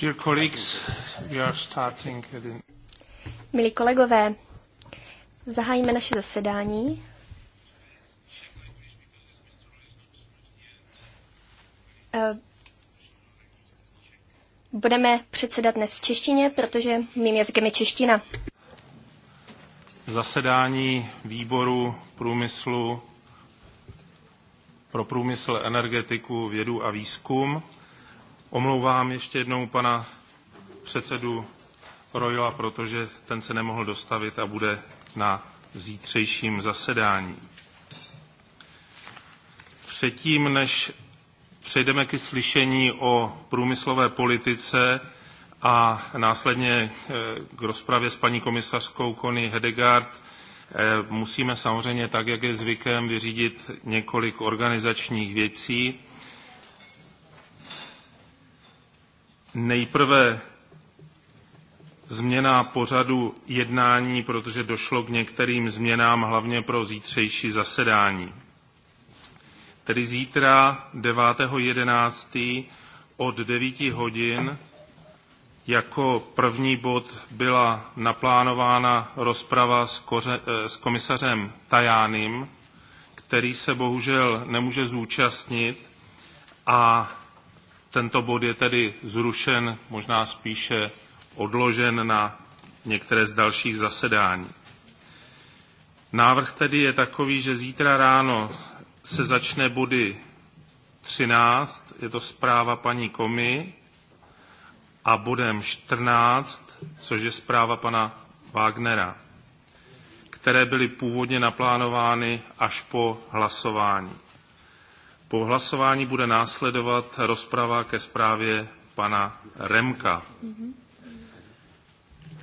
Dear colleagues, we are starting Milí kolegové, zahájíme naše zasedání. Eh, budeme předsedat dnes v češtině, protože mým jazykem je čeština. Zasedání výboru průmyslu pro průmysl, energetiku, vědu a výzkum Omlouvám ještě jednou pana předsedu Rojla, protože ten se nemohl dostavit a bude na zítřejším zasedání. Předtím, než přejdeme k slyšení o průmyslové politice a následně eh, k rozpravě s paní komisařkou Connie Hedegaard, eh, musíme samozřejmě, tak jak je zvykem, vyřídit několik organizačních věcí. Nejprve změna pořadu jednání, protože došlo k některým změnám, hlavně pro zítřejší zasedání. Tedy zítra 9.11. od 9 hodin jako první bod byla naplánována rozprava s, koře, eh, s komisařem Tajánem, který se bohužel nemůže zúčastnit a tento bod je tedy zrušen, možná spíše odložen na některé z dalších zasedání. Návrh tedy je takový, že zítra ráno se začne body 13, je to zpráva paní Komy, a bodem 14, což je zpráva pana Wagnera, které byly původně naplánovány až po hlasování. Po hlasování bude následovat rozprava ke zprávě pana Remka.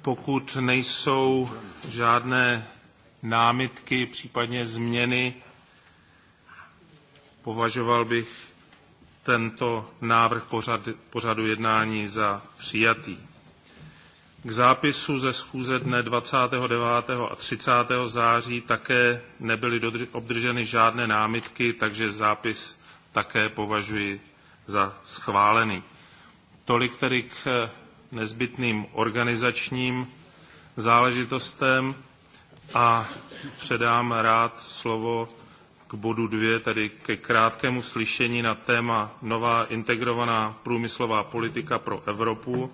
Pokud nejsou žádné námitky, případně změny, považoval bych tento návrh pořad, pořadu jednání za přijatý. K zápisu ze schůze dne 29. a 30. září také nebyly obdrženy žádné námitky, takže zápis také považuji za schválený. Tolik tedy k eh, nezbytným organizačním záležitostem a předám rád slovo k bodu dvě, tedy ke krátkému slyšení na téma nová integrovaná průmyslová politika pro Evropu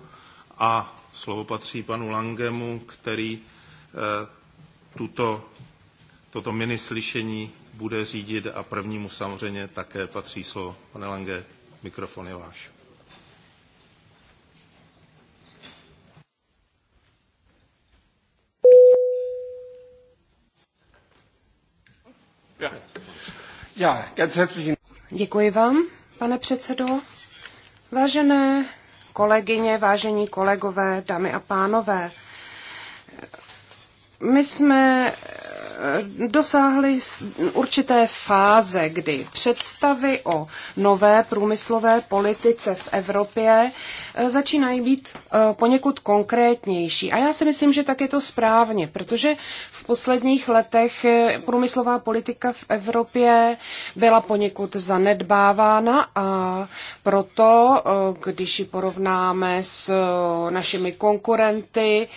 a Slovo patří panu Langemu, který tuto, toto slyšení bude řídit a prvnímu samozřejmě také patří slovo. Pane Lange, mikrofon je váš. Děkuji vám, pane předsedo. Vážené kolegyně, vážení kolegové, dámy a pánové. My jsme dosáhli určité fáze, kdy představy o nové průmyslové politice v Evropě eh, začínají být eh, poněkud konkrétnější. A já si myslím, že tak je to správně, protože v posledních letech eh, průmyslová politika v Evropě byla poněkud zanedbávána a proto, když ji porovnáme s našimi konkurenty,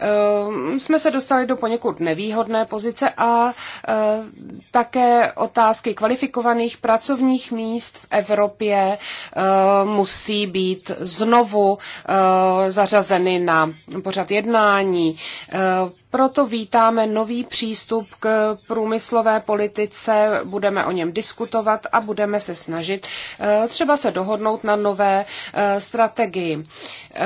Ehm, jsme se dostali do poněkud nevýhodné pozice a eh, také otázky kvalifikovaných pracovních míst v Evropě eh, musí být znovu eh, zařazeny na pořad jednání. Proto vítáme nový přístup k průmyslové politice, budeme o něm diskutovat a budeme se snažit eh, třeba se dohodnout na nové eh, strategii. Eh,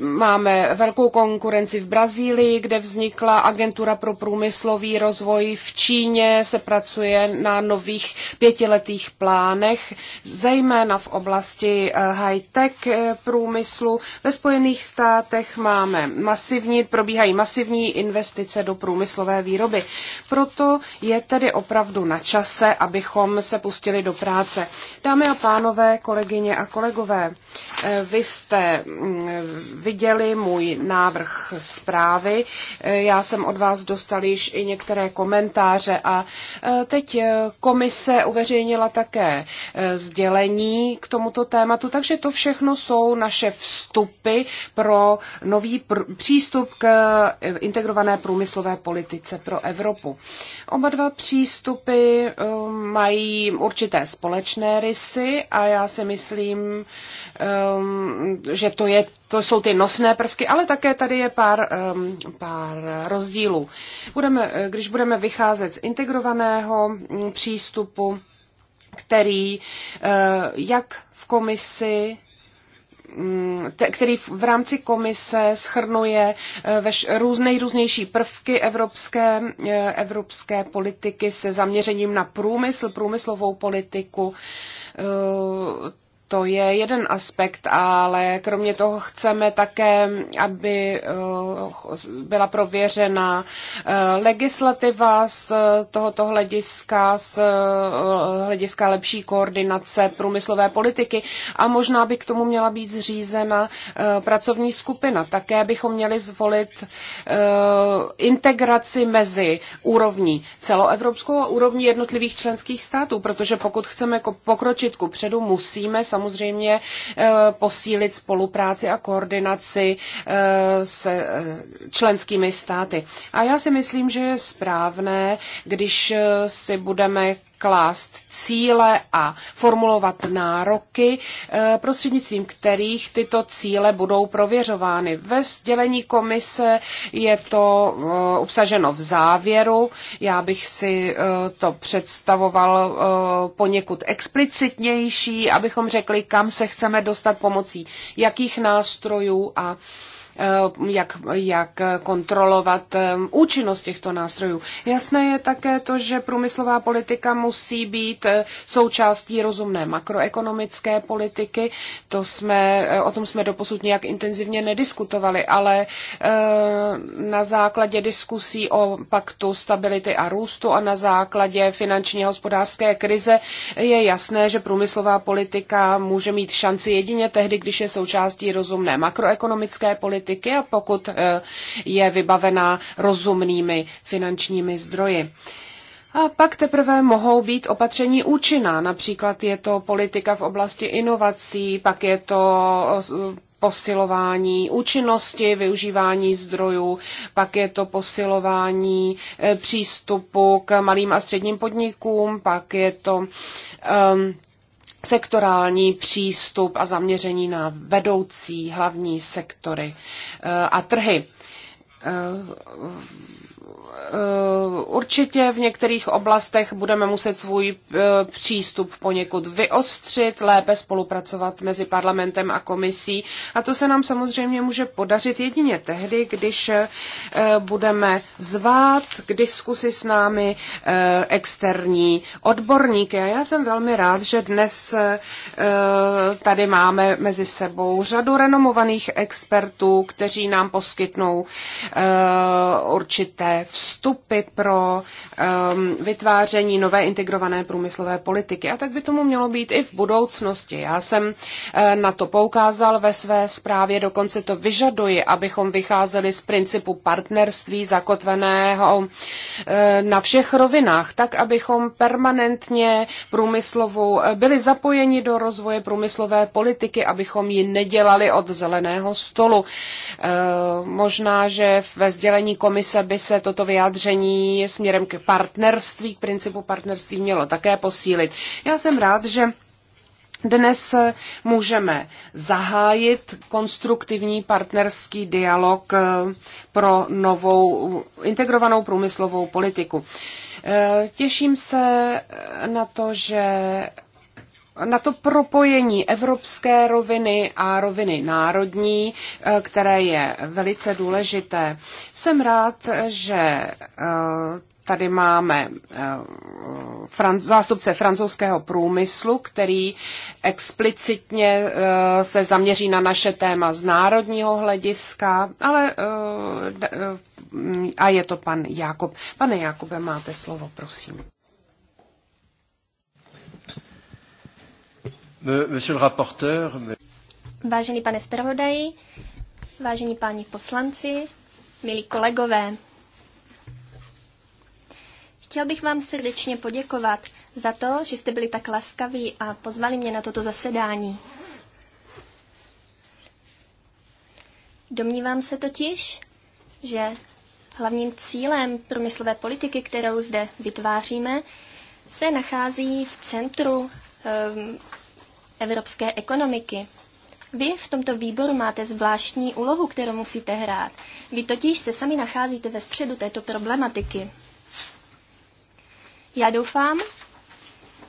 máme velkou konkurenci v Brazílii, kde vznikla agentura pro průmyslový rozvoj. V Číně se pracuje na nových pětiletých plánech, zejména v oblasti high-tech průmyslu. Ve Spojených státech máme masivní, probíhají masivní investice do průmyslové výroby. Proto je tedy opravdu na čase, abychom se pustili do práce. Dámy a pánové, kolegyně a kolegové, Eh, vy jste mm, viděli můj návrh zprávy. Eh, já jsem od vás dostal již i některé komentáře a eh, teď komise uveřejnila také sdělení k tomuto tématu, takže to všechno jsou naše vstupy pro nový pr- přístup k integrované průmyslové politice pro Evropu. Oba dva přístupy mají určité společné rysy a já si myslím, Um, že to, je, to jsou ty nosné prvky, ale také tady je pár, um, pár rozdílů. Budeme, eh, když budeme vycházet z integrovaného mm, přístupu, který eh, jak v komisi, mm, který v rámci komise schrnuje eh, veš, nejrůznější prvky evropské, evropské politiky se zaměřením na průmysl, průmyslovou politiku, to je jeden aspekt, ale kromě toho chceme také, aby eh, byla prověřena eh, legislativa z eh, tohoto hlediska, z hlediska lepší koordinace průmyslové politiky a možná by k tomu měla být zřízena pracovní skupina. Také bychom měli zvolit integraci mezi úrovní celoevropskou a úrovní jednotlivých členských států, protože pokud chceme pokročit ku předu, musíme samozřejmě eh, posílit spolupráci a koordinaci eh, s eh, členskými státy. A já si myslím, že je správné, když si budeme klást cíle a formulovat nároky, eh, prostřednictvím kterých tyto cíle budou prověřovány. Ve sdělení komise je to eh, obsaženo v závěru. Já bych si eh, to představoval poněkud explicitnější, abychom řekli, kam se chceme dostat pomocí jakých nástrojů a Eh, jak, jak kontrolovat eh, účinnost těchto nástrojů. Jasné je také to, že průmyslová politika musí být eh, součástí rozumné makroekonomické politiky. To jsme, o tom jsme doposud nějak intenzivně nediskutovali, ale na základě diskusí o paktu stability a růstu a na základě finanční a hospodářské krize je jasné, že průmyslová politika může mít šanci jedině tehdy, když je součástí rozumné makroekonomické politiky politiky a pokud eh, je vybavená rozumnými finančními zdroji. A pak teprve mohou být opatření účinná. Například je to politika v oblasti inovací, pak je to eh, posilování účinnosti, využívání zdrojů, pak je to posilování eh, přístupu k malým a středním podnikům, pak je to um, sektorální přístup a zaměření na vedoucí hlavní sektory eh, a trhy eh, Eh, určitě v některých oblastech budeme muset svůj eh, přístup poněkud vyostřit, lépe spolupracovat mezi parlamentem a komisí. A to se nám samozřejmě může podařit jedině tehdy, když eh, budeme zvát k diskusi s námi externí odborníky. A já jsem velmi rád, že dnes tady máme mezi sebou řadu renomovaných expertů, kteří nám poskytnou určité vstupy vstupy pro um, vytváření nové integrované průmyslové politiky. A tak by tomu mělo být i v budoucnosti. Já jsem uh, na to poukázal ve své zprávě, dokonce to vyžaduji, abychom vycházeli z principu partnerství zakotveného uh, na všech rovinách, tak abychom permanentně průmyslovou eh, byli zapojeni do rozvoje průmyslové politiky, abychom ji nedělali od zeleného stolu. Uh, možná, že ve sdělení komise by se toto vyjádřilo vyjádření směrem k partnerství, k principu partnerství mělo také posílit. Já jsem rád, že dnes můžeme zahájit konstruktivní partnerský dialog eh, pro novou integrovanou průmyslovou politiku. Eh, těším se na to, že na to propojení evropské roviny a roviny národní, eh, které je velice důležité. Jsem rád, že eh, tady máme eh, zástupce francouzského průmyslu, který explicitně se zaměří na naše téma z národního hlediska, ale a je to pan Jakob. Pane Jakobe, máte slovo, prosím. Vážený pane zpravodaji, vážení páni poslanci, milí kolegové, Chtěl bych vám srdečně poděkovat za to, že jste byli tak laskaví a pozvali mě na toto zasedání. Domnívám se totiž, že hlavním cílem průmyslové politiky, kterou zde vytváříme, se nachází v centru um, evropské ekonomiky. Vy v tomto výboru máte zvláštní úlohu, kterou musíte hrát. Vy totiž se sami nacházíte ve středu této problematiky. Já doufám,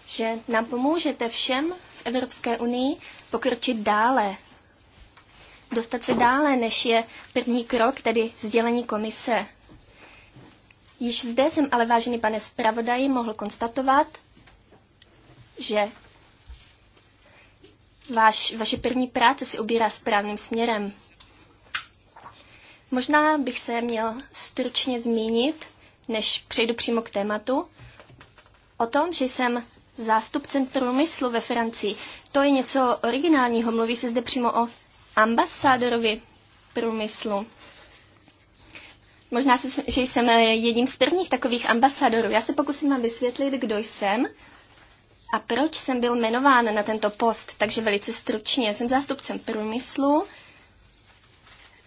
že nám pomůžete všem v Evropské unii pokročit dále. Dostat se dále, než je první krok, tedy sdělení komise. Již zde jsem ale, vážený pane zpravodaji, mohl konstatovat, že váš, vaše první práce si ubírá správným směrem. Možná bych se měl stručně zmínit, než přejdu přímo k tématu, o tom, že jsem zástupcem průmyslu ve Francii. To je něco originálního, mluví se zde přímo o ambasádorovi průmyslu. Možná, že jsem jedním z prvních takových ambasádorů. Já se pokusím vám vysvětlit, kdo jsem a proč jsem byl jmenován na tento post? Takže velice stručně. Jsem zástupcem průmyslu,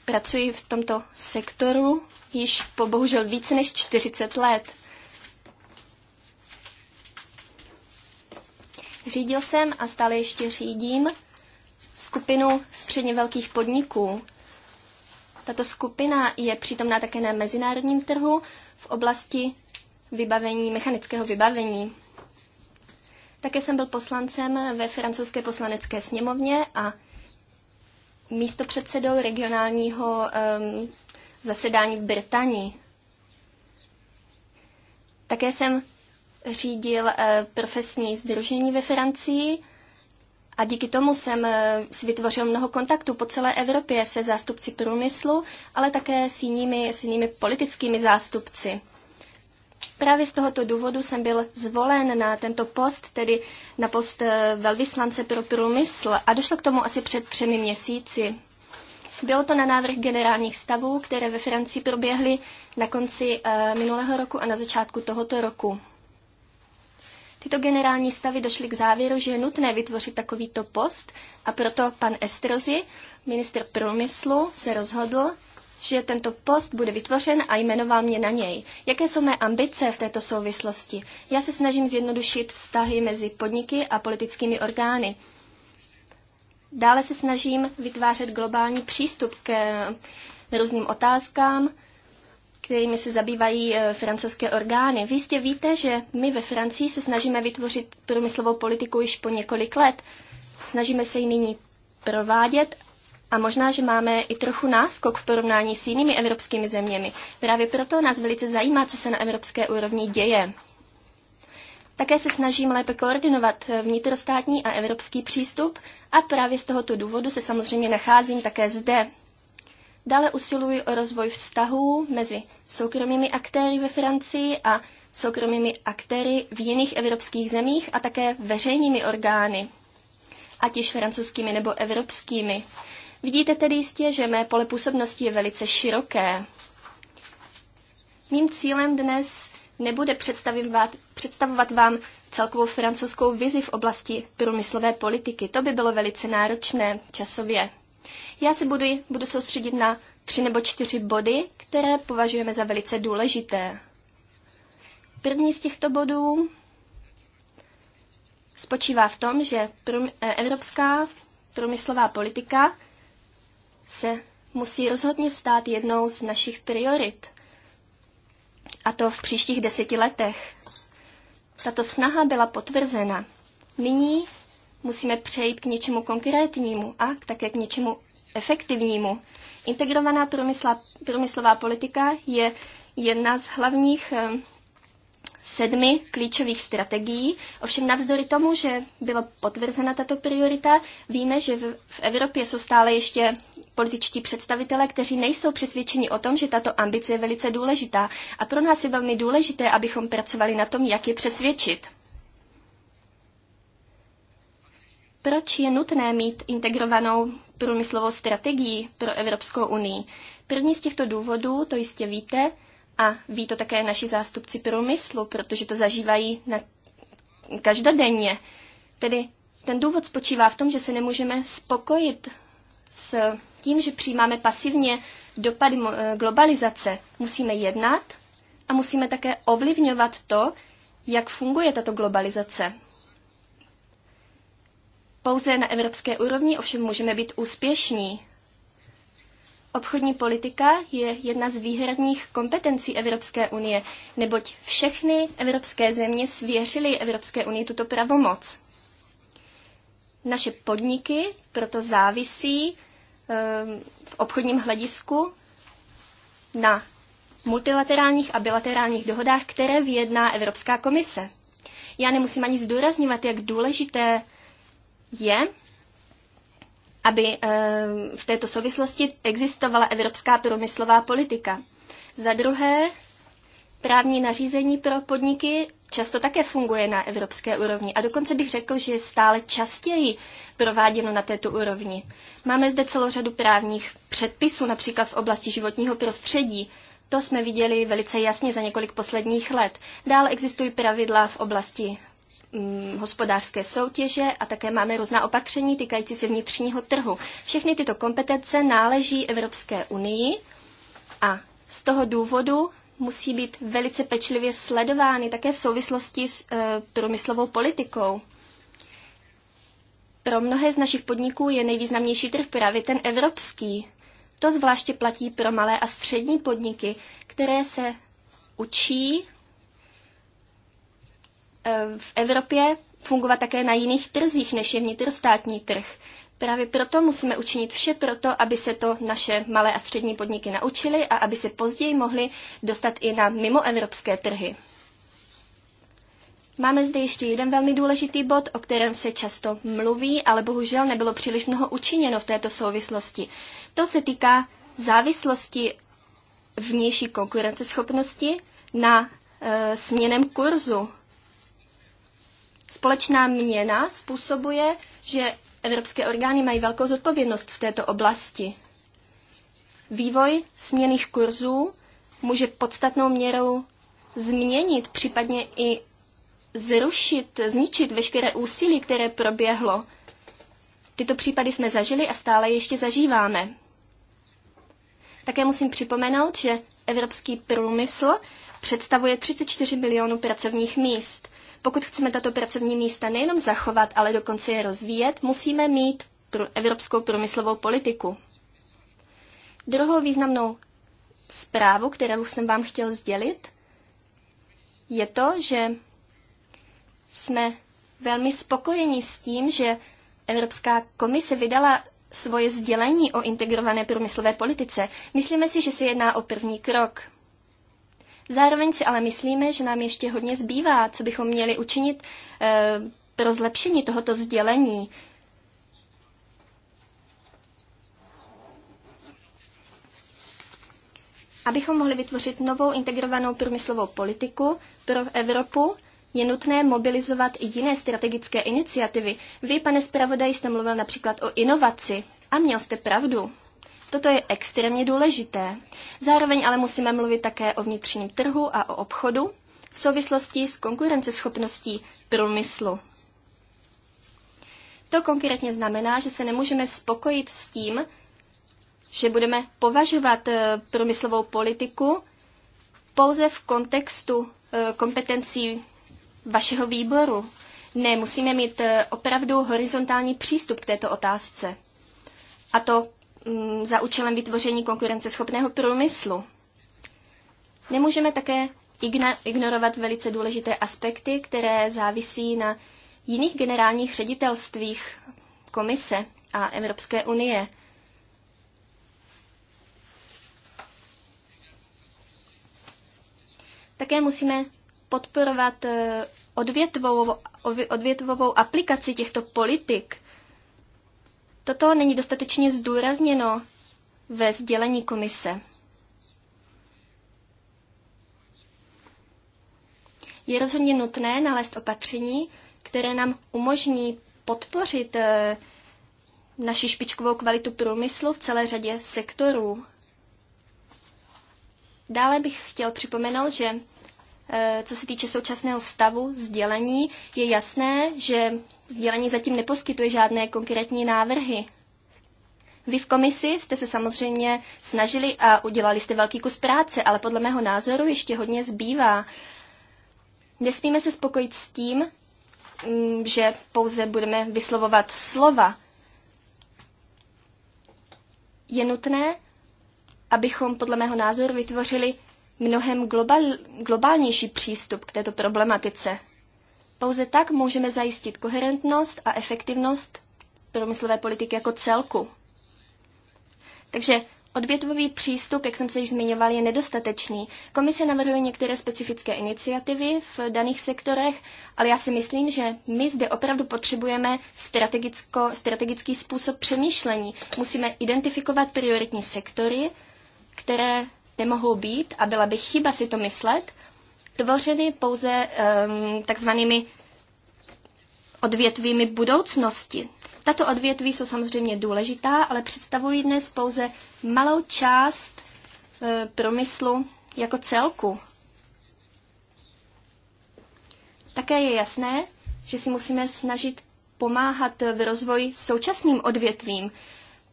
pracuji v tomto sektoru již po bohužel více než 40 let. Řídil jsem a stále ještě řídím skupinu středně velkých podniků. Tato skupina je přítomná také na mezinárodním trhu v oblasti vybavení, mechanického vybavení. Také jsem byl poslancem ve francouzské poslanecké sněmovně a místo předsedou regionálního um, zasedání v Británii. Také jsem řídil uh, profesní združení ve Francii a díky tomu jsem uh, si vytvořil mnoho kontaktů po celé Evropě se zástupci průmyslu, ale také s jinými, s jinými politickými zástupci. Právě z tohoto důvodu jsem byl zvolen na tento post, tedy na post eh, velvyslance pro průmysl a došlo k tomu asi před třemi měsíci. Bylo to na návrh generálních stavů, které ve Francii proběhly na konci eh, minulého roku a na začátku tohoto roku. Tyto generální stavy došly k závěru, že je nutné vytvořit takovýto post a proto pan Estrozi, minister průmyslu, se rozhodl, že tento post bude vytvořen a jmenoval mě na něj. Jaké jsou mé ambice v této souvislosti? Já se snažím zjednodušit vztahy mezi podniky a politickými orgány. Dále se snažím vytvářet globální přístup k eh, různým otázkám, kterými se zabývají eh, francouzské orgány. Vy jistě víte, že my ve Francii se snažíme vytvořit průmyslovou politiku již po několik let. Snažíme se ji nyní provádět a možná, že máme i trochu náskok v porovnání s jinými evropskými zeměmi. Právě proto nás velice zajímá, co se na evropské úrovni děje. Také se snažím lépe koordinovat vnitrostátní a evropský přístup a právě z tohoto důvodu se samozřejmě nacházím také zde. Dále usiluji o rozvoj vztahů mezi soukromými aktéry ve Francii a soukromými aktéry v jiných evropských zemích a také veřejnými orgány, ať již francouzskými nebo evropskými. Vidíte tedy jistě, že mé pole působnosti je velice široké. Mým cílem dnes nebude představovat, představovat vám celkovou francouzskou vizi v oblasti průmyslové politiky. To by bylo velice náročné časově. Já se budu, budu soustředit na tři nebo čtyři body, které považujeme za velice důležité. První z těchto bodů spočívá v tom, že e, evropská průmyslová politika se musí rozhodně stát jednou z našich priorit. A to v příštích deseti letech. Tato snaha byla potvrzena. Nyní musíme přejít k něčemu konkrétnímu a také k něčemu efektivnímu. Integrovaná průmyslová politika je jedna z hlavních eh, sedmi klíčových strategií. Ovšem navzdory tomu, že byla potvrzena tato priorita, víme, že v, v Evropě jsou stále ještě političtí představitelé, kteří nejsou přesvědčeni o tom, že tato ambice je velice důležitá. A pro nás je velmi důležité, abychom pracovali na tom, jak je přesvědčit. Proč je nutné mít integrovanou průmyslovou strategii pro Evropskou unii? První z těchto důvodů, to jistě víte, a ví to také naši zástupci průmyslu, protože to zažívají na každodenně. Tedy ten důvod spočívá v tom, že se nemůžeme spokojit s tím, že přijímáme pasivně dopady eh, globalizace. Musíme jednat a musíme také ovlivňovat to, jak funguje tato globalizace. Pouze na evropské úrovni ovšem můžeme být úspěšní. Obchodní politika je jedna z výhradních kompetencí Evropské unie, neboť všechny evropské země svěřily Evropské unii tuto pravomoc. Naše podniky proto závisí ehm, v obchodním hledisku na multilaterálních a bilaterálních dohodách, které vyjedná Evropská komise. Já nemusím ani zdůrazňovat, jak důležité je, aby eh, v této souvislosti existovala evropská průmyslová politika. Za druhé, právní nařízení pro podniky často také funguje na evropské úrovni a dokonce bych řekl, že je stále častěji prováděno na této úrovni. Máme zde celou řadu právních předpisů, například v oblasti životního prostředí. To jsme viděli velice jasně za několik posledních let. Dále existují pravidla v oblasti Mm, hospodářské soutěže a také máme různá opatření týkající se vnitřního trhu. Všechny tyto kompetence náleží Evropské unii a z toho důvodu musí být velice pečlivě sledovány také v souvislosti s e, průmyslovou politikou. Pro mnohé z našich podniků je nejvýznamnější trh právě ten evropský. To zvláště platí pro malé a střední podniky, které se učí Eh, v Evropě fungovat také na jiných trzích, než je vnitrostátní trh. Právě proto musíme učinit vše proto, aby se to naše malé a střední podniky naučily a aby se později mohly dostat i na mimoevropské trhy. Máme zde ještě jeden velmi důležitý bod, o kterém se často mluví, ale bohužel nebylo příliš mnoho učiněno v této souvislosti. To se týká závislosti vnější konkurenceschopnosti na e, směném kurzu Společná měna způsobuje, že evropské orgány mají velkou zodpovědnost v této oblasti. Vývoj směných kurzů může podstatnou měrou změnit, případně i zrušit, zničit veškeré úsilí, které proběhlo. Tyto případy jsme zažili a stále ještě zažíváme. Také musím připomenout, že evropský průmysl představuje 34 milionů pracovních míst – pokud chceme tato pracovní místa nejenom zachovat, ale dokonce je rozvíjet, musíme mít pro evropskou průmyslovou politiku. Druhou významnou zprávu, kterou jsem vám chtěl sdělit, je to, že jsme velmi spokojeni s tím, že Evropská komise vydala svoje sdělení o integrované průmyslové politice. Myslíme si, že se jedná o první krok. Zároveň si ale myslíme, že nám ještě hodně zbývá, co bychom měli učinit e, pro zlepšení tohoto sdělení. Abychom mohli vytvořit novou integrovanou průmyslovou politiku pro Evropu, je nutné mobilizovat i jiné strategické iniciativy. Vy, pane zpravodaj, jste mluvil například o inovaci a měl jste pravdu. Toto je extrémně důležité. Zároveň ale musíme mluvit také o vnitřním trhu a o obchodu v souvislosti s konkurenceschopností průmyslu. To konkrétně znamená, že se nemůžeme spokojit s tím, že budeme považovat eh, průmyslovou politiku pouze v kontextu eh, kompetencí vašeho výboru. Ne, musíme mít eh, opravdu horizontální přístup k této otázce. A to Mm, za účelem vytvoření konkurenceschopného průmyslu. Nemůžeme také ignorovat velice důležité aspekty, které závisí na jiných generálních ředitelstvích komise a Evropské unie. Také musíme podporovat eh, odvětvovou, odvětvovou aplikaci těchto politik – Toto není dostatečně zdůrazněno ve sdělení komise. Je rozhodně nutné nalézt opatření, které nám umožní podpořit eh, naši špičkovou kvalitu průmyslu v celé řadě sektorů. Dále bych chtěl připomenout, že Eh, co se týče současného stavu sdělení, je jasné, že sdělení zatím neposkytuje žádné konkrétní návrhy. Vy v komisi jste se samozřejmě snažili a udělali jste velký kus práce, ale podle mého názoru ještě hodně zbývá. Nesmíme se spokojit s tím, mm, že pouze budeme vyslovovat slova. Je nutné, abychom podle mého názoru vytvořili mnohem global, globálnější přístup k této problematice. Pouze tak můžeme zajistit koherentnost a efektivnost průmyslové politiky jako celku. Takže odvětvový přístup, jak jsem se již zmiňoval, je nedostatečný. Komise navrhuje některé specifické iniciativy v daných sektorech, ale já si myslím, že my zde opravdu potřebujeme strategický způsob přemýšlení. Musíme identifikovat prioritní sektory, které nemohou být, a byla by chyba si to myslet, tvořeny pouze um, takzvanými odvětvími budoucnosti. Tato odvětví jsou samozřejmě důležitá, ale představují dnes pouze malou část e, eh, promyslu jako celku. Také je jasné, že si musíme snažit pomáhat v rozvoji současným odvětvím.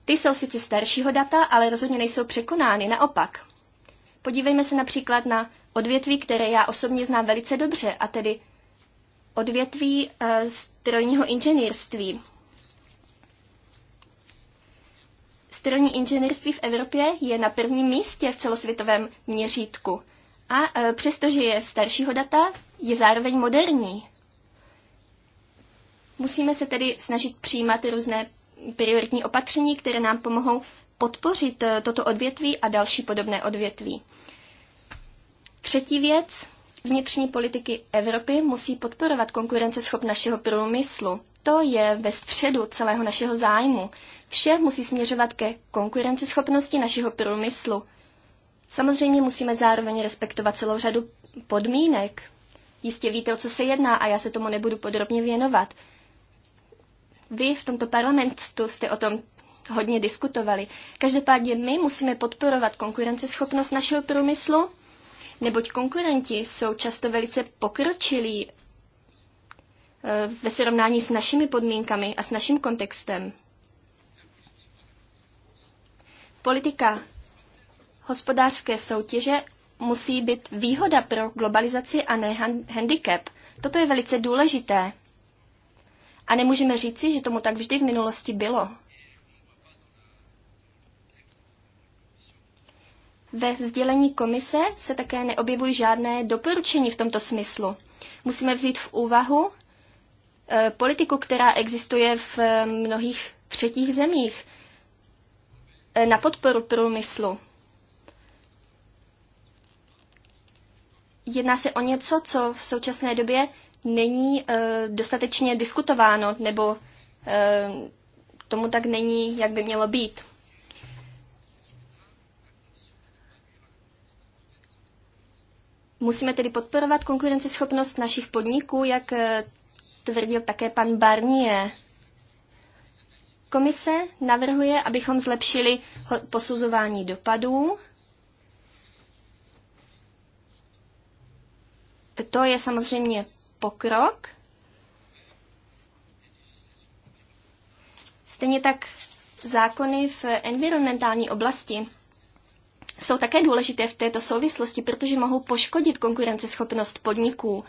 Ty jsou sice staršího data, ale rozhodně nejsou překonány, naopak. Podívejme se například na odvětví, které já osobně znám velice dobře, a tedy odvětví uh, strojního inženýrství. Strojní inženýrství v Evropě je na prvním místě v celosvětovém měřítku. A uh, přestože je staršího data, je zároveň moderní. Musíme se tedy snažit přijímat různé prioritní opatření, které nám pomohou podpořit eh, toto odvětví a další podobné odvětví. Třetí věc, vnitřní politiky Evropy musí podporovat konkurenceschop našeho průmyslu. To je ve středu celého našeho zájmu. Vše musí směřovat ke konkurenceschopnosti našeho průmyslu. Samozřejmě musíme zároveň respektovat celou řadu podmínek. Jistě víte, o co se jedná a já se tomu nebudu podrobně věnovat. Vy v tomto parlamentu jste o tom hodně diskutovali. Každopádně my musíme podporovat konkurenceschopnost našeho průmyslu, neboť konkurenti jsou často velice pokročilí eh, ve srovnání s našimi podmínkami a s naším kontextem. Politika hospodářské soutěže musí být výhoda pro globalizaci a ne handicap. Toto je velice důležité. A nemůžeme říci, že tomu tak vždy v minulosti bylo. Ve sdělení komise se také neobjevují žádné doporučení v tomto smyslu. Musíme vzít v úvahu e, politiku, která existuje v e, mnohých třetích zemích e, na podporu průmyslu. Jedná se o něco, co v současné době není e, dostatečně diskutováno, nebo e, tomu tak není, jak by mělo být. Musíme tedy podporovat konkurenceschopnost našich podniků, jak eh, tvrdil také pan Barnier. Komise navrhuje, abychom zlepšili posuzování dopadů. To je samozřejmě pokrok. Stejně tak zákony v environmentální oblasti jsou také důležité v této souvislosti, protože mohou poškodit konkurenceschopnost podniků.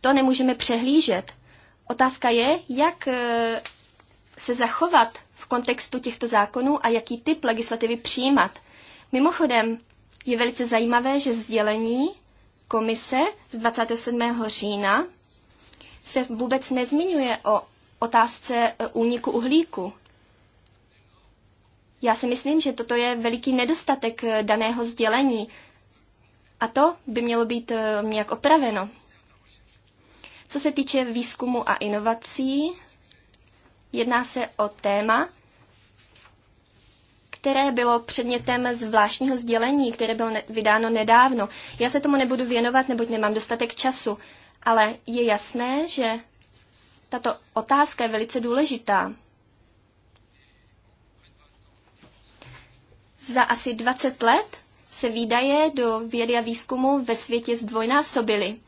To nemůžeme přehlížet. Otázka je, jak eh, se zachovat v kontextu těchto zákonů a jaký typ legislativy přijímat. Mimochodem, je velice zajímavé, že sdělení komise z 27. října se vůbec nezmiňuje o otázce eh, úniku uhlíku. Já si myslím, že toto je veliký nedostatek eh, daného sdělení a to by mělo být eh, nějak opraveno. Co se týče výzkumu a inovací, jedná se o téma, které bylo předmětem zvláštního sdělení, které bylo vydáno nedávno. Já se tomu nebudu věnovat, neboť nemám dostatek času, ale je jasné, že tato otázka je velice důležitá. Za asi 20 let se výdaje do vědy a výzkumu ve světě zdvojnásobily.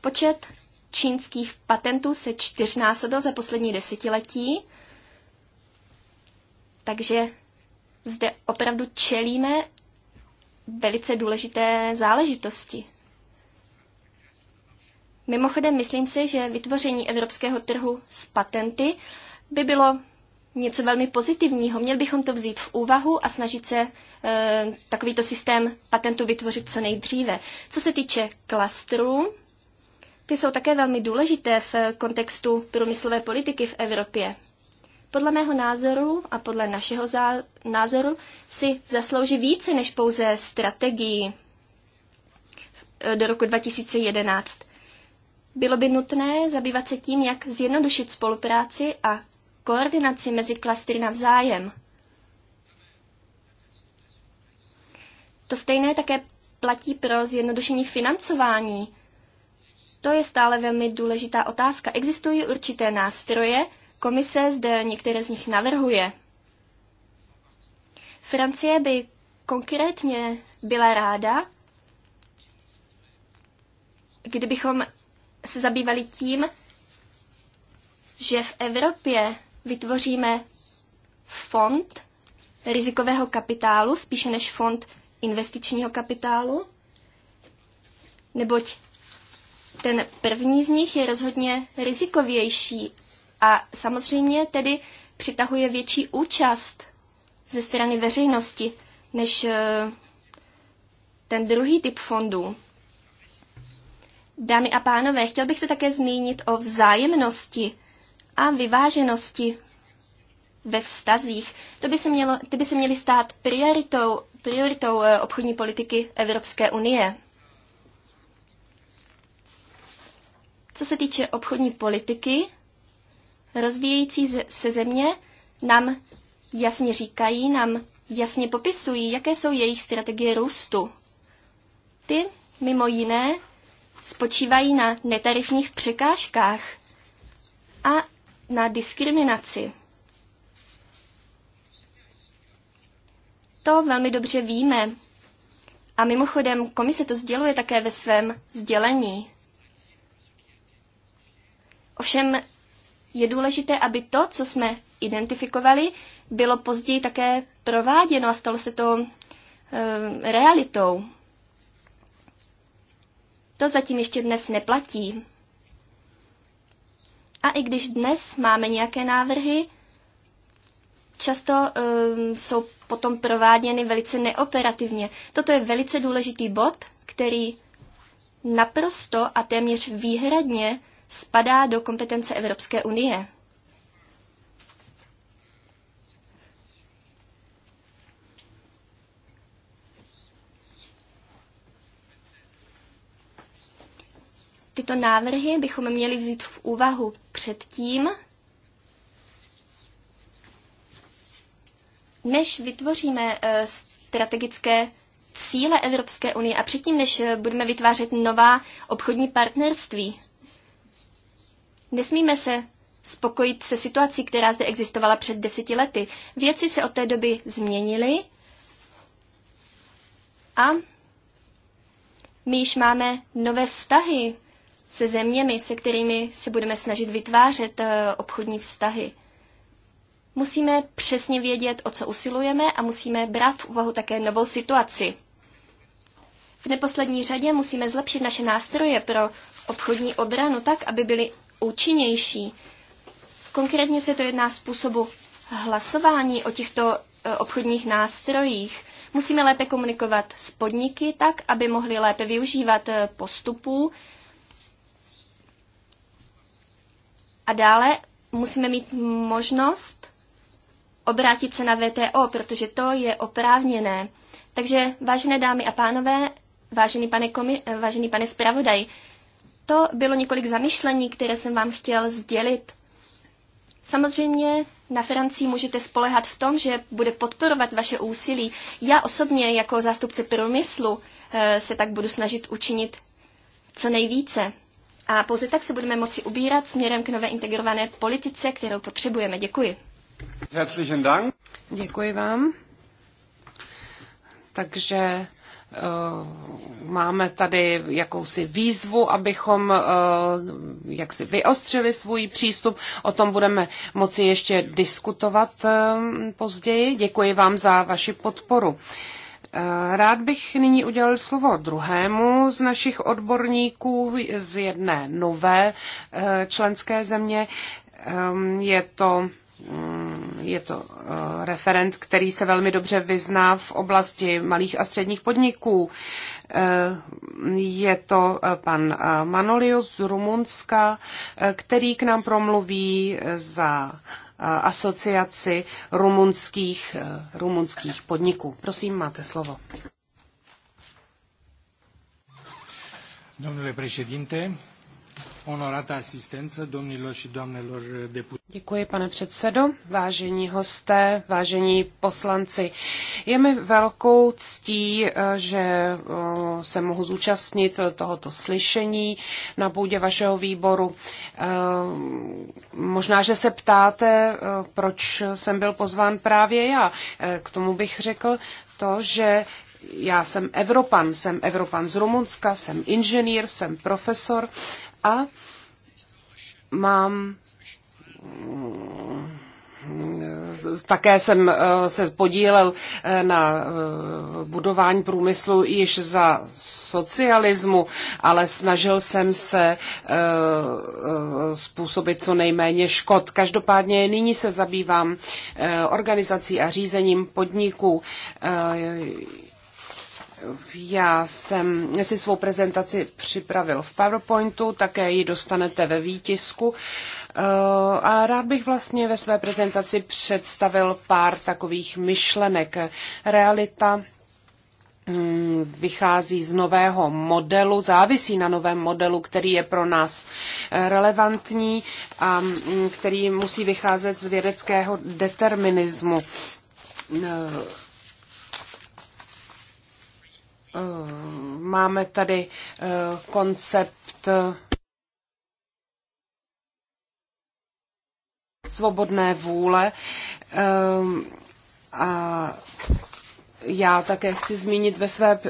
Počet čínských patentů se čtyřnásobil za poslední desetiletí, takže zde opravdu čelíme velice důležité záležitosti. Mimochodem, myslím si, že vytvoření evropského trhu s patenty by bylo něco velmi pozitivního. Měli bychom to vzít v úvahu a snažit se e, takovýto systém patentu vytvořit co nejdříve. Co se týče klastrů, ty jsou také velmi důležité v kontextu průmyslové politiky v Evropě. Podle mého názoru a podle našeho názoru si zaslouží více než pouze strategii eh, do roku 2011. Bylo by nutné zabývat se tím, jak zjednodušit spolupráci a koordinaci mezi klastry navzájem. To stejné také platí pro zjednodušení financování. To je stále velmi důležitá otázka. Existují určité nástroje, komise zde některé z nich navrhuje. Francie by konkrétně byla ráda, kdybychom se zabývali tím, že v Evropě vytvoříme fond rizikového kapitálu, spíše než fond investičního kapitálu, neboť ten první z nich je rozhodně rizikovější a samozřejmě tedy přitahuje větší účast ze strany veřejnosti než eh, ten druhý typ fondů. Dámy a pánové, chtěl bych se také zmínit o vzájemnosti a vyváženosti ve vztazích. To by se, mělo, ty by se měly stát prioritou, prioritou eh, obchodní politiky Evropské unie. Co se týče obchodní politiky, rozvíjející se země nám jasně říkají, nám jasně popisují, jaké jsou jejich strategie růstu. Ty, mimo jiné, spočívají na netarifních překážkách a na diskriminaci. To velmi dobře víme. A mimochodem, komise to sděluje také ve svém sdělení. Ovšem je důležité, aby to, co jsme identifikovali, bylo později také prováděno a stalo se to e, realitou. To zatím ještě dnes neplatí. A i když dnes máme nějaké návrhy, často um, jsou potom prováděny velice neoperativně. Toto je velice důležitý bod, který naprosto a téměř výhradně spadá do kompetence Evropské unie. tyto návrhy bychom měli vzít v úvahu předtím, než vytvoříme eh, strategické cíle Evropské unie a předtím, než eh, budeme vytvářet nová obchodní partnerství. Nesmíme se spokojit se situací, která zde existovala před deseti lety. Věci se od té doby změnily a my již máme nové vztahy se zeměmi, se kterými se budeme snažit vytvářet eh, obchodní vztahy. Musíme přesně vědět, o co usilujeme a musíme brát v úvahu také novou situaci. V neposlední řadě musíme zlepšit naše nástroje pro obchodní obranu tak, aby byly účinnější. Konkrétně se to jedná způsobu hlasování o těchto eh, obchodních nástrojích. Musíme lépe komunikovat s podniky tak, aby mohli lépe využívat eh, postupů, A dále musíme mít možnost obrátit se na VTO, protože to je oprávněné. Takže, vážené dámy a pánové, vážený pane, komi- vážený pane zpravodaj, to bylo několik zamyšlení, které jsem vám chtěl sdělit. Samozřejmě na Francii můžete spolehat v tom, že bude podporovat vaše úsilí. Já osobně jako zástupce průmyslu eh, se tak budu snažit učinit co nejvíce. A pouze tak se budeme moci ubírat směrem k nové integrované politice, kterou potřebujeme. Děkuji. Herzlichen Dank. Děkuji vám. Takže eh, máme tady jakousi výzvu, abychom eh, jak si vyostřili svůj přístup. O tom budeme moci ještě diskutovat eh, později. Děkuji vám za vaši podporu. Eh, rád bych nyní udělal slovo druhému z našich odborníků z jedné nové eh, členské země. Ehm, je to mm, je to eh, referent, který se velmi dobře vyzná v oblasti malých a středních podniků. Je to pan Manolius z Rumunska, který k nám promluví za asociaci rumunských, e, rumunských podniků. Prosím, máte slovo. Domnule președinte, onorată asistență, domnilor și doamnelor deputați. Děkuji, pane předsedo, vážení hosté, vážení poslanci. Je mi velkou ctí, že se mohu zúčastnit tohoto slyšení na půdě vašeho výboru. E, možná, že se ptáte, e, proč jsem byl pozván právě já. E, k tomu bych řekl to, že já jsem Evropan, jsem Evropan z Rumunska, jsem inženýr, jsem profesor a mám také jsem eh, se podílel eh, na eh, budování průmyslu již za socialismu, ale snažil jsem se způsobit co nejméně škod. Každopádně nyní se zabývám organizací a řízením podniků já jsem si svou prezentaci připravil v PowerPointu, také ji dostanete ve výtisku. Eh, a rád bych vlastně ve své prezentaci představil pár takových myšlenek. Realita mm, vychází z nového modelu, závisí na novém modelu, který je pro nás relevantní a mm, který musí vycházet z vědeckého determinismu eh, Eh, máme tady eh, koncept eh, svobodné vůle. A já také chci zmínit ve své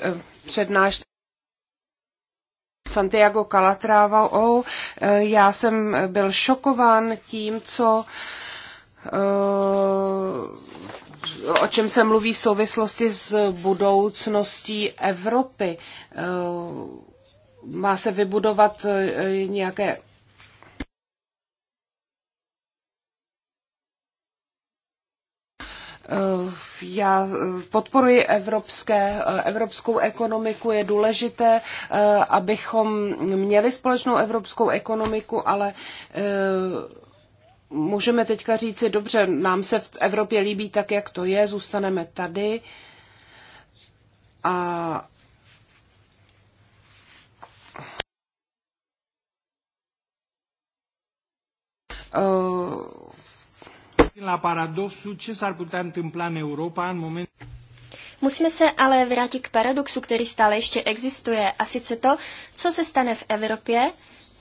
přednášce Santiago Calatrava. Já jsem byl šokován tím, co o čem se mluví v souvislosti s budoucností Evropy. Eh, má se vybudovat eh, nějaké eh, Já podporuji evropské, evropskou ekonomiku. Je důležité, abychom měli společnou evropskou ekonomiku, ale můžeme teďka si, dobře, nám se v Evropě líbí tak, jak to je, zůstaneme tady a uh, Musíme se ale vrátit k paradoxu, který stále ještě existuje, a sice to, co se stane v Evropě,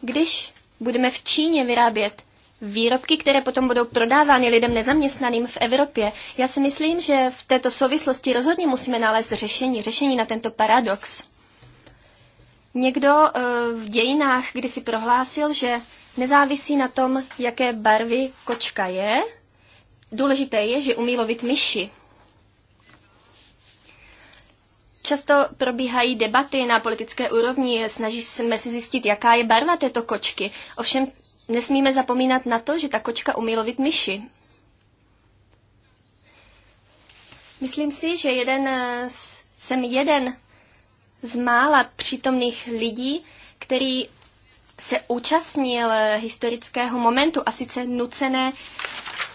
když budeme v Číně vyrábět výrobky, které potom budou prodávány lidem nezaměstnaným v Evropě. Já si myslím, že v této souvislosti rozhodně musíme nalézt řešení, řešení na tento paradox. Někdo eh, v dějinách kdysi prohlásil, že nezávisí na tom, jaké barvy kočka je, důležité je, že umí lovit myši. Často probíhají debaty na politické úrovni, snažíme se zjistit, jaká je barva této kočky. Ovšem nesmíme zapomínat na to, že ta kočka umí lovit myši. Myslím si, že jeden z, eh, jsem jeden z mála přítomných lidí, který se účastnil eh, historického momentu, a sice nucené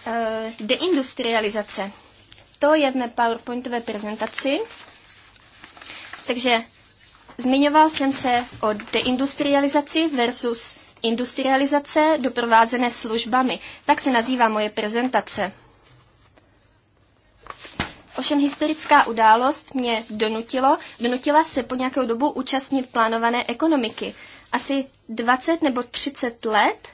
uh, deindustrializace. To je v mé PowerPointové prezentaci. Takže zmiňoval jsem se o deindustrializaci versus industrializace doprovázené službami. Tak se nazývá moje prezentace. Ovšem historická událost mě donutilo, donutila se po nějakou dobu účastnit plánované ekonomiky. Asi 20 nebo 30 let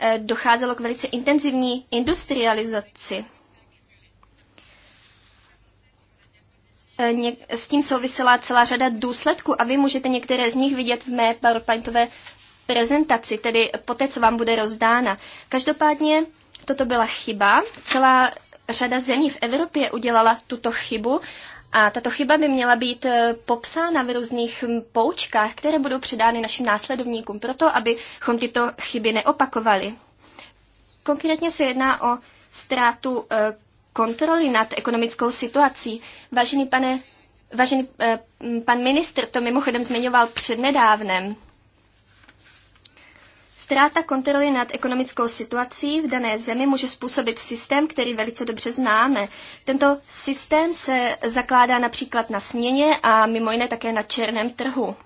eh, docházelo k velice intenzivní industrializaci. Eh, s tím souvisela celá řada důsledků a vy můžete některé z nich vidět v mé PowerPointové prezentaci, tedy po té, co vám bude rozdána. Každopádně toto byla chyba. Celá řada zemí v Evropě udělala tuto chybu a tato chyba by měla být eh, popsána v různých hm, poučkách, které budou předány našim následovníkům, proto abychom tyto chyby neopakovali. Konkrétně se jedná o ztrátu eh, kontroly nad ekonomickou situací. Vážený pane Vážený eh, pan ministr to mimochodem zmiňoval přednedávnem. Ztráta kontroly nad ekonomickou situací v dané zemi může způsobit systém, který velice dobře známe. Tento systém se zakládá například na směně a mimo jiné také na černém trhu.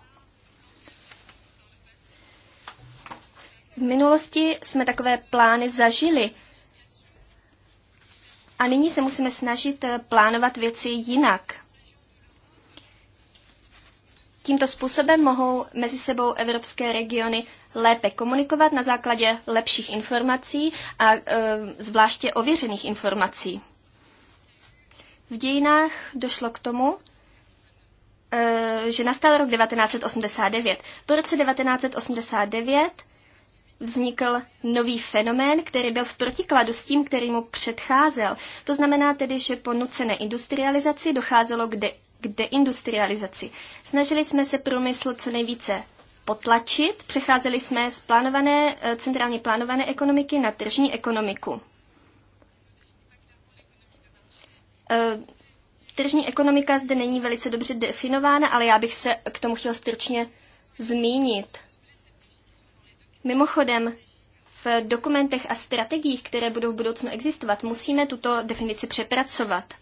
V minulosti jsme takové plány zažili. A nyní se musíme snažit plánovat věci jinak. Tímto způsobem mohou mezi sebou evropské regiony lépe komunikovat na základě lepších informací a e, zvláště ověřených informací. V dějinách došlo k tomu, e, že nastal rok 1989. Po roce 1989 vznikl nový fenomén, který byl v protikladu s tím, který mu předcházel. To znamená tedy, že po nucené industrializaci docházelo k de- k deindustrializaci. Snažili jsme se průmysl co nejvíce potlačit, přecházeli jsme z plánované, eh, centrálně plánované ekonomiky na tržní ekonomiku. Eh, tržní ekonomika zde není velice dobře definována, ale já bych se k tomu chtěl stručně zmínit. Mimochodem, v dokumentech a strategiích, které budou v budoucnu existovat, musíme tuto definici přepracovat.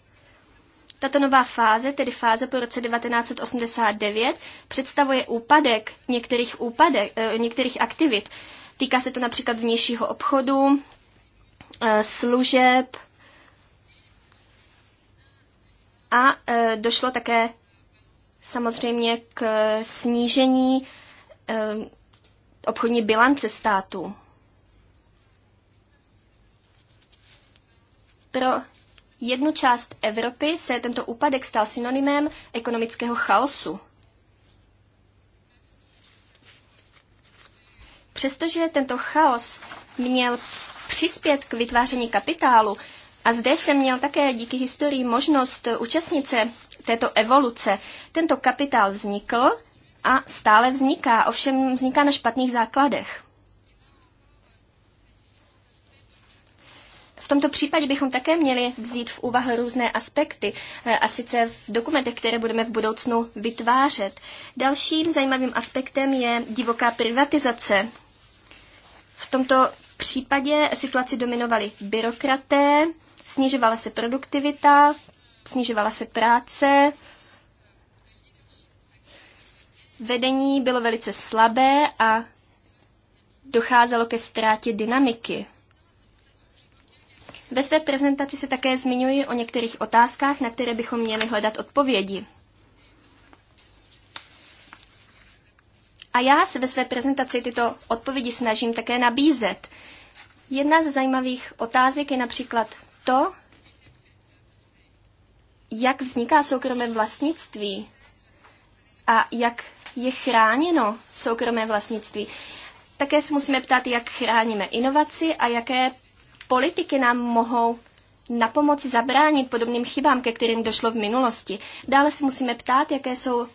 Tato nová fáze, tedy fáze po roce 1989, představuje úpadek některých, úpadek, eh, některých aktivit. Týká se to například vnějšího obchodu, eh, služeb a eh, došlo také samozřejmě k snížení obchodní bilance státu. Pro jednu část Evropy se tento úpadek stal synonymem ekonomického chaosu. Přestože tento chaos měl přispět k vytváření kapitálu a zde se měl také díky historii možnost účastnit se této evoluce, tento kapitál vznikl a stále vzniká, ovšem vzniká na špatných základech. V tomto případě bychom také měli vzít v úvahu různé aspekty, eh, a sice v dokumentech, které budeme v budoucnu vytvářet. Dalším zajímavým aspektem je divoká privatizace. V tomto případě situaci dominovali byrokraté, snižovala se produktivita, snižovala se práce, vedení bylo velice slabé a docházelo ke ztrátě dynamiky. Ve své prezentaci se také zmiňuji o některých otázkách, na které bychom měli hledat odpovědi. A já se ve své prezentaci tyto odpovědi snažím také nabízet. Jedna ze zajímavých otázek je například to, jak vzniká soukromé vlastnictví a jak je chráněno soukromé vlastnictví. Také se musíme ptát, jak chráníme inovaci a jaké politiky nám mohou na pomoci zabránit podobným chybám, ke kterým došlo v minulosti. Dále se musíme ptát, jaké jsou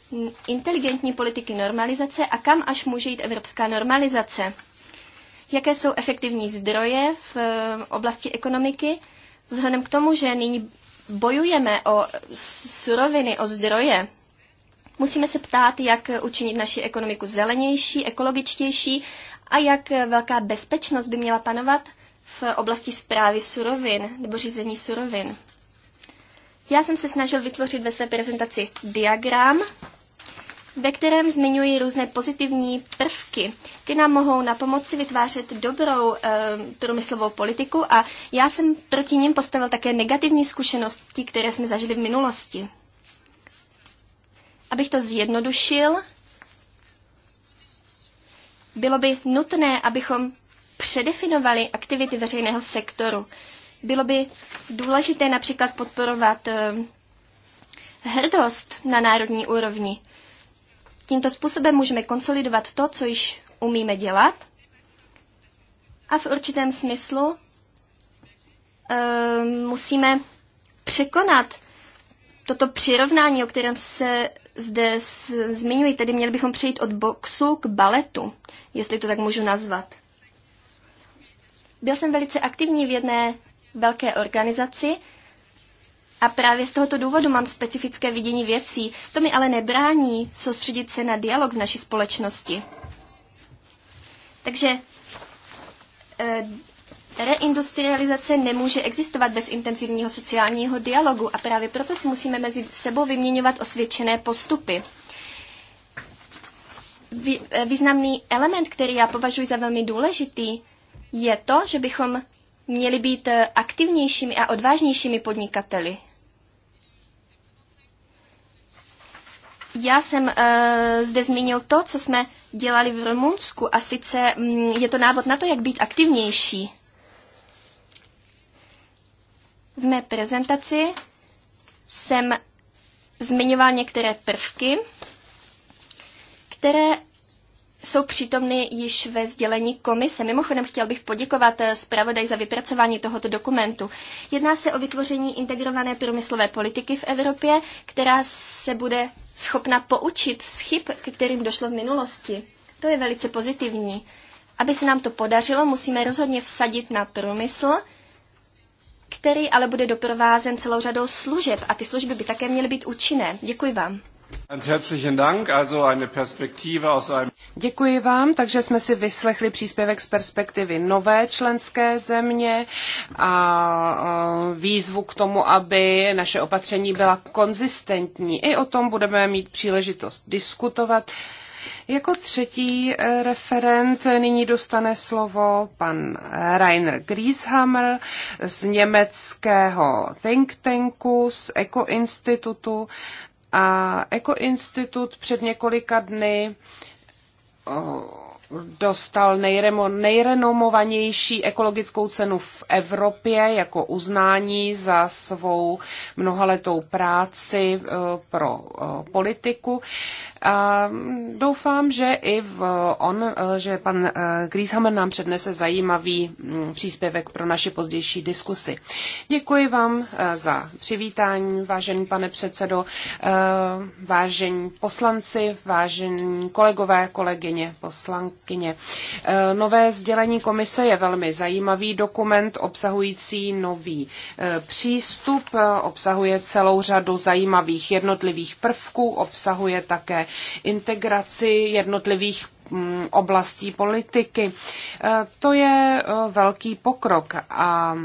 inteligentní politiky normalizace a kam až může jít evropská normalizace. Jaké jsou efektivní zdroje v eh, oblasti ekonomiky, vzhledem k tomu, že nyní bojujeme o suroviny, o zdroje, musíme se ptát, jak učinit naši ekonomiku zelenější, ekologičtější a jak velká bezpečnost by měla panovat – v oblasti zprávy surovin nebo řízení surovin. Já jsem se snažil vytvořit ve své prezentaci diagram, ve kterém zmiňuji různé pozitivní prvky. Ty nám mohou na pomoci vytvářet dobrou e, průmyslovou politiku a já jsem proti ním postavil také negativní zkušenosti, které jsme zažili v minulosti. Abych to zjednodušil, bylo by nutné, abychom předefinovali aktivity veřejného sektoru. Bylo by důležité například podporovat eh, hrdost na národní úrovni. Tímto způsobem můžeme konsolidovat to, co již umíme dělat a v určitém smyslu e, musíme překonat toto přirovnání, o kterém se zde zmiňuji, tedy měli bychom přejít od boxu k baletu, jestli to tak můžu nazvat. Byl jsem velice aktivní v jedné velké organizaci a právě z tohoto důvodu mám specifické vidění věcí. To mi ale nebrání soustředit se na dialog v naší společnosti. Takže e, reindustrializace nemůže existovat bez intenzivního sociálního dialogu a právě proto si musíme mezi sebou vyměňovat osvědčené postupy. Vy, eh, významný element, který já považuji za velmi důležitý, je to, že bychom měli být eh, aktivnějšími a odvážnějšími podnikateli. Já jsem uh, zde zmínil to, co jsme dělali v Rumunsku a sice um, je to návod na to, jak být aktivnější. V mé prezentaci jsem zmiňoval některé prvky, které jsou přítomny již ve sdělení komise. Mimochodem chtěl bych poděkovat eh, zpravodaj za vypracování tohoto dokumentu. Jedná se o vytvoření integrované průmyslové politiky v Evropě, která se bude schopna poučit z chyb, ke kterým došlo v minulosti. To je velice pozitivní. Aby se nám to podařilo, musíme rozhodně vsadit na průmysl, který ale bude doprovázen celou řadou služeb a ty služby by také měly být účinné. Děkuji vám. Ganz herzlichen Dank, also eine Perspektive aus einem Děkuji vám, takže jsme si vyslechli příspěvek z perspektivy nové členské země a výzvu k tomu, aby naše opatření byla konzistentní. I o tom budeme mít příležitost diskutovat. Jako třetí eh, referent nyní dostane slovo pan Rainer Grieshammer z německého think tanku, z Eko institutu. A Eko institut před několika dny uh, o dostal nejremo, nejrenomovanější ekologickou cenu v Evropě jako uznání za svou mnohaletou práci eh, pro eh, politiku. A mm, doufám, že i v eh, on, že pan Grieshammer nám přednese zajímavý mm, příspěvek pro naši pozdější diskusy. Děkuji vám za přivítání, vážený pane předsedo, vážení poslanci, vážení kolegové, kolegyně, poslanky předsedkyně. Eh, nové sdělení komise je velmi zajímavý dokument obsahující nový eh, přístup, eh, obsahuje celou řadu zajímavých jednotlivých prvků, obsahuje také integraci jednotlivých Mm, oblastí politiky. Eh, to je eh, velký pokrok a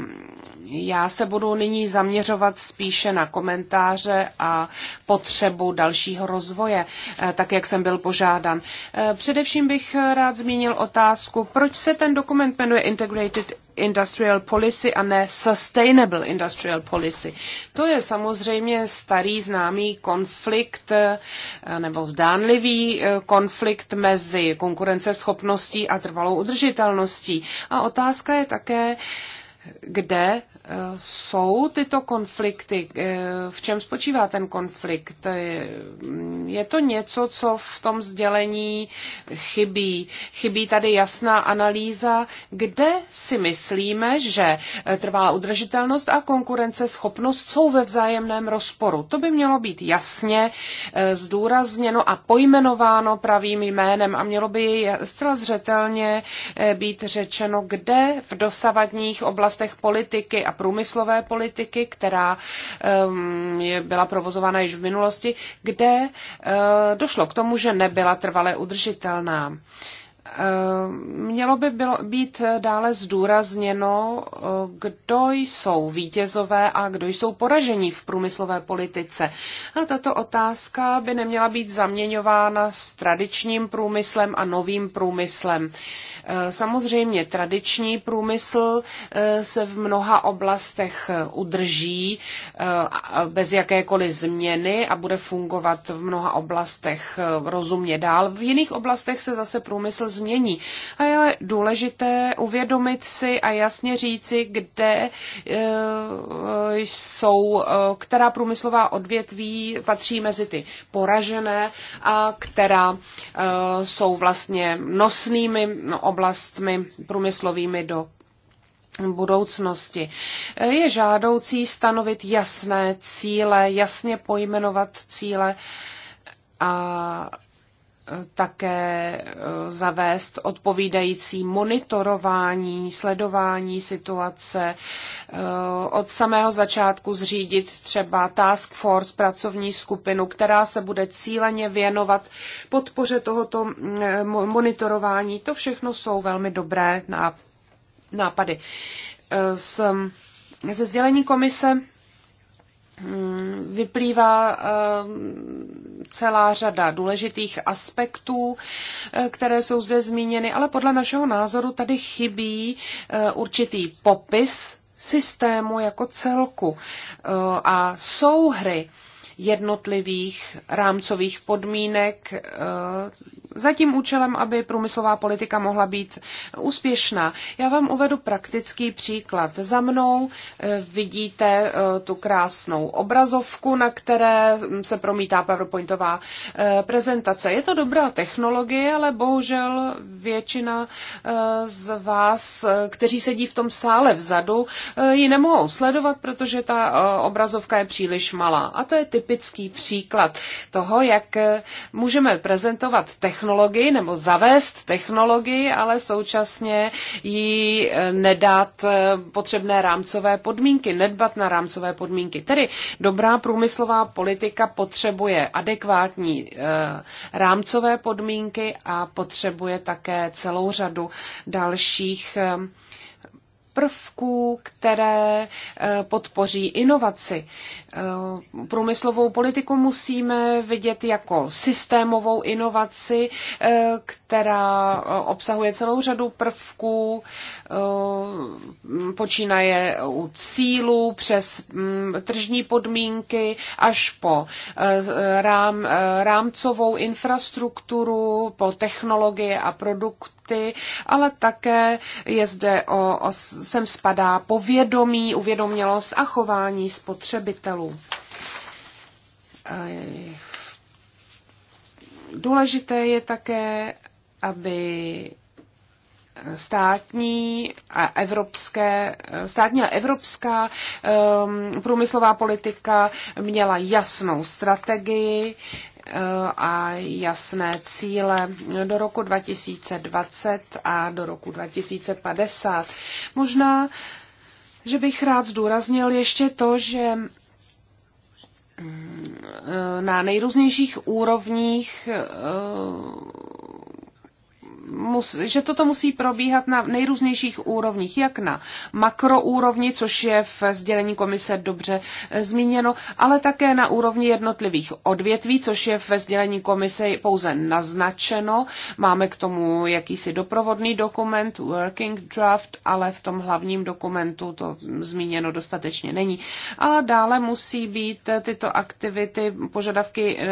já se budu nyní zaměřovat spíše na komentáře a potřebu dalšího rozvoje, eh, tak jak jsem byl požádan. Především bych rád zmínil otázku, proč se ten dokument jmenuje Integrated Industrial Policy a ne Sustainable Industrial Policy. To je samozřejmě starý známý konflikt eh, nebo zdánlivý eh, konflikt mezi konkurenceschopností a trvalou udržitelností. A otázka je také, kde jsou tyto konflikty? Eh, v čem spočívá ten konflikt? Eh, je to něco, co v tom sdělení chybí? Chybí tady jasná analýza, kde si myslíme, že eh, trvá udržitelnost a konkurenceschopnost jsou ve vzájemném rozporu. To by mělo být jasně zdůrazněno a pojmenováno pravým jménem a mělo by zcela zřetelně být řečeno, kde v dosavadních oblastech politiky a průmyslové politiky, která ehm, byla provozována již v minulosti, kde eh, došlo k tomu, že nebyla trvale udržitelná. Ehm, mělo by bylo být dále zdůrazněno, eh, kdo jsou vítězové a kdo jsou poražení v průmyslové politice. A tato otázka by neměla být zaměňována s tradičním průmyslem a novým průmyslem. Eh, samozřejmě tradiční průmysl eh, se v mnoha oblastech eh, udrží bez jakékoliv změny a bude fungovat v mnoha oblastech rozumně dál. V jiných oblastech se zase průmysl změní. A je důležité uvědomit si a jasně říci, kde jsou, která průmyslová odvětví patří mezi ty poražené a která jsou vlastně nosnými oblastmi no, oblastmi průmyslovými do budoucnosti. Je žádoucí stanovit jasné cíle, jasně pojmenovat cíle a také eh, zavést odpovídající monitorování, sledování situace, eh, od samého začátku zřídit třeba task force, pracovní skupinu, která se bude cíleně věnovat podpoře tohoto eh, monitorování. To všechno jsou velmi dobré nápady. Ze sdělení komise hm, vyplývá celá řada důležitých aspektů, eh, které jsou zde zmíněny, ale podle našeho názoru tady chybí eh, určitý popis systému jako celku eh, a souhry jednotlivých rámcových podmínek za tím účelem, aby průmyslová politika mohla být úspěšná. Já vám uvedu praktický příklad. Za mnou e, vidíte e, tu krásnou obrazovku, na které mm, se promítá PowerPointová e, prezentace. Je to dobrá technologie, ale bohužel většina z vás, kteří sedí v tom sále vzadu, ji nemohou sledovat, protože ta obrazovka je příliš malá. A to je typický příklad toho, jak můžeme prezentovat technologie, technologii nebo zavést technologii, ale současně jí eh, nedat eh, potřebné rámcové podmínky, nedbat na rámcové podmínky. Tedy dobrá průmyslová politika potřebuje adekvátní eh, rámcové podmínky a potřebuje také celou řadu dalších prvků, které eh, podpoří inovaci. Eh, průmyslovou politiku musíme vidět jako systémovou inovaci, eh, která obsahuje celou řadu prvků, počínaje u cílů přes mm, tržní podmínky až po rám, rámcovou infrastrukturu, po technologie a produkty fakty, ale také je zde o, o sem spadá povědomí, uvědomělost a chování spotřebitelů. Eh, důležité je také, aby státní a evropské, státní a evropská um, průmyslová politika měla jasnou strategii, a jasné cíle do roku 2020 a do roku 2050. Možná, že bych rád zdůraznil ještě to, že mm, e, na nejrůznějších úrovních e, mus, že toto musí probíhat na nejrůznějších úrovních, jak na makroúrovni, což je v sdělení komise dobře eh, zmíněno, ale také na úrovni jednotlivých odvětví, což je ve sdělení komise pouze naznačeno. Máme k tomu jakýsi doprovodný dokument, working draft, ale v tom hlavním dokumentu to zmíněno dostatečně není. Ale dále musí být tyto aktivity, požadavky eh,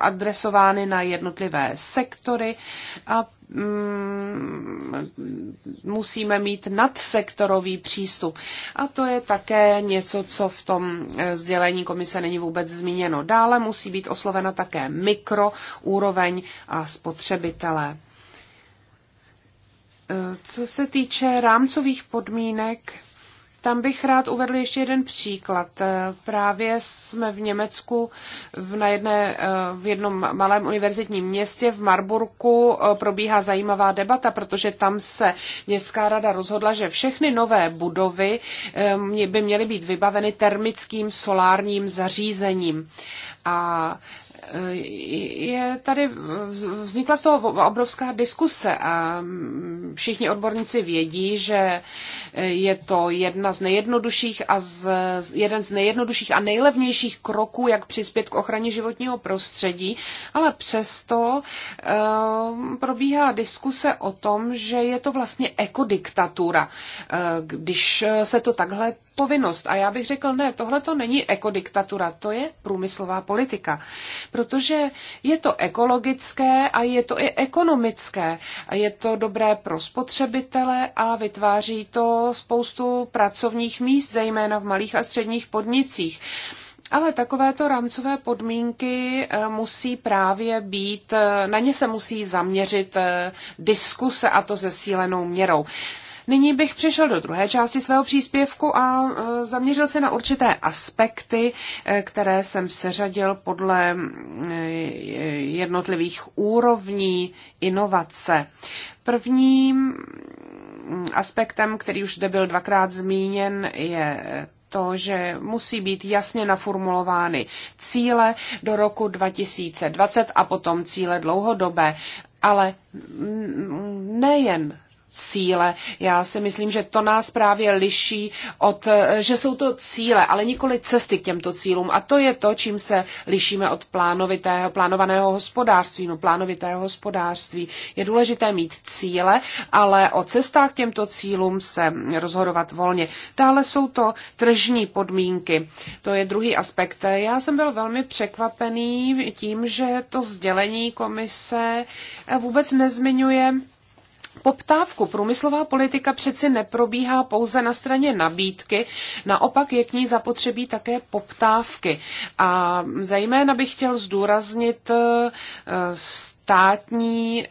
adresovány na jednotlivé sektory a Mm, musíme mít nadsektorový přístup. A to je také něco, co v tom eh, sdělení komise není vůbec zmíněno. Dále musí být oslovena také mikroúroveň a spotřebitelé. Eh, co se týče rámcových podmínek, tam bych rád uvedl ještě jeden příklad. Eh, právě jsme v Německu v, na jedné, eh, v jednom malém univerzitním městě v Marburku eh, probíhá zajímavá debata, protože tam se městská rada rozhodla, že všechny nové budovy by měly být vybaveny termickým solárním zařízením. A je tady, vznikla z toho obrovská diskuse a mm, všichni odborníci vědí, že je to jedna z nejjednodušších a z, jeden z nejjednodušších a nejlevnějších kroků, jak přispět k ochraně životního prostředí, ale přesto uh, probíhá diskuse o tom, že je to vlastně ekodiktatura, uh, když se to takhle povinnost. A já bych řekl, ne, tohle to není ekodiktatura, to je průmyslová politika. Protože je to ekologické a je to i ekonomické. A je to dobré pro spotřebitele a vytváří to spoustu pracovních míst, zejména v malých a středních podnicích. Ale takovéto rámcové podmínky eh, musí právě být, eh, na ně se musí zaměřit eh, diskuse a to zesílenou měrou. Nyní bych přišel do druhé části svého příspěvku a zaměřil se na určité aspekty, které jsem seřadil podle mm, jednotlivých úrovní inovace. Prvním Mm, aspektem, který už zde byl dvakrát zmíněn, je to, že musí být jasně naformulovány cíle do roku 2020 a potom cíle dlouhodobé, ale mm, nejen cíle. Já si myslím, že to nás právě liší od, eh, že jsou to cíle, ale nikoli cesty k těmto cílům. A to je to, čím se lišíme od plánovitého, plánovaného hospodářství. No, plánovitého hospodářství je důležité mít cíle, ale o cestách k těmto cílům se rozhodovat volně. Dále jsou to tržní podmínky. To je druhý aspekt. Já jsem byl velmi překvapený tím, že to sdělení komise eh, vůbec nezmiňuje poptávku. Průmyslová politika přeci neprobíhá pouze na straně nabídky, naopak je k ní zapotřebí také poptávky. A zejména bych chtěl zdůraznit eh, státní eh,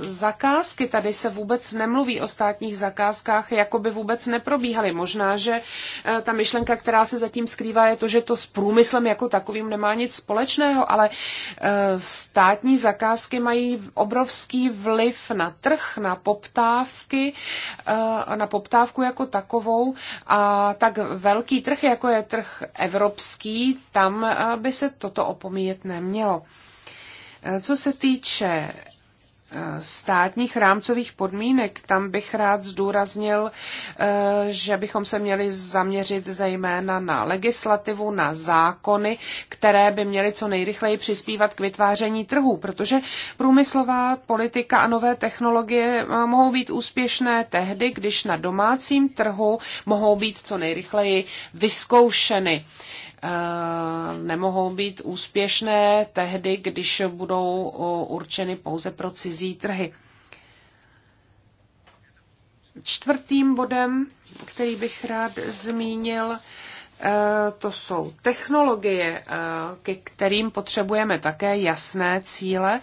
zakázky. Tady se vůbec nemluví o státních zakázkách, jako by vůbec neprobíhaly. Možná, že eh, ta myšlenka, která se zatím skrývá, je to, že to s průmyslem jako takovým nemá nic společného, ale eh, státní zakázky mají obrovský vliv na trh, na poptávky, na poptávku jako takovou a tak velký trh, jako je trh evropský, tam by se toto opomíjet nemělo. Co se týče eh, státních rámcových podmínek, tam bych rád zdůraznil, eh, že bychom se měli zaměřit zejména na legislativu, na zákony, které by měly co nejrychleji přispívat k vytváření trhu, protože průmyslová politika a nové technologie eh, mohou být úspěšné tehdy, když na domácím trhu mohou být co nejrychleji vyzkoušeny Eh, nemohou být úspěšné tehdy, když budou eh, určeny pouze pro cizí trhy. Čtvrtým bodem, který bych rád zmínil, eh, to jsou technologie, ke kterým potřebujeme také jasné cíle.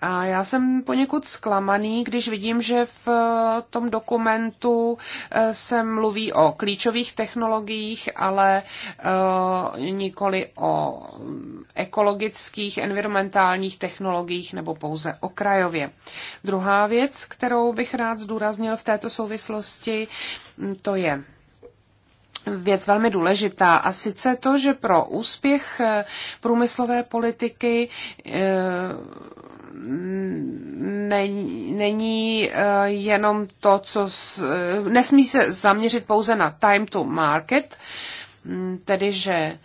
A já jsem poněkud zklamaný, když vidím, že v eh, tom dokumentu eh, se mluví o klíčových technologiích, ale eh, nikoli o mm, ekologických, environmentálních technologiích nebo pouze o krajově. Druhá věc, kterou bych rád zdůraznil v této souvislosti, mm, to je věc velmi důležitá a sice to, že pro úspěch průmyslové politiky není, není eh, jenom to, co s, eh, nesmí se zaměřit pouze na time to market, hm, tedy že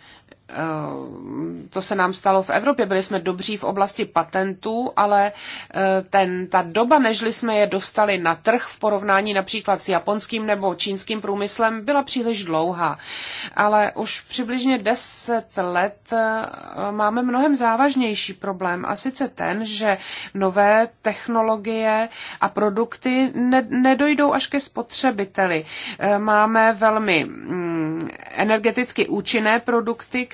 Eh, to se nám stalo v Evropě. Byli jsme dobří v oblasti patentů, ale eh, ten, ta doba, nežli jsme je dostali na trh v porovnání například s japonským nebo čínským průmyslem, byla příliš dlouhá. Ale už přibližně deset let eh, máme mnohem závažnější problém a sice ten, že nové technologie a produkty ne, nedojdou až ke spotřebiteli. Máme velmi mm, energeticky účinné produkty,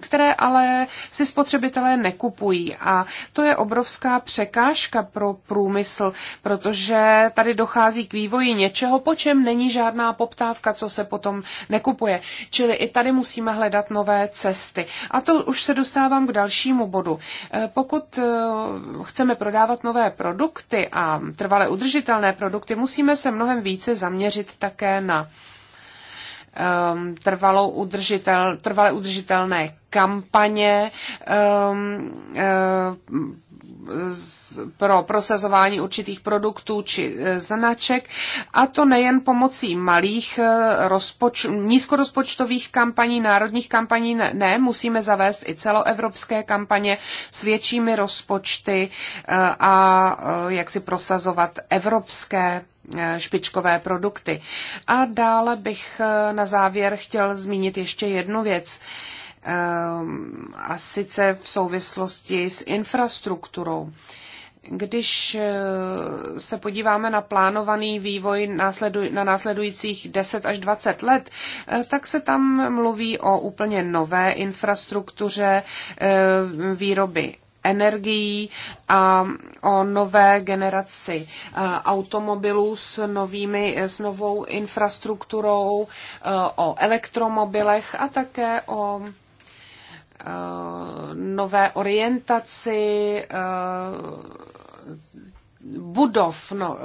které ale si spotřebitelé nekupují. A to je obrovská překážka pro průmysl, protože tady dochází k vývoji něčeho, po čem není žádná poptávka, co se potom nekupuje. Čili i tady musíme hledat nové cesty. A to už se dostávám k dalšímu bodu. E, pokud e, chceme prodávat nové produkty a trvale udržitelné produkty, musíme se mnohem více zaměřit také na um, trvalou udržitel, trvale udržitelné kampaně um, uh, pro prosazování určitých produktů či uh, značek, a to nejen pomocí malých uh, rozpoč, nízkorozpočtových kampaní, národních kampaní, ne, ne, musíme zavést i celoevropské kampaně s většími rozpočty a jak si prosazovat evropské Eh, špičkové produkty. A dále bych eh, na závěr chtěl zmínit ještě jednu věc eh, a sice v souvislosti s infrastrukturou. Když se podíváme na plánovaný vývoj na následujících 10 až 20 let, tak se tam mluví o úplně nové infrastruktuře výroby energií a o nové generaci eh, automobilů s, novými, eh, s novou infrastrukturou, eh, o elektromobilech a také o nové orientaci budov no, eh,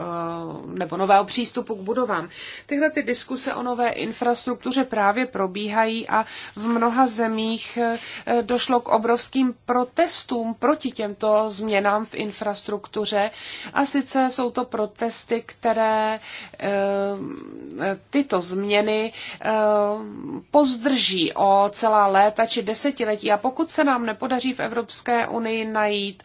nebo nového přístupu k budovám. Tyhle ty diskuse o nové infrastruktuře právě probíhají a v mnoha zemích eh, došlo k obrovským protestům proti těmto změnám v infrastruktuře. A sice jsou to protesty, které eh, tyto změny pozdrží o celá léta či desetiletí. A pokud se nám nepodaří v Evropské unii najít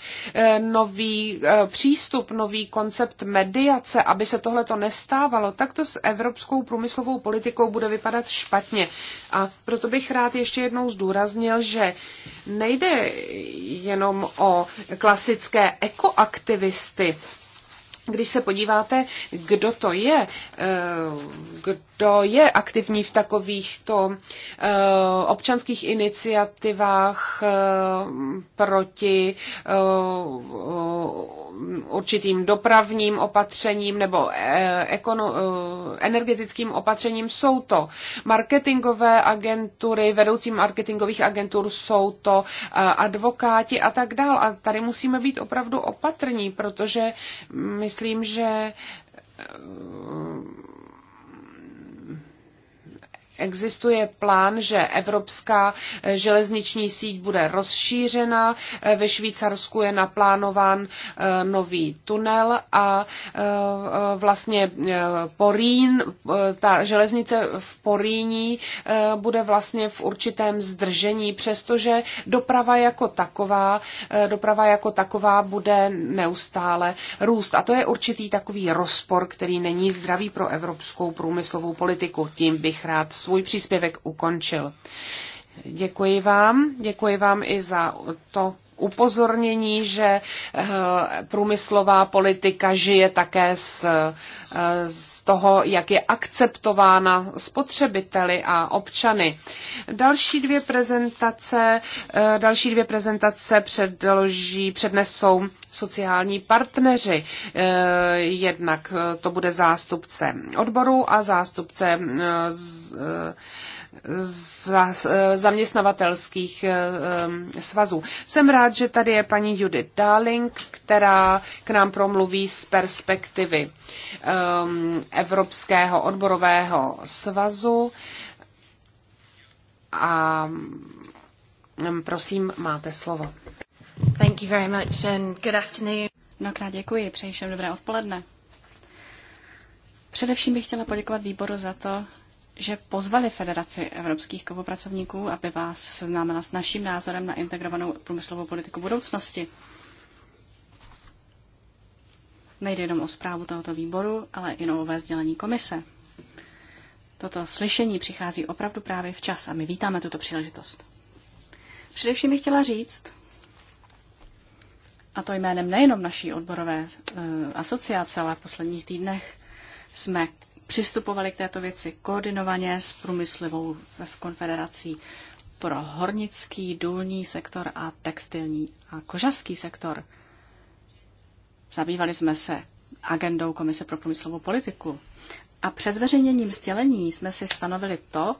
nový přístup, nový koncept mediace, aby se tohle to nestávalo, tak to s evropskou průmyslovou politikou bude vypadat špatně. A proto bych rád ještě jednou zdůraznil, že nejde jenom o klasické ekoaktivisty, když se podíváte, kdo to je, eh, kdo je aktivní v takovýchto uh, občanských iniciativách uh, proti uh, určitým dopravním opatřením nebo ekono, energetickým opatřením, jsou to marketingové agentury, vedoucí marketingových agentur, jsou to advokáti a tak dál. A tady musíme být opravdu opatrní, protože mm, myslím, že Existuje plán, že evropská eh, železniční síť bude rozšířena. Eh, ve Švýcarsku je naplánován eh, nový tunel a vlastně Porín, ta železnice v Poríní bude vlastně v určitém zdržení, přestože doprava jako taková, doprava jako taková bude neustále růst. A to je určitý takový rozpor, který není zdravý pro evropskou průmyslovou politiku. Tím bych rád svůj příspěvek ukončil. Děkuji vám, děkuji vám i za to upozornění, že eh, průmyslová politika žije také z, eh, z toho, jak je akceptována spotřebiteli a občany. Další dvě prezentace, eh, další dvě prezentace předloží, přednesou sociální partneři. Jednak to bude zástupce odboru a zástupce z, za, eh, zaměstnavatelských eh, eh, svazů. Jsem rád, že tady je paní Judith Darling, která k nám promluví z perspektivy Evropského odborového svazu. A mm, prosím, máte slovo. Thank you very much and good afternoon. Mnohokrát děkuji, přeji všem dobré odpoledne. Především bych chtěla poděkovat výboru za to, že pozvali Federaci evropských kovopracovníků, aby vás seznámila s naším názorem na integrovanou průmyslovou politiku budoucnosti. Nejde jenom o zprávu tohoto výboru, ale i nové sdělení komise. Toto slyšení přichází opravdu právě včas a my vítáme tuto příležitost. Především bych chtěla říct, a to jménem nejenom naší odborové e, asociace, ale v posledních týdnech jsme přistupovali k této věci koordinovaně s průmyslovou v konfederací pro hornický, důlní sektor a textilní a kožařský sektor. Zabývali jsme se agendou Komise pro průmyslovou politiku. A před zveřejněním sdělení jsme si stanovili to,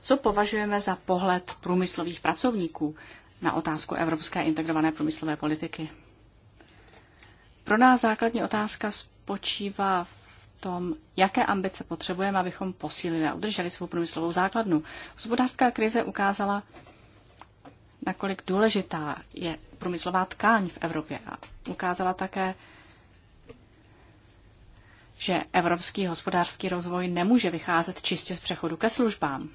co považujeme za pohled průmyslových pracovníků na otázku evropské integrované průmyslové politiky. Pro nás základní otázka spočívá v tom, jaké ambice potřebujeme, abychom posílili a udrželi svou průmyslovou základnu. Hospodářská krize ukázala, nakolik důležitá je průmyslová tkáň v Evropě a ukázala také, že evropský hospodářský rozvoj nemůže vycházet čistě z přechodu ke službám.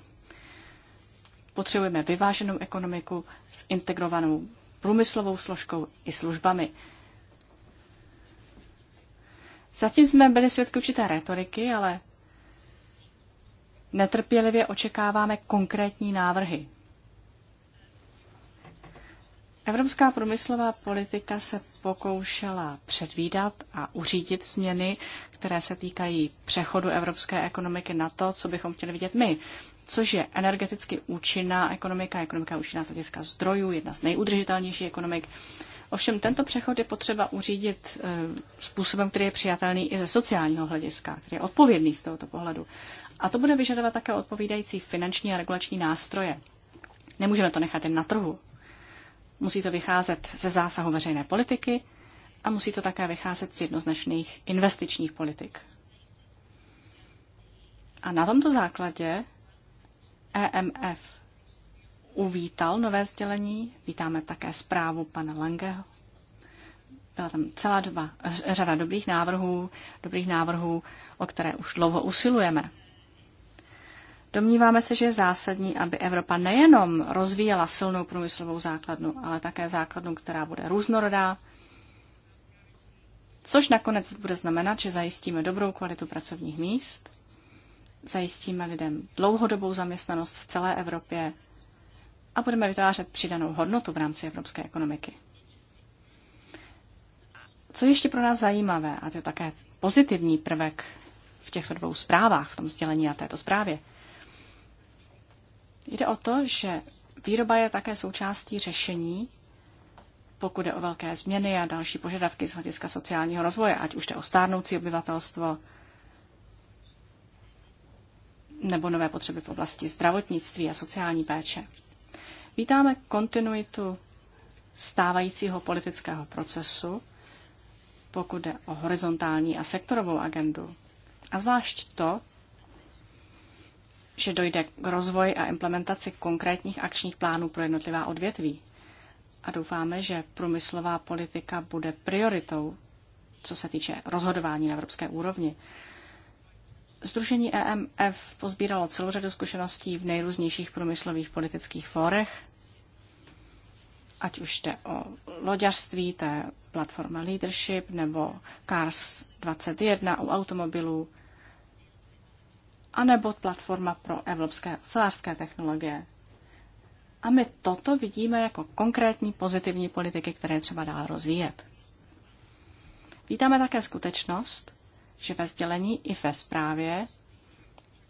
Potřebujeme vyváženou ekonomiku s integrovanou průmyslovou složkou i službami. Zatím jsme byli svědky určité retoriky, ale netrpělivě očekáváme konkrétní návrhy. Evropská průmyslová politika se pokoušela předvídat a uřídit změny, které se týkají přechodu evropské ekonomiky na to, co bychom chtěli vidět my, což je energeticky účinná ekonomika, ekonomika účinná z hlediska zdrojů, jedna z nejudržitelnějších ekonomik. Ovšem tento přechod je potřeba uřídit eh, způsobem, který je přijatelný i ze sociálního hlediska, který je odpovědný z tohoto pohledu. A to bude vyžadovat také odpovídající finanční a regulační nástroje. Nemůžeme to nechat jen na trhu. Musí to vycházet ze zásahu veřejné politiky a musí to také vycházet z jednoznačných investičních politik. A na tomto základě EMF uvítal nové sdělení. Vítáme také zprávu pana Langeho. Byla tam celá doba, řada dobrých návrhů, dobrých návrhů, o které už dlouho usilujeme. Domníváme se, že je zásadní, aby Evropa nejenom rozvíjela silnou průmyslovou základnu, ale také základnu, která bude různorodá, což nakonec bude znamenat, že zajistíme dobrou kvalitu pracovních míst, zajistíme lidem dlouhodobou zaměstnanost v celé Evropě a budeme vytvářet přidanou hodnotu v rámci evropské ekonomiky. Co ještě pro nás zajímavé, a to je také pozitivní prvek v těchto dvou zprávách, v tom sdělení a této zprávě, jde o to, že výroba je také součástí řešení, pokud je o velké změny a další požadavky z hlediska sociálního rozvoje, ať už jde o stárnoucí obyvatelstvo nebo nové potřeby v oblasti zdravotnictví a sociální péče. Vítáme kontinuitu stávajícího politického procesu, pokud jde o horizontální a sektorovou agendu. A zvlášť to, že dojde k rozvoji a implementaci konkrétních akčních plánů pro jednotlivá odvětví. A doufáme, že průmyslová politika bude prioritou, co se týče rozhodování na evropské úrovni. Združení EMF pozbíralo celou řadu zkušeností v nejrůznějších průmyslových politických fórech, ať už jde o loďařství, to je platforma Leadership, nebo Cars 21 u automobilů, anebo platforma pro evropské ocelářské technologie. A my toto vidíme jako konkrétní pozitivní politiky, které třeba dál rozvíjet. Vítáme také skutečnost, že ve sdělení i ve zprávě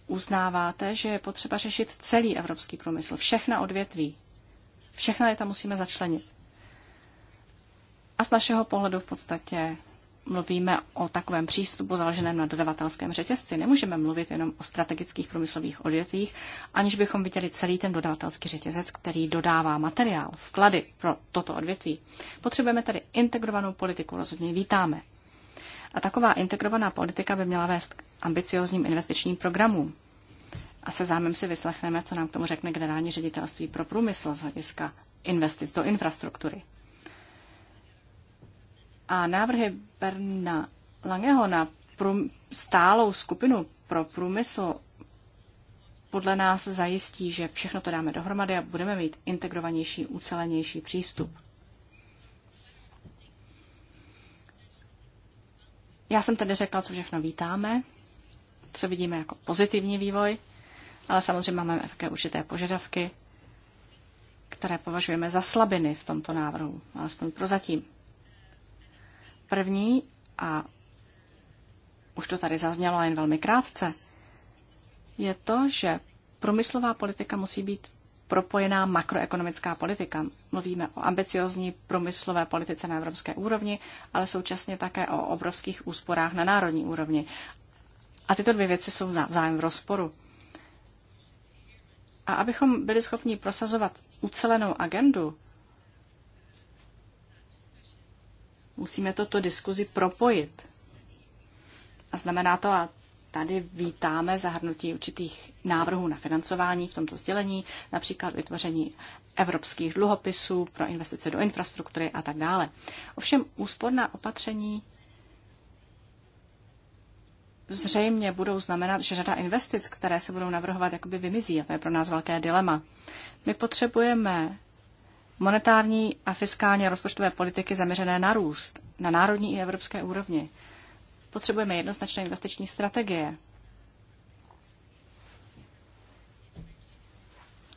uznáváte, že je potřeba řešit celý evropský průmysl, všechna odvětví. Všechna je tam musíme začlenit. A z našeho pohledu v podstatě mluvíme o takovém přístupu založeném na dodavatelském řetězci. Nemůžeme mluvit jenom o strategických průmyslových odvětvích, aniž bychom viděli celý ten dodavatelský řetězec, který dodává materiál, vklady pro toto odvětví. Potřebujeme tedy integrovanou politiku, rozhodně vítáme. A taková integrovaná politika by měla vést k ambiciozním investičním programům. A se zájmem si vyslechneme, co nám k tomu řekne generální ředitelství pro průmysl z hlediska investic do infrastruktury. A návrhy Berna Langeho na prům, stálou skupinu pro průmysl podle nás zajistí, že všechno to dáme dohromady a budeme mít integrovanější, ucelenější přístup. Já jsem tedy řekla, co všechno vítáme, co vidíme jako pozitivní vývoj, ale samozřejmě máme také určité požadavky, které považujeme za slabiny v tomto návrhu, alespoň prozatím. První, a už to tady zaznělo jen velmi krátce, je to, že průmyslová politika musí být propojená makroekonomická politika. Mluvíme o ambiciozní průmyslové politice na evropské úrovni, ale současně také o obrovských úsporách na národní úrovni. A tyto dvě věci jsou vzájem v rozporu. A abychom byli schopni prosazovat ucelenou agendu, musíme toto diskuzi propojit. A znamená to, a tady vítáme zahrnutí určitých návrhů na financování v tomto sdělení, například vytvoření evropských dluhopisů pro investice do infrastruktury a tak dále. Ovšem úsporná opatření zřejmě budou znamenat, že řada investic, které se budou navrhovat, jakoby vymizí a to je pro nás velké dilema. My potřebujeme monetární a fiskálně rozpočtové politiky zaměřené na růst na národní i evropské úrovni. Potřebujeme jednoznačné investiční strategie.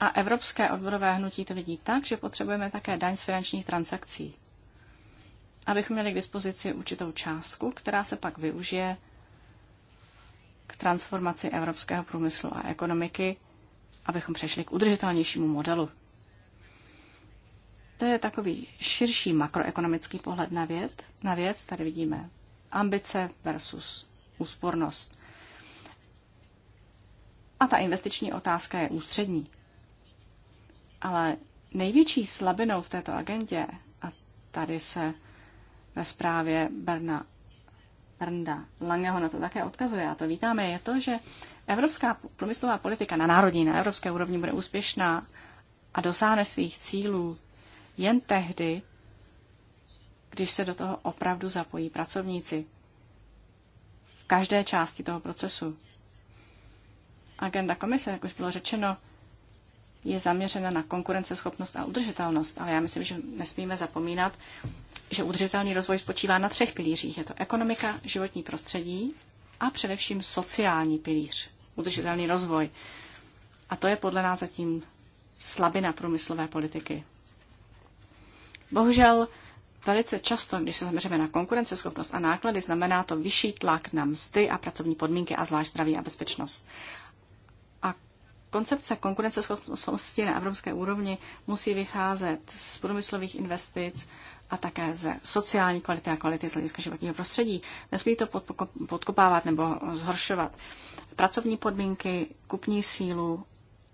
A evropské odborové hnutí to vidí tak, že potřebujeme také daň z finančních transakcí, abychom měli k dispozici určitou částku, která se pak využije k transformaci evropského průmyslu a ekonomiky, abychom přešli k udržitelnějšímu modelu. To je takový širší makroekonomický pohled na věc. Na věc tady vidíme ambice versus úspornost. A ta investiční otázka je ústřední. Ale největší slabinou v této agendě a tady se ve zprávě Berna Brnda Langeho na to také odkazuje, a to vítáme, je to, že evropská průmyslová politika na národní, na evropské úrovni bude úspěšná a dosáhne svých cílů jen tehdy, když se do toho opravdu zapojí pracovníci. V každé části toho procesu. Agenda komise, jak už bylo řečeno, je zaměřena na konkurenceschopnost a udržitelnost, ale já myslím, že nesmíme zapomínat, že udržitelný rozvoj spočívá na třech pilířích. Je to ekonomika, životní prostředí a především sociální pilíř, udržitelný rozvoj. A to je podle nás zatím slabina průmyslové politiky. Bohužel velice často, když se zaměříme na konkurenceschopnost a náklady, znamená to vyšší tlak na mzdy a pracovní podmínky a zvlášť zdraví a bezpečnost. A koncepce konkurenceschopnosti na evropské úrovni musí vycházet z průmyslových investic a také ze sociální kvality a kvality z hlediska životního prostředí. Nesmí to podkopávat nebo zhoršovat pracovní podmínky, kupní sílu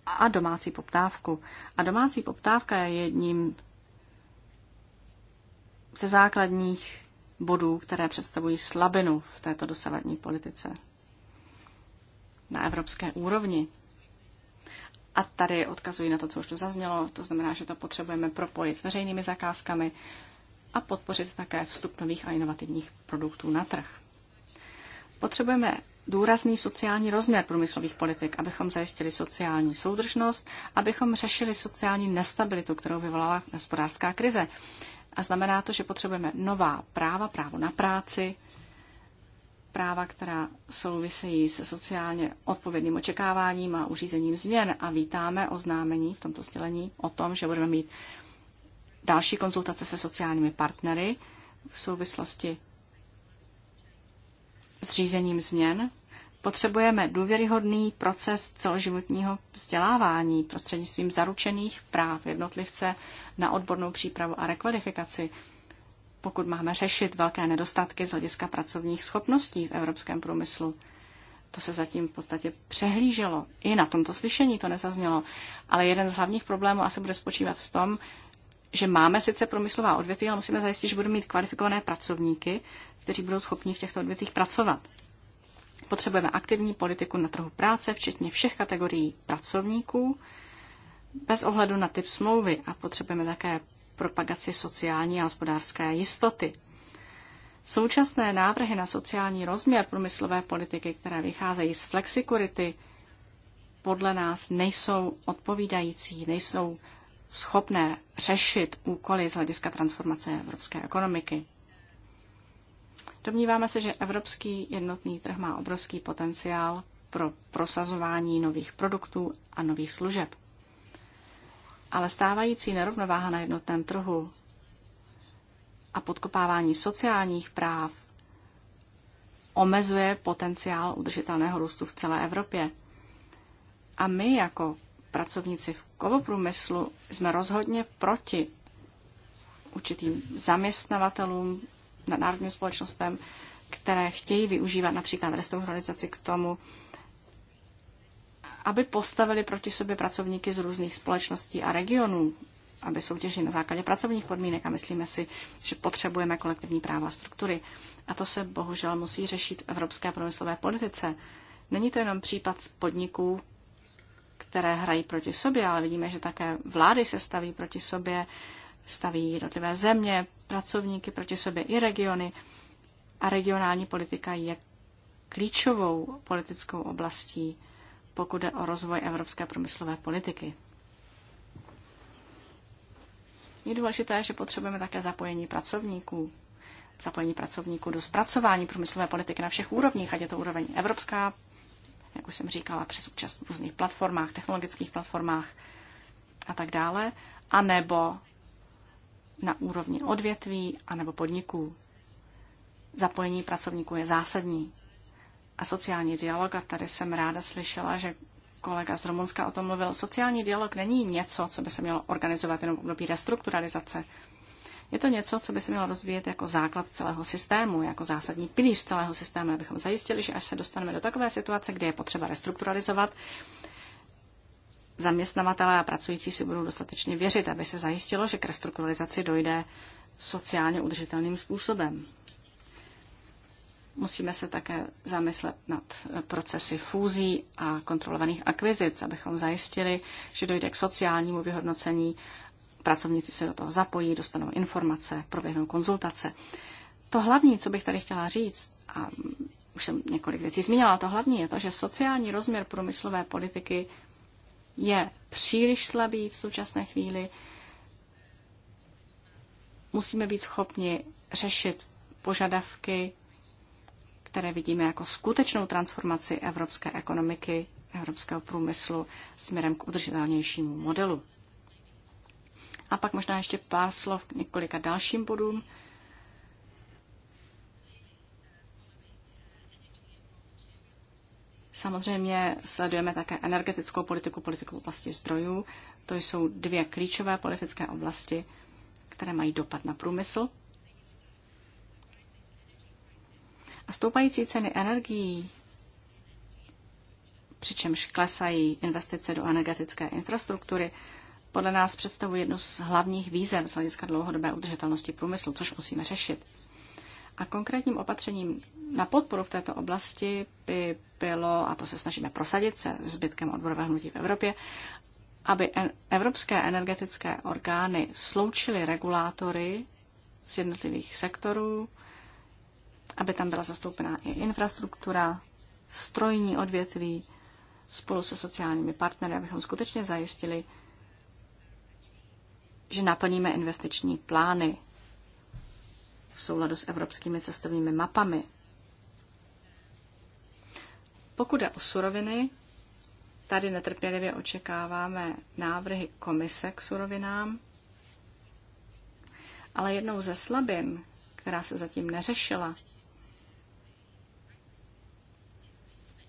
a domácí poptávku. A domácí poptávka je jedním ze základních bodů, které představují slabinu v této dosavadní politice na evropské úrovni. A tady odkazují na to, co už tu zaznělo, to znamená, že to potřebujeme propojit s veřejnými zakázkami a podpořit také vstup nových a inovativních produktů na trh. Potřebujeme důrazný sociální rozměr průmyslových politik, abychom zajistili sociální soudržnost, abychom řešili sociální nestabilitu, kterou vyvolala hospodářská krize. A znamená to, že potřebujeme nová práva, právo na práci, práva, která souvisejí se sociálně odpovědným očekáváním a uřízením změn. A vítáme oznámení v tomto sdělení o tom, že budeme mít další konzultace se sociálními partnery v souvislosti s řízením změn. Potřebujeme důvěryhodný proces celoživotního vzdělávání prostřednictvím zaručených práv jednotlivce na odbornou přípravu a rekvalifikaci, pokud máme řešit velké nedostatky z hlediska pracovních schopností v evropském průmyslu. To se zatím v podstatě přehlíželo. I na tomto slyšení to nezaznělo. Ale jeden z hlavních problémů asi bude spočívat v tom, že máme sice průmyslová odvětví, ale musíme zajistit, že budou mít kvalifikované pracovníky, kteří budou schopni v těchto odvětvích pracovat. Potřebujeme aktivní politiku na trhu práce, včetně všech kategorií pracovníků, bez ohledu na typ smlouvy a potřebujeme také propagaci sociální a hospodářské jistoty. Současné návrhy na sociální rozměr průmyslové politiky, které vycházejí z flexikurity, podle nás nejsou odpovídající, nejsou schopné řešit úkoly z hlediska transformace evropské ekonomiky. Domníváme se, že evropský jednotný trh má obrovský potenciál pro prosazování nových produktů a nových služeb ale stávající nerovnováha na jednotném trhu a podkopávání sociálních práv omezuje potenciál udržitelného růstu v celé Evropě. A my jako pracovníci v kovoprůmyslu jsme rozhodně proti určitým zaměstnavatelům, národním společnostem, které chtějí využívat například restrukturalizaci k tomu, aby postavili proti sobě pracovníky z různých společností a regionů, aby soutěžili na základě pracovních podmínek a myslíme si, že potřebujeme kolektivní práva a struktury. A to se bohužel musí řešit v evropské průmyslové politice. Není to jenom případ podniků, které hrají proti sobě, ale vidíme, že také vlády se staví proti sobě, staví jednotlivé země, pracovníky proti sobě i regiony. A regionální politika je klíčovou politickou oblastí pokud jde o rozvoj evropské průmyslové politiky. Je důležité, že potřebujeme také zapojení pracovníků, zapojení pracovníků do zpracování průmyslové politiky na všech úrovních, ať je to úroveň evropská, jak už jsem říkala, přes účast v různých platformách, technologických platformách a tak dále, anebo na úrovni odvětví anebo podniků. Zapojení pracovníků je zásadní a sociální dialog. A tady jsem ráda slyšela, že kolega z Rumunska o tom mluvil. Sociální dialog není něco, co by se mělo organizovat jenom v období restrukturalizace. Je to něco, co by se mělo rozvíjet jako základ celého systému, jako zásadní pilíř celého systému, abychom zajistili, že až se dostaneme do takové situace, kde je potřeba restrukturalizovat, zaměstnavatelé a pracující si budou dostatečně věřit, aby se zajistilo, že k restrukturalizaci dojde sociálně udržitelným způsobem. Musíme se také zamyslet nad eh, procesy fúzí a kontrolovaných akvizic, abychom zajistili, že dojde k sociálnímu vyhodnocení, pracovníci se do toho zapojí, dostanou informace, proběhnou konzultace. To hlavní, co bych tady chtěla říct, a už jsem několik věcí zmínila, to hlavní je to, že sociální rozměr průmyslové politiky je příliš slabý v současné chvíli. Musíme být schopni řešit požadavky které vidíme jako skutečnou transformaci evropské ekonomiky, evropského průmyslu směrem k udržitelnějšímu modelu. A pak možná ještě pár slov k několika dalším bodům. Samozřejmě sledujeme také energetickou politiku, politiku v oblasti zdrojů. To jsou dvě klíčové politické oblasti, které mají dopad na průmysl. A stoupající ceny energií, přičemž klesají investice do energetické infrastruktury, podle nás představují jednu z hlavních výzev z hlediska dlouhodobé udržitelnosti průmyslu, což musíme řešit. A konkrétním opatřením na podporu v této oblasti by bylo, a to se snažíme prosadit se zbytkem odborové hnutí v Evropě, aby evropské energetické orgány sloučily regulátory z jednotlivých sektorů, aby tam byla zastoupená i infrastruktura, strojní odvětví spolu se sociálními partnery, abychom skutečně zajistili, že naplníme investiční plány v souladu s evropskými cestovními mapami. Pokud je o suroviny, tady netrpělivě očekáváme návrhy komise k surovinám, ale jednou ze slabin, která se zatím neřešila,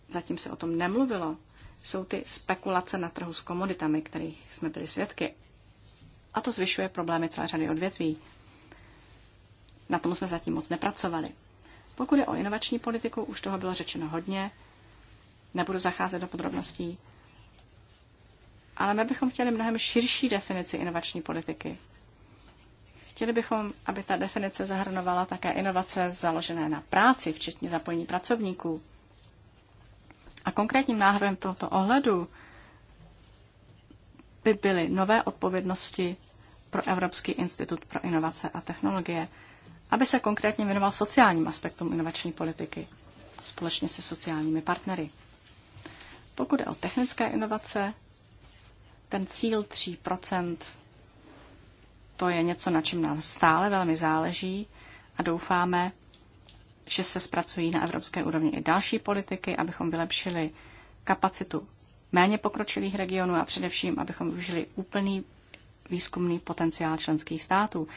zatím se o tom nemluvilo, jsou ty spekulace na trhu s komoditami, kterých jsme byli svědky. A to zvyšuje problémy celé řady odvětví. Na tom jsme zatím moc nepracovali. Pokud je o inovační politiku, už toho bylo řečeno hodně, nebudu zacházet do podrobností, ale my bychom chtěli mnohem širší definici inovační politiky. Chtěli bychom, aby ta definice zahrnovala také inovace založené na práci, včetně zapojení pracovníků, a konkrétním náhradem v tomto ohledu by byly nové odpovědnosti pro Evropský institut pro inovace a technologie, aby se konkrétně věnoval sociálním aspektům inovační politiky společně se sociálními partnery. Pokud je o technické inovace, ten cíl 3 to je něco, na čem nám stále velmi záleží a doufáme, že se zpracují na evropské úrovni i další politiky, abychom vylepšili kapacitu méně pokročilých regionů a především, abychom využili úplný výzkumný potenciál členských států.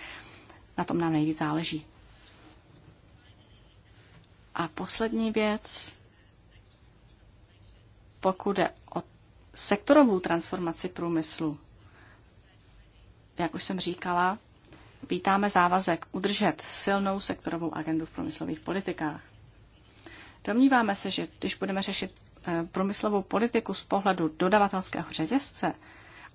Na tom nám nejvíc záleží. A poslední věc, pokud jde o sektorovou transformaci průmyslu, jak už jsem říkala, vítáme závazek udržet silnou sektorovou agendu v průmyslových politikách. Domníváme se, že když budeme řešit eh, průmyslovou politiku z pohledu dodavatelského řetězce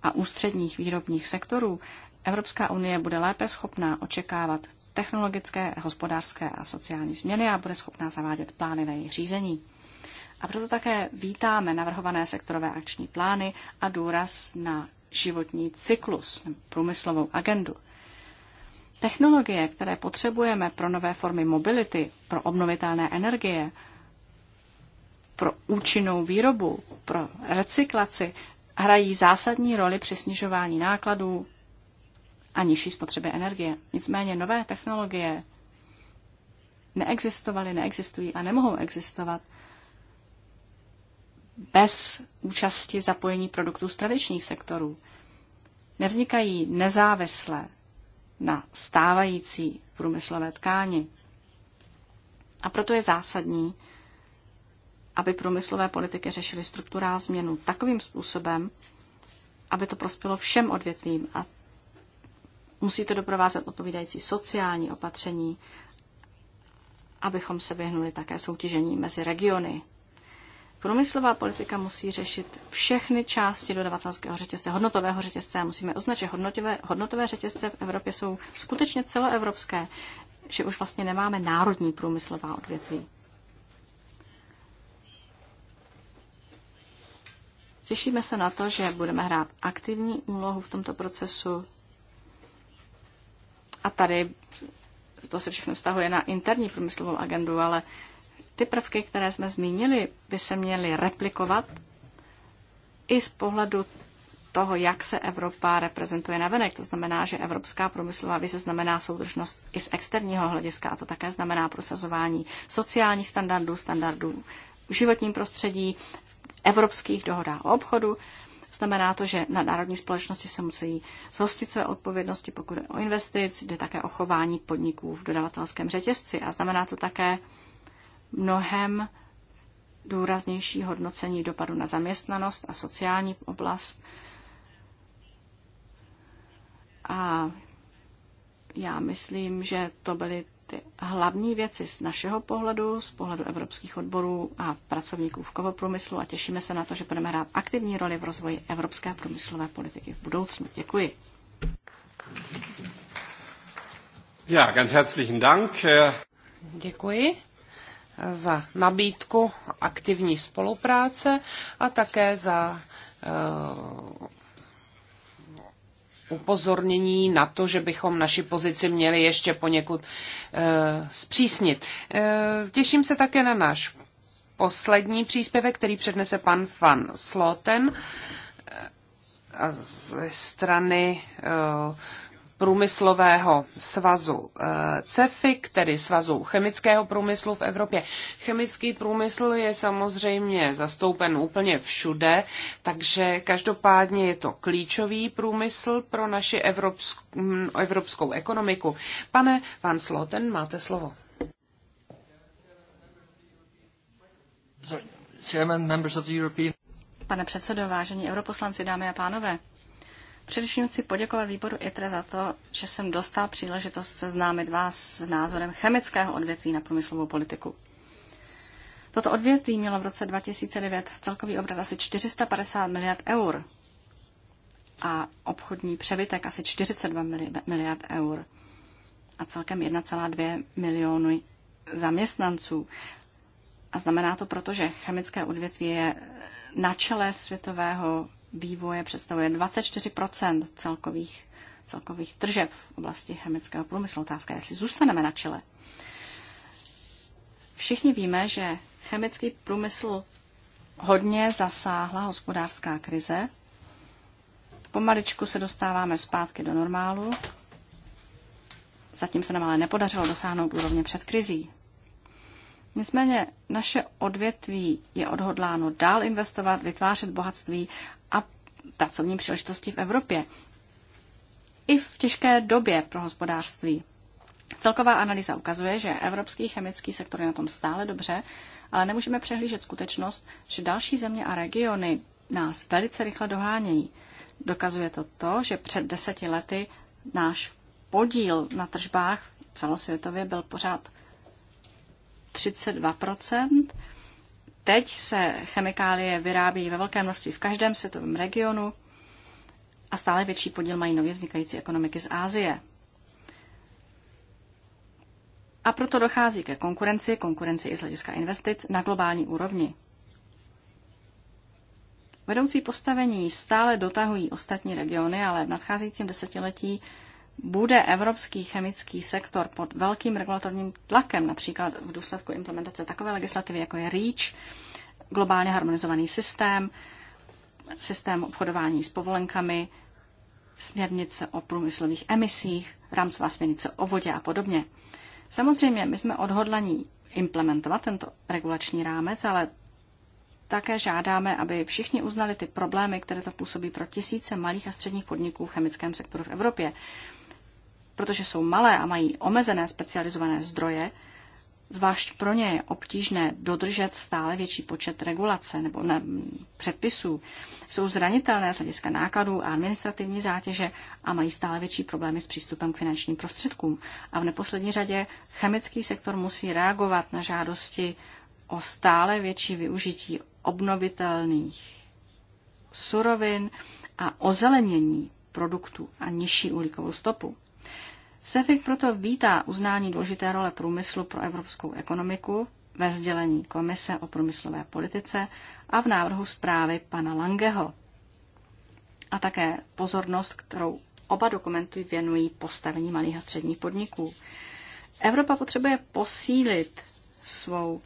a ústředních výrobních sektorů, Evropská unie bude lépe schopná očekávat technologické, hospodářské a sociální změny a bude schopná zavádět plány na jejich řízení. A proto také vítáme navrhované sektorové akční plány a důraz na životní cyklus, průmyslovou agendu. Technologie, které potřebujeme pro nové formy mobility, pro obnovitelné energie, pro účinnou výrobu, pro recyklaci, hrají zásadní roli při snižování nákladů a nižší spotřeby energie. Nicméně nové technologie neexistovaly, neexistují a nemohou existovat bez účasti zapojení produktů z tradičních sektorů. Nevznikají nezávisle na stávající průmyslové tkáni. A proto je zásadní, aby průmyslové politiky řešily strukturál změnu takovým způsobem, aby to prospělo všem odvětvím a musí to doprovázet odpovídající sociální opatření, abychom se vyhnuli také soutěžení mezi regiony Průmyslová politika musí řešit všechny části dodavatelského řetězce, hodnotového řetězce. A musíme uznat, že hodnotové, hodnotové řetězce v Evropě jsou skutečně celoevropské, že už vlastně nemáme národní průmyslová odvětví. Těšíme se na to, že budeme hrát aktivní úlohu v tomto procesu. A tady to se všechno vztahuje na interní průmyslovou agendu, ale ty prvky, které jsme zmínili, by se měly replikovat i z pohledu toho, jak se Evropa reprezentuje na venek, To znamená, že Evropská průmyslová vize znamená soudržnost i z externího hlediska a to také znamená prosazování sociálních standardů, standardů v životním prostředí, evropských dohodách o obchodu. Znamená to, že na národní společnosti se musí zhostit své odpovědnosti, pokud je o investic, jde také o chování podniků v dodavatelském řetězci a znamená to také mnohem důraznější hodnocení dopadu na zaměstnanost a sociální oblast. A já myslím, že to byly ty hlavní věci z našeho pohledu, z pohledu evropských odborů a pracovníků v kovoprůmyslu a těšíme se na to, že budeme hrát aktivní roli v rozvoji evropské průmyslové politiky v budoucnu. Děkuji. Ja, ganz herzlichen Dank. Děkuji za nabídku aktivní spolupráce a také za eh, upozornění na to, že bychom naši pozici měli ještě poněkud eh, zpřísnit. Eh, těším se také na náš poslední příspěvek, který přednese pan Van Sloten ze strany průmyslového svazu eh, CEFI, tedy svazu chemického průmyslu v Evropě. Chemický průmysl je samozřejmě zastoupen úplně všude, takže každopádně je to klíčový průmysl pro naši evropskou, mm, evropskou ekonomiku. Pane Van Sloten, máte slovo. Pane předsedo, vážení europoslanci, dámy a pánové, Především chci poděkovat výboru ITRE za to, že jsem dostal příležitost seznámit vás s názorem chemického odvětví na průmyslovou politiku. Toto odvětví mělo v roce 2009 celkový obrat asi 450 miliard eur a obchodní přebytek asi 42 miliard eur a celkem 1,2 miliony zaměstnanců. A znamená to proto, že chemické odvětví je na čele světového vývoje představuje 24 celkových, celkových tržeb v oblasti chemického průmyslu. Otázka je, jestli zůstaneme na čele. Všichni víme, že chemický průmysl hodně zasáhla hospodářská krize. Pomaličku se dostáváme zpátky do normálu. Zatím se nám ale nepodařilo dosáhnout úrovně před krizí. Nicméně naše odvětví je odhodláno dál investovat, vytvářet bohatství pracovní příležitosti v Evropě. I v těžké době pro hospodářství. Celková analýza ukazuje, že evropský chemický sektor je na tom stále dobře, ale nemůžeme přehlížet skutečnost, že další země a regiony nás velice rychle dohánějí. Dokazuje to to, že před deseti lety náš podíl na tržbách celosvětově byl pořád 32 Teď se chemikálie vyrábí ve velkém množství v každém světovém regionu a stále větší podíl mají nově vznikající ekonomiky z Ázie. A proto dochází ke konkurenci, konkurenci i z hlediska investic na globální úrovni. Vedoucí postavení stále dotahují ostatní regiony, ale v nadcházejícím desetiletí bude evropský chemický sektor pod velkým regulatorním tlakem, například v důsledku implementace takové legislativy, jako je REACH, globálně harmonizovaný systém, systém obchodování s povolenkami, směrnice o průmyslových emisích, rámcová směrnice o vodě a podobně. Samozřejmě my jsme odhodlaní implementovat tento regulační rámec, ale také žádáme, aby všichni uznali ty problémy, které to působí pro tisíce malých a středních podniků v chemickém sektoru v Evropě protože jsou malé a mají omezené specializované zdroje, zvlášť pro ně je obtížné dodržet stále větší počet regulace nebo ne, předpisů, jsou zranitelné z hlediska nákladů a administrativní zátěže a mají stále větší problémy s přístupem k finančním prostředkům. A v neposlední řadě chemický sektor musí reagovat na žádosti o stále větší využití obnovitelných surovin a ozelenění produktů a nižší uhlíkovou stopu. CEFIC proto vítá uznání důležité role průmyslu pro evropskou ekonomiku ve sdělení Komise o průmyslové politice a v návrhu zprávy pana Langeho. A také pozornost, kterou oba dokumenty věnují postavení malých a středních podniků. Evropa potřebuje posílit svou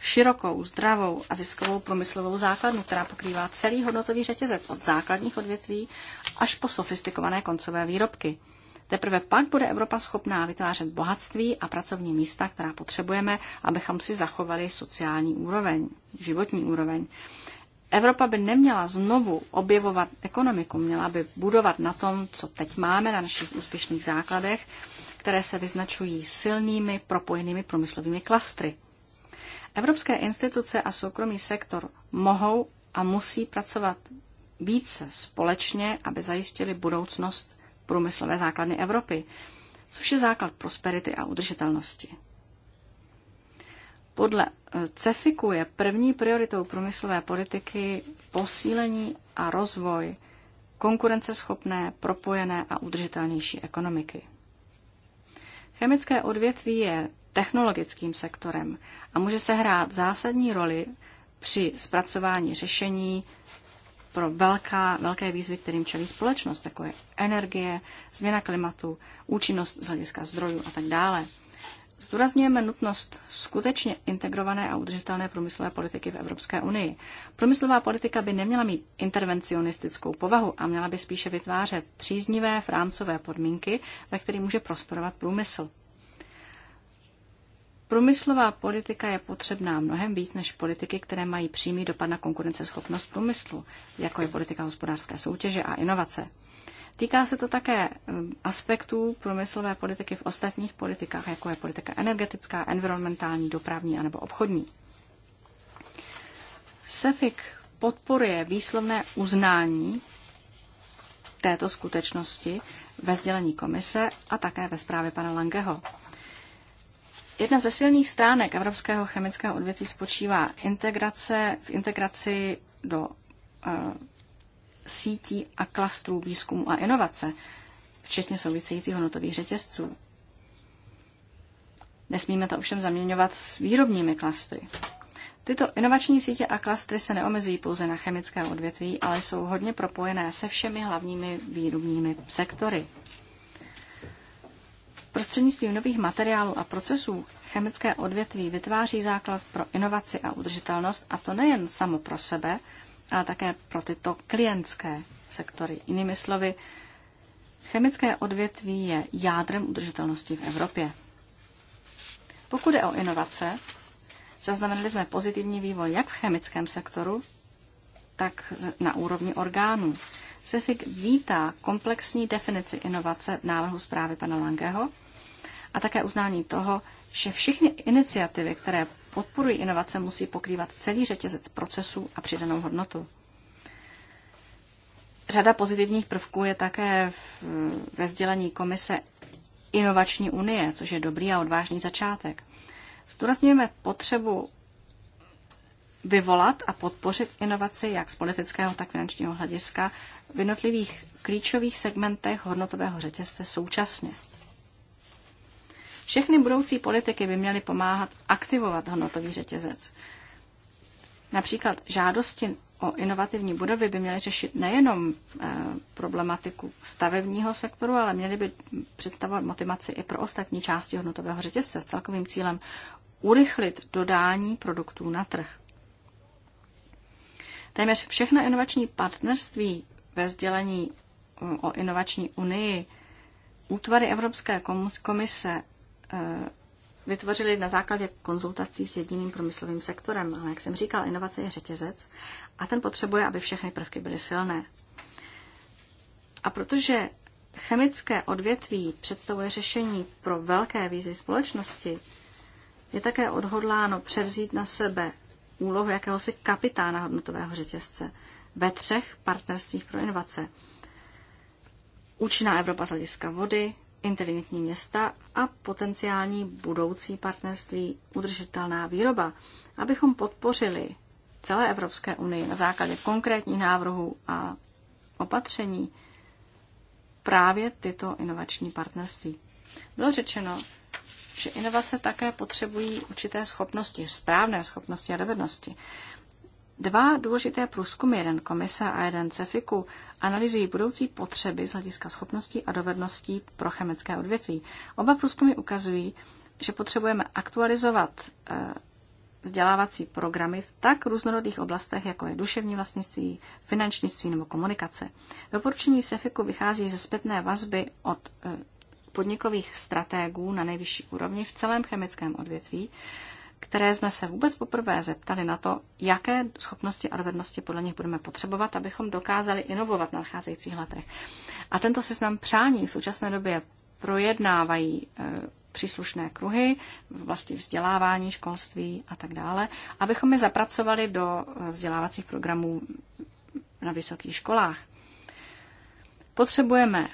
širokou, zdravou a ziskovou průmyslovou základnu, která pokrývá celý hodnotový řetězec od základních odvětví až po sofistikované koncové výrobky. Teprve pak bude Evropa schopná vytvářet bohatství a pracovní místa, která potřebujeme, abychom si zachovali sociální úroveň, životní úroveň. Evropa by neměla znovu objevovat ekonomiku, měla by budovat na tom, co teď máme na našich úspěšných základech, které se vyznačují silnými propojenými průmyslovými klastry. Evropské instituce a soukromý sektor mohou a musí pracovat více společně, aby zajistili budoucnost průmyslové základny Evropy, což je základ prosperity a udržitelnosti. Podle eh, CEFIKu je první prioritou průmyslové politiky posílení a rozvoj konkurenceschopné, propojené a udržitelnější ekonomiky. Chemické odvětví je technologickým sektorem a může se hrát zásadní roli při zpracování řešení pro velká, velké výzvy, kterým čelí společnost, jako je energie, změna klimatu, účinnost z hlediska zdrojů a tak dále. Zdůrazňujeme nutnost skutečně integrované a udržitelné průmyslové politiky v Evropské unii. Průmyslová politika by neměla mít intervencionistickou povahu a měla by spíše vytvářet příznivé rámcové podmínky, ve kterých může prosperovat průmysl. Průmyslová politika je potřebná mnohem víc než politiky, které mají přímý dopad na konkurenceschopnost průmyslu, jako je politika hospodářské soutěže a inovace. Týká se to také um, aspektů průmyslové politiky v ostatních politikách, jako je politika energetická, environmentální, dopravní anebo obchodní. SEFIC podporuje výslovné uznání této skutečnosti ve sdělení komise a také ve zprávě pana Langeho. Jedna ze silných stránek evropského chemického odvětví spočívá integrace, v integraci do uh, sítí a klastrů výzkumu a inovace, včetně souvisejícího hodnotových řetězců. Nesmíme to ovšem zaměňovat s výrobními klastry. Tyto inovační sítě a klastry se neomezují pouze na chemické odvětví, ale jsou hodně propojené se všemi hlavními výrobními sektory, Prostřednictvím nových materiálů a procesů chemické odvětví vytváří základ pro inovaci a udržitelnost, a to nejen samo pro sebe, ale také pro tyto klientské sektory. Jinými slovy, chemické odvětví je jádrem udržitelnosti v Evropě. Pokud je o inovace, zaznamenali jsme pozitivní vývoj jak v chemickém sektoru, tak na úrovni orgánů. CEFIC vítá komplexní definici inovace v návrhu zprávy pana Langeho a také uznání toho, že všechny iniciativy, které podporují inovace, musí pokrývat celý řetězec procesů a přidanou hodnotu. Řada pozitivních prvků je také ve sdělení komise Inovační unie, což je dobrý a odvážný začátek. Zdůrazňujeme potřebu vyvolat a podpořit inovaci jak z politického, tak finančního hlediska v jednotlivých klíčových segmentech hodnotového řetězce současně. Všechny budoucí politiky by měly pomáhat aktivovat hodnotový řetězec. Například žádosti o inovativní budovy by měly řešit nejenom eh, problematiku stavebního sektoru, ale měly by představovat motivaci i pro ostatní části hodnotového řetězce s celkovým cílem urychlit dodání produktů na trh. Téměř všechna inovační partnerství ve sdělení mm, o inovační unii útvary Evropské komise eh, vytvořili na základě konzultací s jediným průmyslovým sektorem, ale jak jsem říkal, inovace je řetězec a ten potřebuje, aby všechny prvky byly silné. A protože chemické odvětví představuje řešení pro velké výzvy společnosti, je také odhodláno převzít na sebe úlohu jakéhosi kapitána hodnotového řetězce – ve třech partnerstvích pro inovace. Účinná Evropa z hlediska vody, inteligentní města a potenciální budoucí partnerství udržitelná výroba, abychom podpořili celé Evropské unii na základě konkrétních návrhů a opatření právě tyto inovační partnerství. Bylo řečeno, že inovace také potřebují určité schopnosti, správné schopnosti a dovednosti. Dva důležité průzkumy, jeden komise a jeden CEFIKu, analyzují budoucí potřeby z hlediska schopností a dovedností pro chemické odvětví. Oba průzkumy ukazují, že potřebujeme aktualizovat eh, vzdělávací programy v tak různorodých oblastech, jako je duševní vlastnictví, finančnictví nebo komunikace. Doporučení SEFIKu vychází ze zpětné vazby od eh, podnikových stratégů na nejvyšší úrovni v celém chemickém odvětví, které jsme se vůbec poprvé zeptali na to, jaké schopnosti a dovednosti podle nich budeme potřebovat, abychom dokázali inovovat v nadcházejících letech. A tento seznam přání v současné době projednávají eh, příslušné kruhy, vlastně vzdělávání, školství a tak dále, abychom je zapracovali do eh, vzdělávacích programů na vysokých školách. Potřebujeme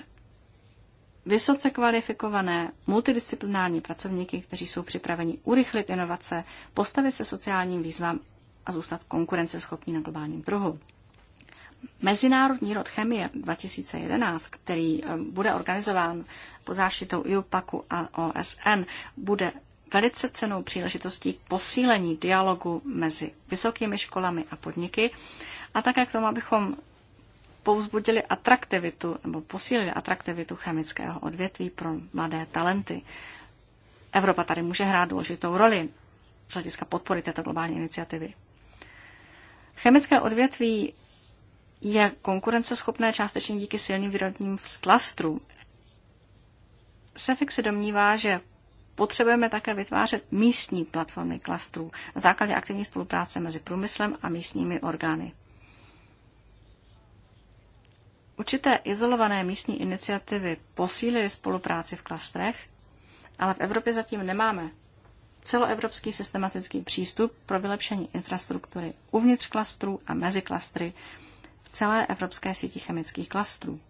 vysoce kvalifikované multidisciplinární pracovníky, kteří jsou připraveni urychlit inovace, postavit se sociálním výzvám a zůstat konkurenceschopní na globálním trhu. Mezinárodní rod chemie 2011, který eh, bude organizován pod záštitou IUPACu a OSN, bude velice cenou příležitostí k posílení dialogu mezi vysokými školami a podniky a také k tomu, abychom povzbudili atraktivitu nebo posílili atraktivitu chemického odvětví pro mladé talenty. Evropa tady může hrát důležitou roli z hlediska podpory této globální iniciativy. Chemické odvětví je konkurenceschopné částečně díky silným výrobním klastrům. Sefik se domnívá, že potřebujeme také vytvářet místní platformy klastrů na základě aktivní spolupráce mezi průmyslem a místními orgány. Určité izolované místní iniciativy posílily spolupráci v klastrech, ale v Evropě zatím nemáme celoevropský systematický přístup pro vylepšení infrastruktury uvnitř klastrů a mezi klastry v celé evropské síti chemických klastrů.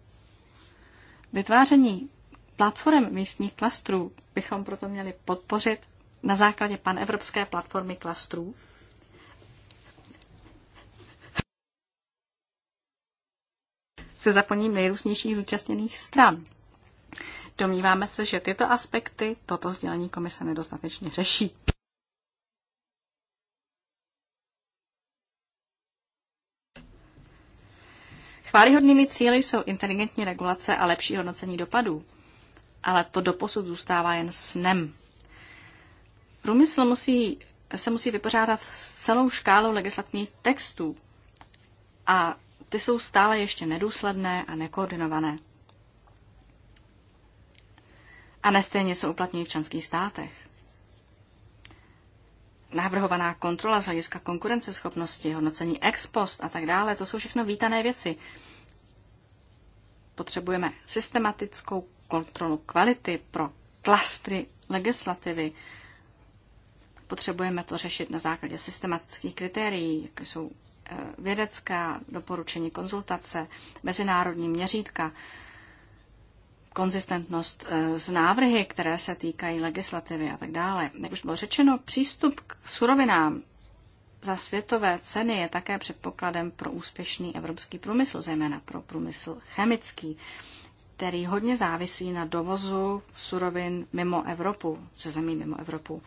Vytváření platform místních klastrů bychom proto měli podpořit na základě panevropské platformy klastrů, se zaplněním nejrůznějších zúčastněných stran. Domníváme se, že tyto aspekty toto sdělení komise nedostatečně řeší. Chválihodnými cíly jsou inteligentní regulace a lepší hodnocení dopadů, ale to doposud zůstává jen snem. Průmysl musí, se musí vypořádat s celou škálou legislativních textů a ty jsou stále ještě nedůsledné a nekoordinované. A nestejně se uplatňují v členských státech. Návrhovaná kontrola z hlediska konkurenceschopnosti, hodnocení ex post a tak dále, to jsou všechno vítané věci. Potřebujeme systematickou kontrolu kvality pro klastry legislativy. Potřebujeme to řešit na základě systematických kritérií, jako jsou vědecká doporučení, konzultace, mezinárodní měřítka, konzistentnost z eh, návrhy, které se týkají legislativy a tak dále. Jak už bylo řečeno, přístup k surovinám za světové ceny je také předpokladem pro úspěšný evropský průmysl, zejména pro průmysl chemický, který hodně závisí na dovozu surovin mimo Evropu, ze zemí mimo Evropu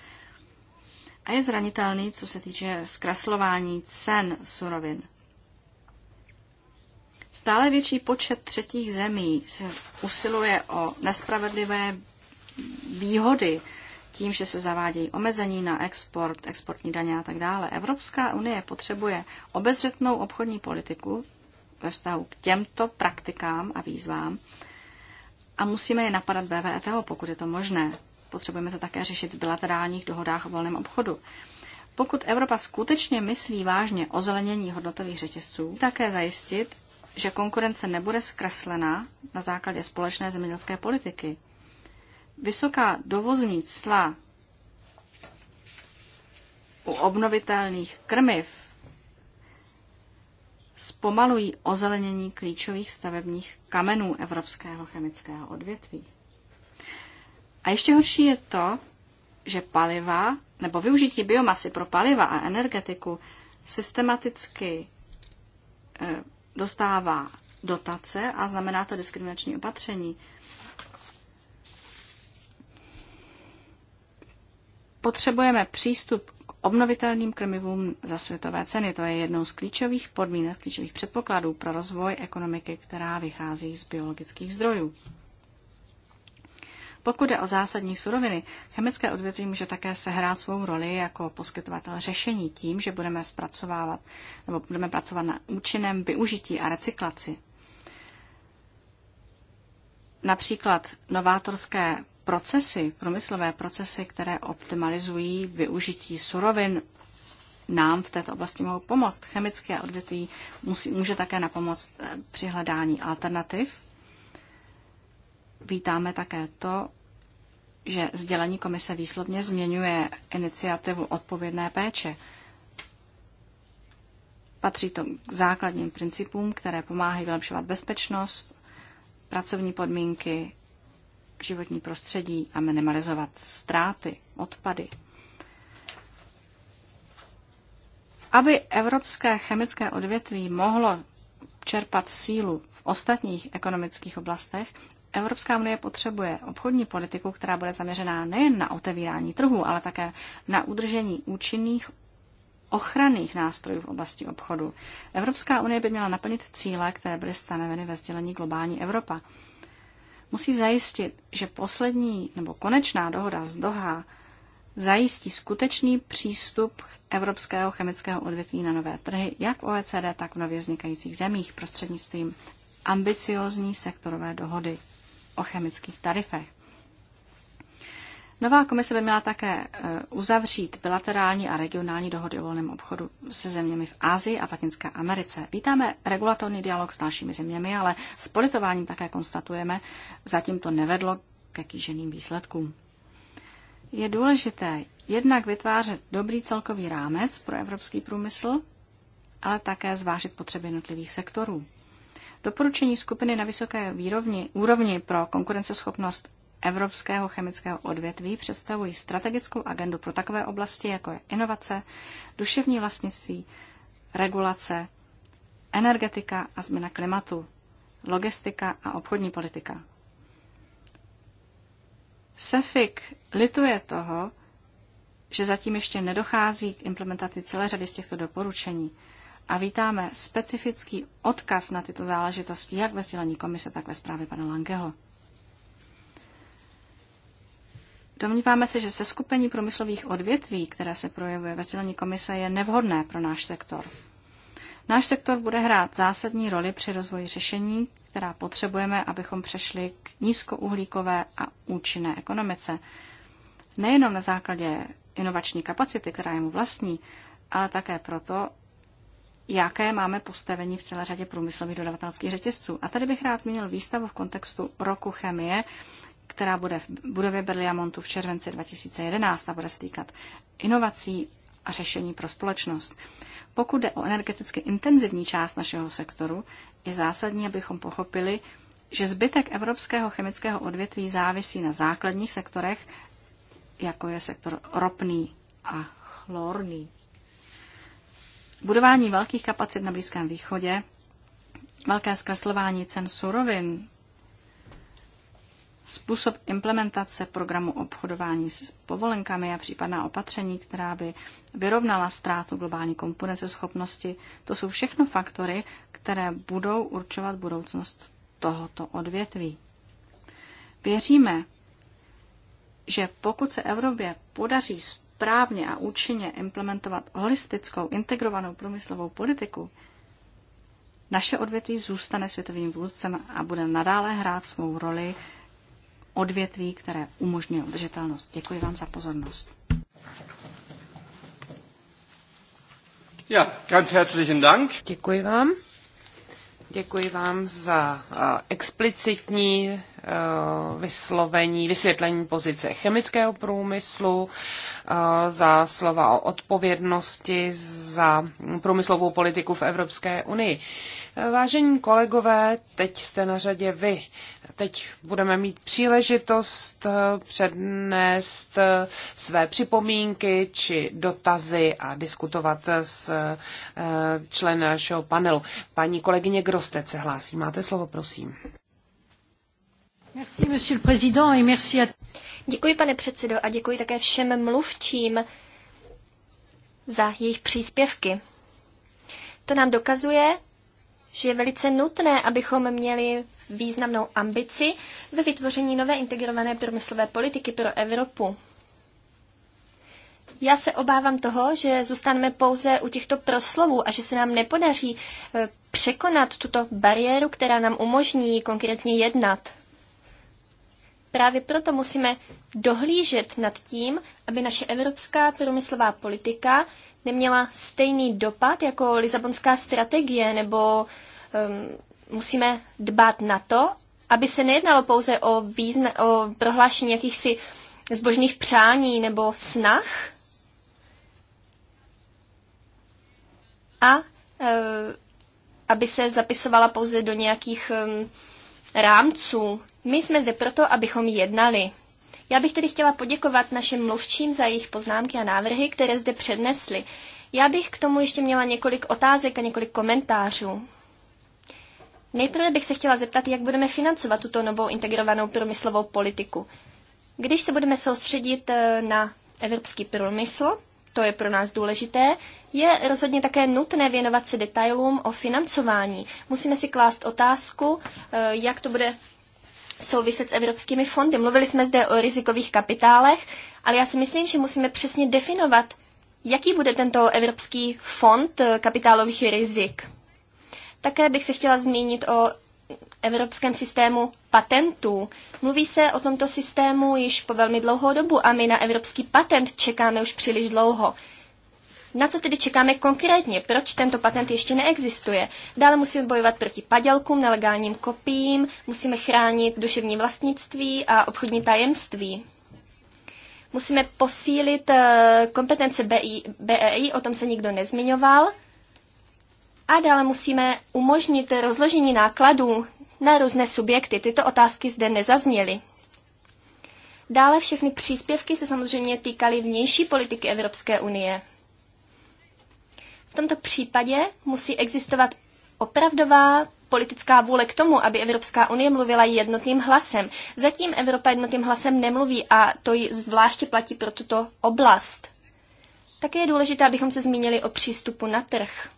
a je zranitelný, co se týče zkreslování cen surovin. Stále větší počet třetích zemí se usiluje o nespravedlivé výhody tím, že se zavádějí omezení na export, exportní daně a tak dále. Evropská unie potřebuje obezřetnou obchodní politiku ve vztahu k těmto praktikám a výzvám a musíme je napadat BVETO, pokud je to možné. Potřebujeme to také řešit v bilaterálních dohodách o volném obchodu. Pokud Evropa skutečně myslí vážně o zelenění hodnotových řetězců, také zajistit, že konkurence nebude zkreslena na základě společné zemědělské politiky. Vysoká dovozní cla u obnovitelných krmiv zpomalují ozelenění klíčových stavebních kamenů evropského chemického odvětví. A ještě horší je to, že paliva nebo využití biomasy pro paliva a energetiku systematicky eh, dostává dotace a znamená to diskriminační opatření. Potřebujeme přístup k obnovitelným krmivům za světové ceny. To je jednou z klíčových podmínek, klíčových předpokladů pro rozvoj ekonomiky, která vychází z biologických zdrojů. Pokud jde o zásadní suroviny, chemické odvětví může také sehrát svou roli jako poskytovatel řešení tím, že budeme zpracovávat nebo budeme pracovat na účinném využití a recyklaci. Například novátorské procesy, průmyslové procesy, které optimalizují využití surovin, nám v této oblasti mohou pomoct. Chemické odvětví musí, může také napomoct eh, při hledání alternativ Vítáme také to, že sdělení komise výslovně změňuje iniciativu odpovědné péče. Patří to k základním principům, které pomáhají vylepšovat bezpečnost, pracovní podmínky, životní prostředí a minimalizovat ztráty, odpady. Aby evropské chemické odvětví mohlo čerpat sílu v ostatních ekonomických oblastech, Evropská unie potřebuje obchodní politiku, která bude zaměřená nejen na otevírání trhu, ale také na udržení účinných ochranných nástrojů v oblasti obchodu. Evropská unie by měla naplnit cíle, které byly stanoveny ve sdělení Globální Evropa. Musí zajistit, že poslední nebo konečná dohoda z Doha zajistí skutečný přístup evropského chemického odvětví na nové trhy, jak v OECD, tak v nově vznikajících zemích prostřednictvím ambiciozní sektorové dohody o chemických tarifech. Nová komise by měla také e, uzavřít bilaterální a regionální dohody o volném obchodu se zeměmi v Asii a v Latinské Americe. Vítáme regulatorní dialog s dalšími zeměmi, ale s politováním také konstatujeme, zatím to nevedlo ke kýženým výsledkům. Je důležité jednak vytvářet dobrý celkový rámec pro evropský průmysl, ale také zvážit potřeby jednotlivých sektorů. Doporučení skupiny na vysoké výrovni, úrovni pro konkurenceschopnost evropského chemického odvětví představují strategickou agendu pro takové oblasti, jako je inovace, duševní vlastnictví, regulace, energetika a změna klimatu, logistika a obchodní politika. SEFIC lituje toho, že zatím ještě nedochází k implementaci celé řady z těchto doporučení a vítáme specifický odkaz na tyto záležitosti jak ve sdělení komise, tak ve zprávě pana Langeho. Domníváme se, že se skupení průmyslových odvětví, které se projevuje ve sdělení komise, je nevhodné pro náš sektor. Náš sektor bude hrát zásadní roli při rozvoji řešení, která potřebujeme, abychom přešli k nízkouhlíkové a účinné ekonomice. Nejenom na základě inovační kapacity, která je mu vlastní, ale také proto, jaké máme postavení v celé řadě průmyslových dodavatelských řetězců. A tady bych rád zmínil výstavu v kontextu roku chemie, která bude v budově Berliamontu v červenci 2011 a bude se týkat inovací a řešení pro společnost. Pokud jde o energeticky intenzivní část našeho sektoru, je zásadní, abychom pochopili, že zbytek evropského chemického odvětví závisí na základních sektorech, jako je sektor ropný a chlorný. Budování velkých kapacit na Blízkém východě, velké zkreslování cen surovin, způsob implementace programu obchodování s povolenkami a případná opatření, která by vyrovnala ztrátu globální schopnosti, to jsou všechno faktory, které budou určovat budoucnost tohoto odvětví. Věříme, že pokud se Evropě podaří správně a účinně implementovat holistickou integrovanou průmyslovou politiku, naše odvětví zůstane světovým vůdcem a bude nadále hrát svou roli odvětví, které umožňuje udržitelnost. Děkuji vám za pozornost. Ja, ganz herzlichen Dank. Děkuji vám. Děkuji vám za eh, explicitní eh, vyslovení, vysvětlení pozice chemického průmyslu, eh, za slova o odpovědnosti za průmyslovou politiku v Evropské unii. Vážení kolegové, teď jste na řadě vy. Teď budeme mít příležitost eh, přednést eh, své připomínky či dotazy a diskutovat s eh, členem našeho panelu. Paní kolegyně Grostec se hlásí. Máte slovo, prosím. Merci, monsieur le président, et merci à... Děkuji, pane předsedo, a děkuji také všem mluvčím za jejich příspěvky. To nám dokazuje, že je velice nutné, abychom měli významnou ambici ve vytvoření nové integrované průmyslové politiky pro Evropu. Já se obávám toho, že zůstaneme pouze u těchto proslovů a že se nám nepodaří e, překonat tuto bariéru, která nám umožní konkrétně jednat. Právě proto musíme dohlížet nad tím, aby naše evropská průmyslová politika neměla stejný dopad jako Lisabonská strategie, nebo um, musíme dbát na to, aby se nejednalo pouze o, význa- o prohlášení jakýchsi zbožných přání nebo snah. A um, aby se zapisovala pouze do nějakých um, rámců. My jsme zde proto, abychom jednali. Já bych tedy chtěla poděkovat našim mluvčím za jejich poznámky a návrhy, které zde přednesli. Já bych k tomu ještě měla několik otázek a několik komentářů. Nejprve bych se chtěla zeptat, jak budeme financovat tuto novou integrovanou průmyslovou politiku. Když se budeme soustředit eh, na evropský průmysl, to je pro nás důležité, je rozhodně také nutné věnovat se detailům o financování. Musíme si klást otázku, eh, jak to bude souviset s evropskými fondy. Mluvili jsme zde o rizikových kapitálech, ale já si myslím, že musíme přesně definovat, jaký bude tento Evropský fond eh, kapitálových rizik. Také bych se chtěla zmínit o evropském systému patentů. Mluví se o tomto systému již po velmi dlouhou dobu a my na evropský patent čekáme už příliš dlouho. Na co tedy čekáme konkrétně? Proč tento patent ještě neexistuje? Dále musíme bojovat proti padělkům, nelegálním kopiím, musíme chránit duševní vlastnictví a obchodní tajemství. Musíme posílit eh, kompetence BI, BEI, o tom se nikdo nezmiňoval. A dále musíme umožnit rozložení nákladů na různé subjekty. Tyto otázky zde nezazněly. Dále všechny příspěvky se samozřejmě týkaly vnější politiky Evropské unie. V tomto případě musí existovat opravdová politická vůle k tomu, aby Evropská unie mluvila jednotným hlasem. Zatím Evropa jednotným hlasem nemluví a to ji zvláště platí pro tuto oblast. Také je důležité, abychom se zmínili o přístupu na trh.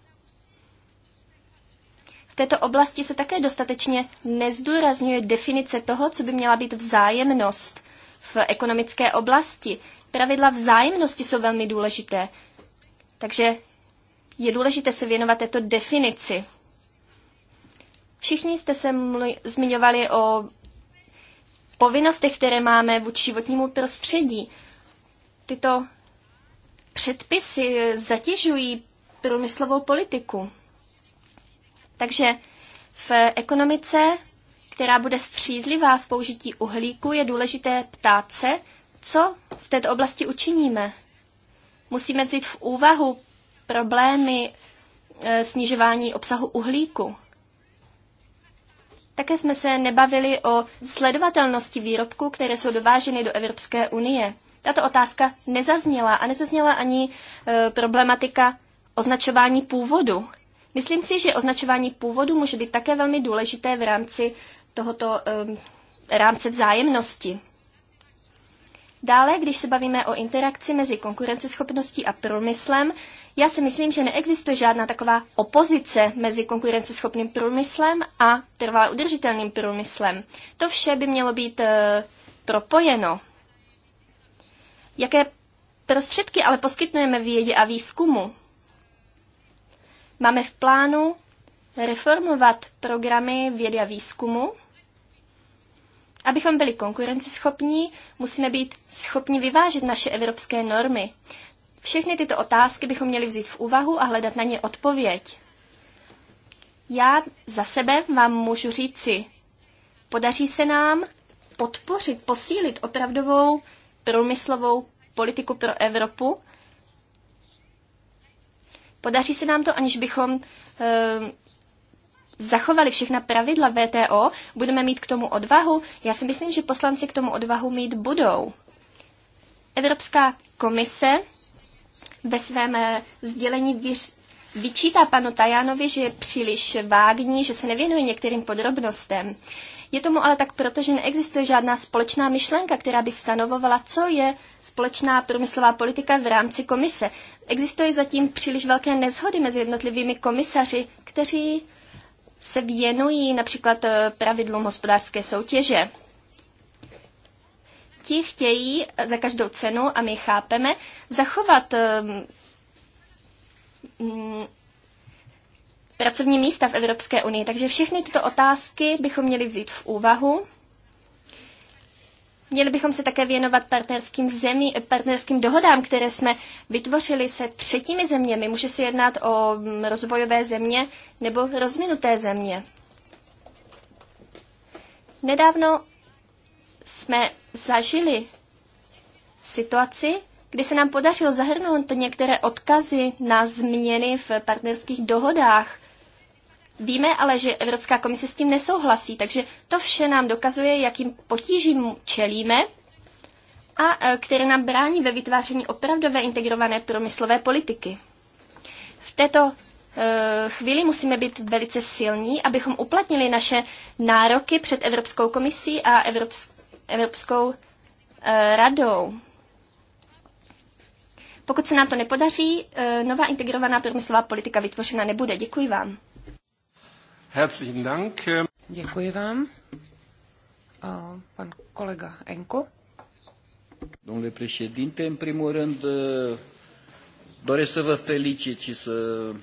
V této oblasti se také dostatečně nezdůrazňuje definice toho, co by měla být vzájemnost v ekonomické oblasti. Pravidla vzájemnosti jsou velmi důležité. Takže je důležité se věnovat této definici. Všichni jste se zmiňovali o povinnostech, které máme vůči životnímu prostředí. Tyto předpisy zatěžují průmyslovou politiku. Takže v ekonomice, která bude střízlivá v použití uhlíku, je důležité ptát se, co v této oblasti učiníme. Musíme vzít v úvahu problémy e, snižování obsahu uhlíku. Také jsme se nebavili o sledovatelnosti výrobků, které jsou dováženy do Evropské unie. Tato otázka nezazněla a nezazněla ani e, problematika označování původu. Myslím si, že označování původu může být také velmi důležité v rámci tohoto e, rámce vzájemnosti. Dále, když se bavíme o interakci mezi konkurenceschopností a průmyslem, já si myslím, že neexistuje žádná taková opozice mezi konkurenceschopným průmyslem a trvalé udržitelným průmyslem. To vše by mělo být e, propojeno. Jaké prostředky ale poskytnujeme vědě a výzkumu? Máme v plánu reformovat programy vědy a výzkumu. Abychom byli konkurenceschopní, musíme být schopni vyvážet naše evropské normy. Všechny tyto otázky bychom měli vzít v úvahu a hledat na ně odpověď. Já za sebe vám můžu říci, podaří se nám podpořit, posílit opravdovou průmyslovou politiku pro Evropu. Podaří se nám to, aniž bychom e, zachovali všechna pravidla VTO, budeme mít k tomu odvahu. Já si myslím, že poslanci k tomu odvahu mít budou. Evropská komise ve svém eh, sdělení vyčítá panu Tajánovi, že je příliš vágní, že se nevěnuje některým podrobnostem. Je tomu ale tak protože neexistuje žádná společná myšlenka, která by stanovovala, co je společná průmyslová politika v rámci komise. Existuje zatím příliš velké nezhody mezi jednotlivými komisaři, kteří se věnují například eh, pravidlům hospodářské soutěže ti chtějí za každou cenu, a my chápeme, zachovat um, mm, pracovní místa v Evropské unii. Takže všechny tyto otázky bychom měli vzít v úvahu. Měli bychom se také věnovat partnerským, zemí, partnerským dohodám, které jsme vytvořili se třetími zeměmi. Může se jednat o mm, rozvojové země nebo rozvinuté země. Nedávno jsme zažili situaci, kdy se nám podařilo zahrnout některé odkazy na změny v partnerských dohodách. Víme ale, že Evropská komise s tím nesouhlasí, takže to vše nám dokazuje, jakým potížím čelíme a e, které nám brání ve vytváření opravdové integrované promyslové politiky. V této e, chvíli musíme být velice silní, abychom uplatnili naše nároky před Evropskou komisí a Evropskou Evropskou eh, radou. Pokud se nám to nepodaří, eh, nová integrovaná průmyslová politika vytvořena nebude. Děkuji vám. Herzlichen Dank. Děkuji vám. A pan kolega Enko. Domnule președinte, în primul rând Doresc să vă felicit și să,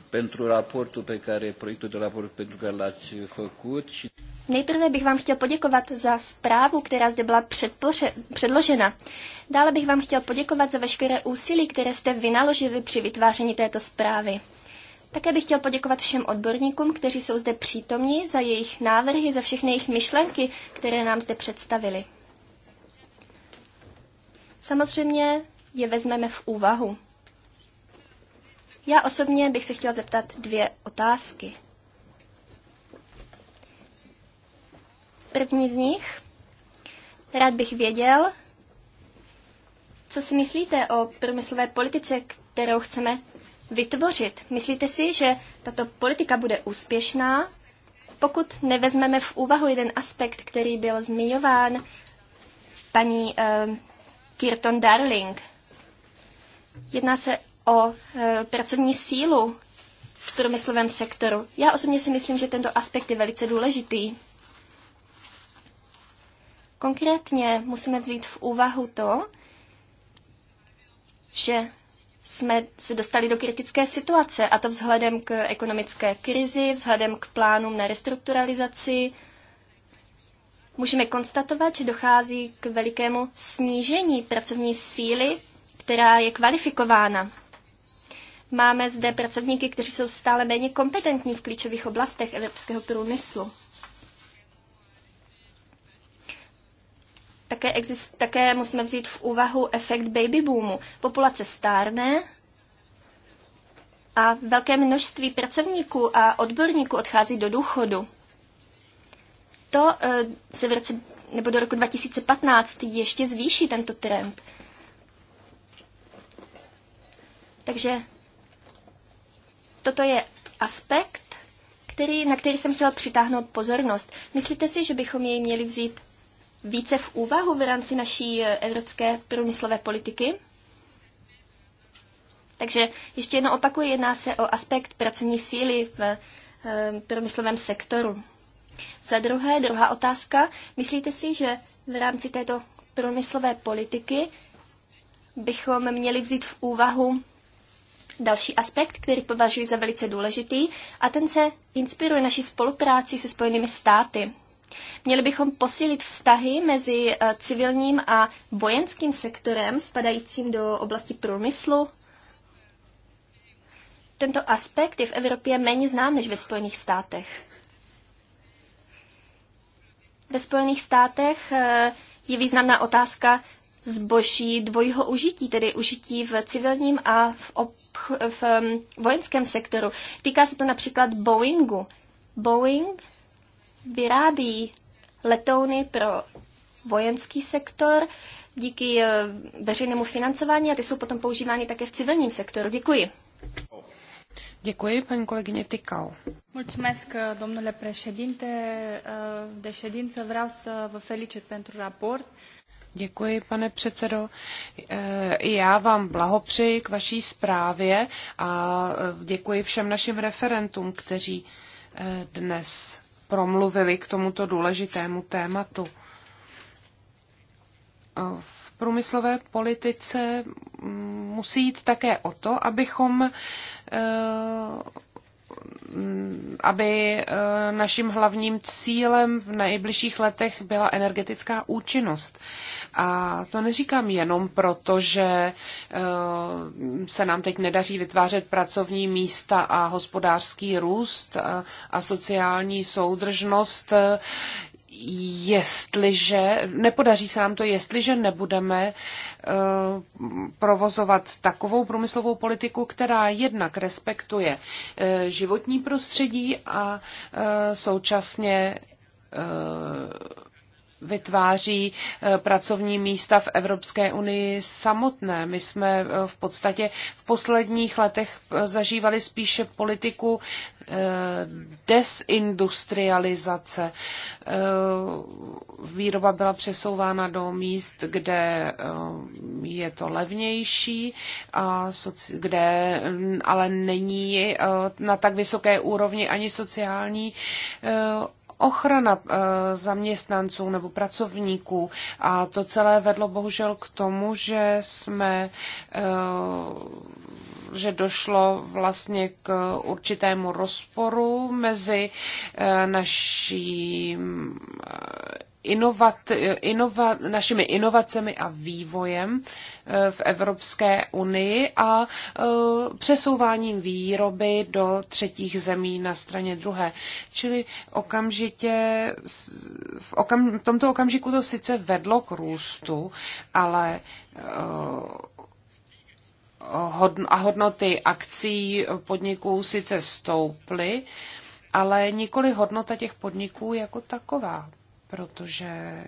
pentru raportul pe care, proiectul de raport pentru care l-ați făcut. Și... Nejprve bych vám chtěl poděkovat za zprávu, která zde byla předpoře- předložena. Dále bych vám chtěl poděkovat za veškeré úsilí, které jste vynaložili při vytváření této zprávy. Také bych chtěl poděkovat všem odborníkům, kteří jsou zde přítomní, za jejich návrhy, za všechny jejich myšlenky, které nám zde představili. Samozřejmě je vezmeme v úvahu. Já osobně bych se chtěla zeptat dvě otázky. První z nich. Rád bych věděl, co si myslíte o průmyslové politice, kterou chceme vytvořit. Myslíte si, že tato politika bude úspěšná, pokud nevezmeme v úvahu jeden aspekt, který byl zmiňován paní um, Kirton Darling? Jedná se o e, pracovní sílu v průmyslovém sektoru. Já osobně si myslím, že tento aspekt je velice důležitý. Konkrétně musíme vzít v úvahu to, že jsme se dostali do kritické situace, a to vzhledem k ekonomické krizi, vzhledem k plánům na restrukturalizaci. Můžeme konstatovat, že dochází k velikému snížení pracovní síly, která je kvalifikována. Máme zde pracovníky, kteří jsou stále méně kompetentní v klíčových oblastech evropského průmyslu. Také, exist, také musíme vzít v úvahu efekt baby boomu. Populace stárne a velké množství pracovníků a odborníků odchází do důchodu. To eh, se v roce nebo do roku 2015 ještě zvýší tento trend. Takže Toto je aspekt, který, na který jsem chtěla přitáhnout pozornost. Myslíte si, že bychom jej měli vzít více v úvahu v rámci naší eh, evropské průmyslové politiky? Takže ještě jednou opakuji, jedná se o aspekt pracovní síly v eh, průmyslovém sektoru. Za druhé, druhá otázka. Myslíte si, že v rámci této průmyslové politiky bychom měli vzít v úvahu další aspekt, který považuji za velice důležitý a ten se inspiruje naší spolupráci se Spojenými státy. Měli bychom posílit vztahy mezi eh, civilním a vojenským sektorem, spadajícím do oblasti průmyslu. Tento aspekt je v Evropě méně znám než ve Spojených státech. Ve Spojených státech eh, je významná otázka zboží dvojího užití, tedy užití v civilním a v v vojenském sektoru. Týká se to například Boeingu. Boeing vyrábí letouny pro vojenský sektor díky eh, veřejnému financování a ty jsou potom používány také v civilním sektoru. Děkuji. Děkuji, paní kolegyně Tykal. Mulțumesc, eh, domnule președinte. Eh, de ședință vreau să vă felicit pentru raport. Děkuji, pane předsedo. E, já vám blahopřeji k vaší zprávě a e, děkuji všem našim referentům, kteří e, dnes promluvili k tomuto důležitému tématu. V průmyslové politice musí jít také o to, abychom aby eh, naším hlavním cílem v nejbližších letech byla energetická účinnost. A to neříkám jenom proto, že eh, se nám teď nedaří vytvářet pracovní místa a hospodářský růst a sociální soudržnost jestliže, nepodaří se nám to, jestliže nebudeme eh, provozovat takovou průmyslovou politiku, která jednak respektuje eh, životní prostředí a eh, současně vytváří pracovní místa v Evropské unii samotné. My jsme v podstatě v posledních letech zažívali spíše politiku Eh, desindustrializace. Eh, výroba byla přesouvána do míst, kde eh, je to levnější, a kde ale není na tak vysoké úrovni ani sociální ochrana zaměstnanců nebo pracovníků. A to celé vedlo bohužel k tomu, že jsme že došlo vlastně k určitému rozporu mezi eh, naší eh, Inovat, eh, inova, našimi inovacemi a vývojem v Evropské unii a přesouváním výroby do třetích zemí na straně druhé. Čili okamžitě, v, okam, v tomto okamžiku to sice vedlo k růstu, ale a hodnoty akcí podniků sice stouply, ale nikoli hodnota těch podniků jako taková, protože eh,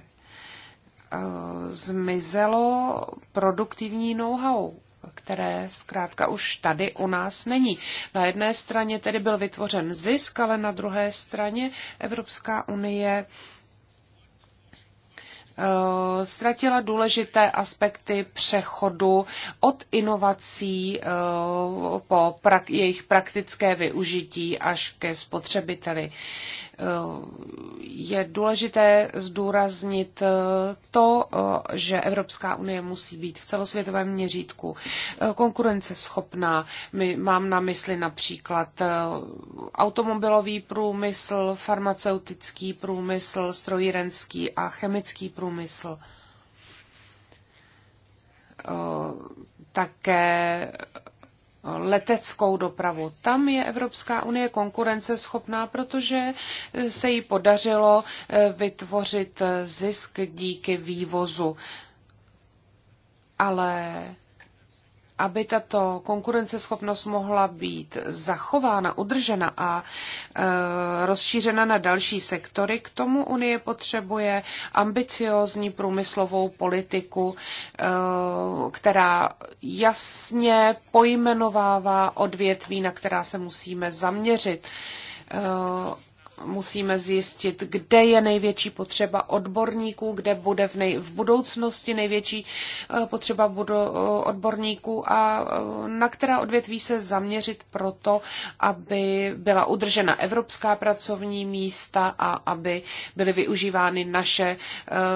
zmizelo produktivní know-how, které zkrátka už tady u nás není. Na jedné straně tedy byl vytvořen zisk, ale na druhé straně Evropská unie Eh, ztratila důležité aspekty přechodu od inovací eh, po jejich praktické využití až ke spotřebiteli. Je důležité zdůraznit eh, to, eh, že Evropská unie musí být v celosvětovém měřítku eh, konkurenceschopná. My, mám na mysli například automobilový průmysl, farmaceutický průmysl, strojírenský a chemický průmysl také leteckou dopravu. Tam je Evropská unie konkurenceschopná, protože se jí podařilo eh, vytvořit zisk díky vývozu. Ale aby tato konkurenceschopnost mohla být zachována, udržena a e, rozšířena na další sektory, k tomu Unie potřebuje ambiciózní průmyslovou politiku, e, která jasně pojmenovává odvětví, na která se musíme zaměřit. E, musíme zjistit, kde je největší potřeba odborníků, kde bude v, nej, v budoucnosti největší eh, potřeba budu, eh, odborníků a eh, na která odvětví se zaměřit proto, aby byla udržena evropská pracovní místa a aby byly využívány naše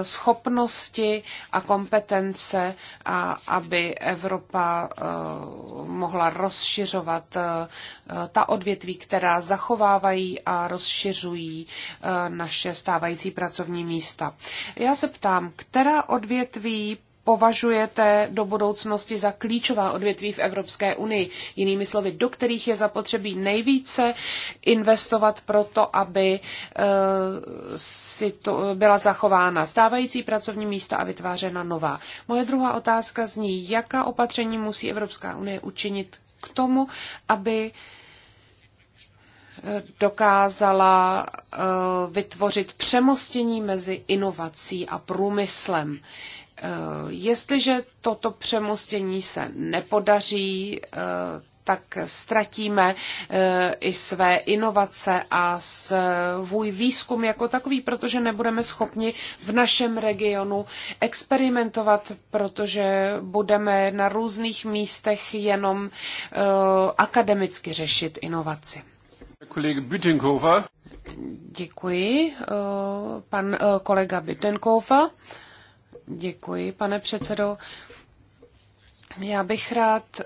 schopnosti a kompetence a aby Evropa mohla rozšiřovat ta odvětví, která zachovávají a rozšiřují rozšiřují eh, naše stávající pracovní místa. Já se ptám, která odvětví považujete do budoucnosti za klíčová odvětví v Evropské unii? Jinými slovy, do kterých je zapotřebí nejvíce investovat pro to, aby eh, si to byla zachována stávající pracovní místa a vytvářena nová. Moje druhá otázka zní, jaká opatření musí Evropská unie učinit k tomu, aby dokázala eh, vytvořit přemostění mezi inovací a průmyslem. Eh, jestliže toto přemostění se nepodaří, eh, tak ztratíme i své inovace a svůj výzkum jako takový, protože nebudeme schopni v našem regionu experimentovat, protože budeme na různých místech jenom akademicky řešit inovaci. Děkuji, eh, pan eh, kolega Bütenkofer. Děkuji, pane předsedo. Já bych rád eh,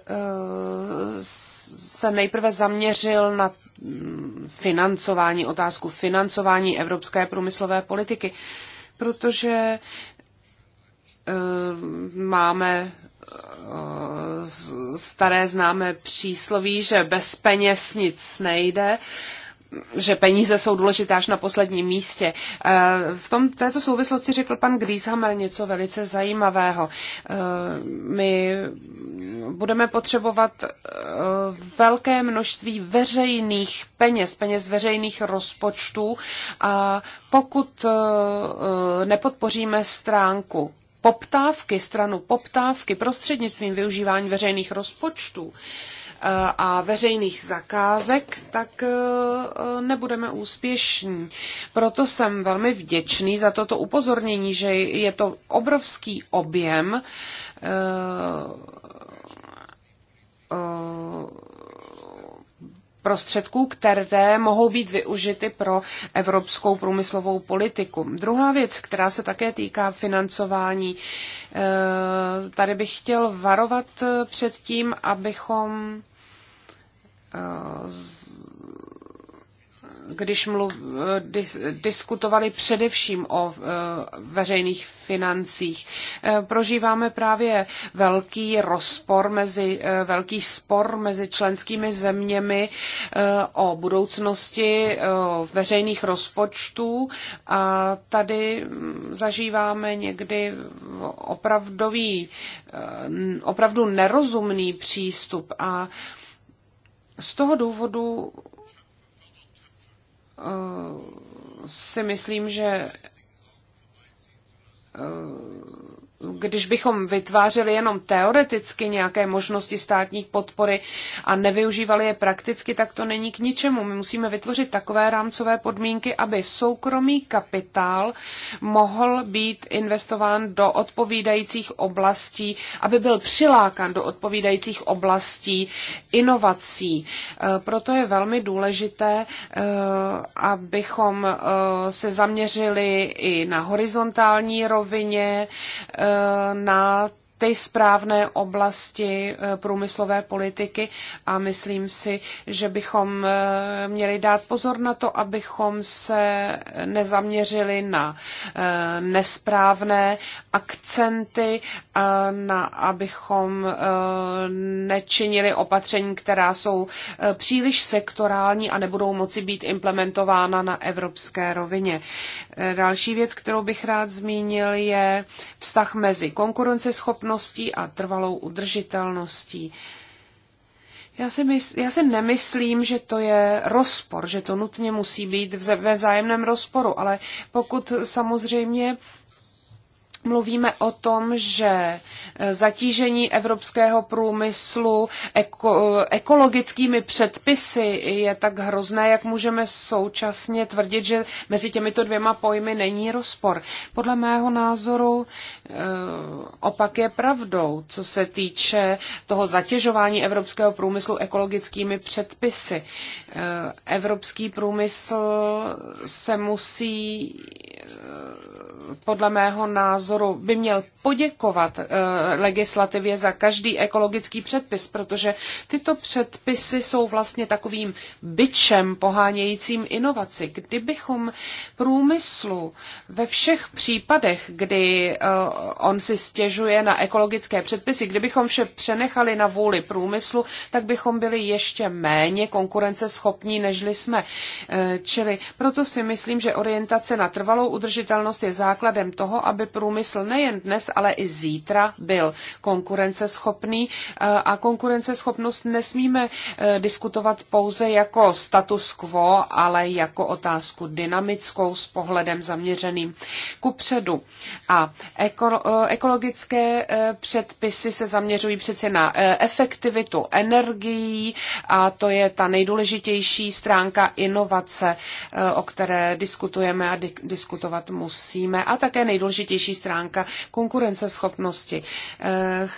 se nejprve zaměřil na mm, financování, otázku financování evropské průmyslové politiky, protože máme staré známé přísloví, že bez peněz nic nejde že peníze jsou důležité až na posledním místě. E, v tom, této souvislosti řekl pan Grieshammer něco velice zajímavého. E, my budeme potřebovat e, velké množství veřejných peněz, peněz veřejných rozpočtů a pokud nepodpoříme stránku poptávky, stranu poptávky prostřednictvím využívání veřejných rozpočtů eh, a veřejných zakázek, tak eh, eh, nebudeme úspěšní. Proto jsem velmi vděčný za toto upozornění, že je to obrovský objem prostředků, které mohou být využity pro evropskou průmyslovou politiku. Druhá věc, která se také týká financování, eh, tady bych chtěl varovat eh, před tím, abychom eh, když mluv, eh, dis, diskutovali především o eh, veřejných financích. Eh, prožíváme právě velký rozpor mezi, velký spor mezi členskými zeměmi o budoucnosti veřejných rozpočtů a tady mm, zažíváme někdy opravdový, opravdu nerozumný přístup a z toho důvodu Eh, si myslím, že eh, když bychom vytvářeli jenom teoreticky nějaké možnosti státních podpory a nevyužívali je prakticky, tak to není k ničemu. My musíme vytvořit takové rámcové podmínky, aby soukromý kapitál mohl být investován do odpovídajících oblastí, aby byl přilákán do odpovídajících oblastí inovací. E, proto je velmi důležité, e, abychom e, se zaměřili i na horizontální rovině, na ty správné oblasti eh, průmyslové politiky a myslím si, že bychom eh, měli dát pozor na to, abychom se nezaměřili na eh, nesprávné akcenty, na, abychom nečinili opatření, která jsou příliš sektorální a nebudou moci být implementována na evropské rovině. Další věc, kterou bych rád zmínil, je vztah mezi konkurenceschopností schopností a trvalou udržitelností. Já si, mysl, já si nemyslím, že to je rozpor, že to nutně musí být ve vzájemném rozporu, ale pokud samozřejmě mluvíme o tom, že eh, zatížení evropského průmyslu eko, eh, ekologickými předpisy je tak hrozné, jak můžeme současně tvrdit, že mezi těmito dvěma pojmy není rozpor. Podle mého názoru eh, opak je pravdou, co se týče toho zatěžování evropského průmyslu ekologickými předpisy. Evropský průmysl se musí podle mého názoru by měl poděkovat eh, legislativě za každý ekologický předpis, protože tyto předpisy jsou vlastně takovým byčem pohánějícím inovaci. Kdybychom průmyslu ve všech případech, kdy eh, on si stěžuje na ekologické předpisy, kdybychom vše přenechali na vůli průmyslu, tak bychom byli ještě méně konkurenceschopní, nežli jsme. Eh, čili proto si myslím, že orientace na trvalou udržitelnost je základní základem toho, aby průmysl nejen dnes, ale i zítra byl konkurenceschopný eh, a konkurenceschopnost nesmíme eh, diskutovat pouze jako status quo, ale jako otázku dynamickou s pohledem zaměřeným ku předu. A eh, ekologické předpisy se zaměřují přece na efektivitu energií a to je ta nejdůležitější stránka inovace, o které diskutujeme a diskutovat musíme a také nejdůležitější stránka konkurenceschopnosti eh,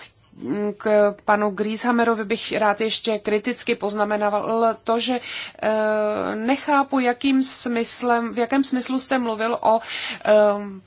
k panu Grieshammerovi bych rád ještě kriticky poznamenal to, že eh, nechápu, jakým smyslem, v jakém smyslu jste mluvil o eh,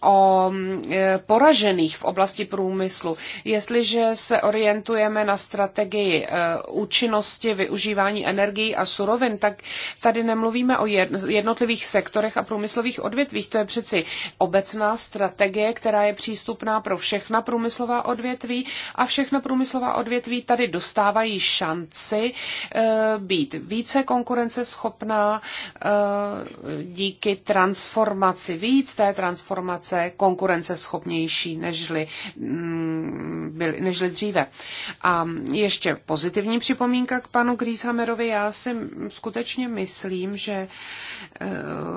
o e, poražených v oblasti průmyslu. Jestliže se orientujeme na strategii e, účinnosti využívání energií a surovin, tak tady nemluvíme o jednotlivých sektorech a průmyslových odvětvích. To je přeci obecná strategie, která je přístupná pro všechna průmyslová odvětví a všechna průmyslová odvětví tady dostávají šanci e, být více konkurenceschopná díky transformaci, víc té transformace informace konkurenceschopnější nežli, mm, byli, nežli dříve. A ještě pozitivní připomínka k panu Grieshammerovi. Já si skutečně myslím, že eh,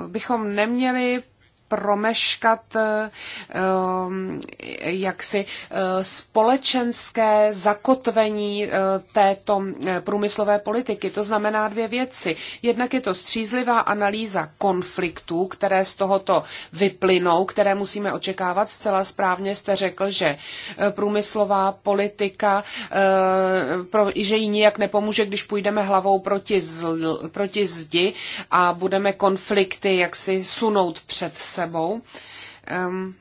bychom neměli promeškat ehm, jaksi eh, společenské zakotvení eh, této eh, průmyslové politiky. To znamená dvě věci. Jednak je to střízlivá analýza konfliktů, které z tohoto vyplynou, které musíme očekávat. Zcela správně jste řekl, že průmyslová politika, že ji nijak nepomůže, když půjdeme hlavou proti, zl, proti zdi a budeme konflikty jaksi sunout před sebou. Um,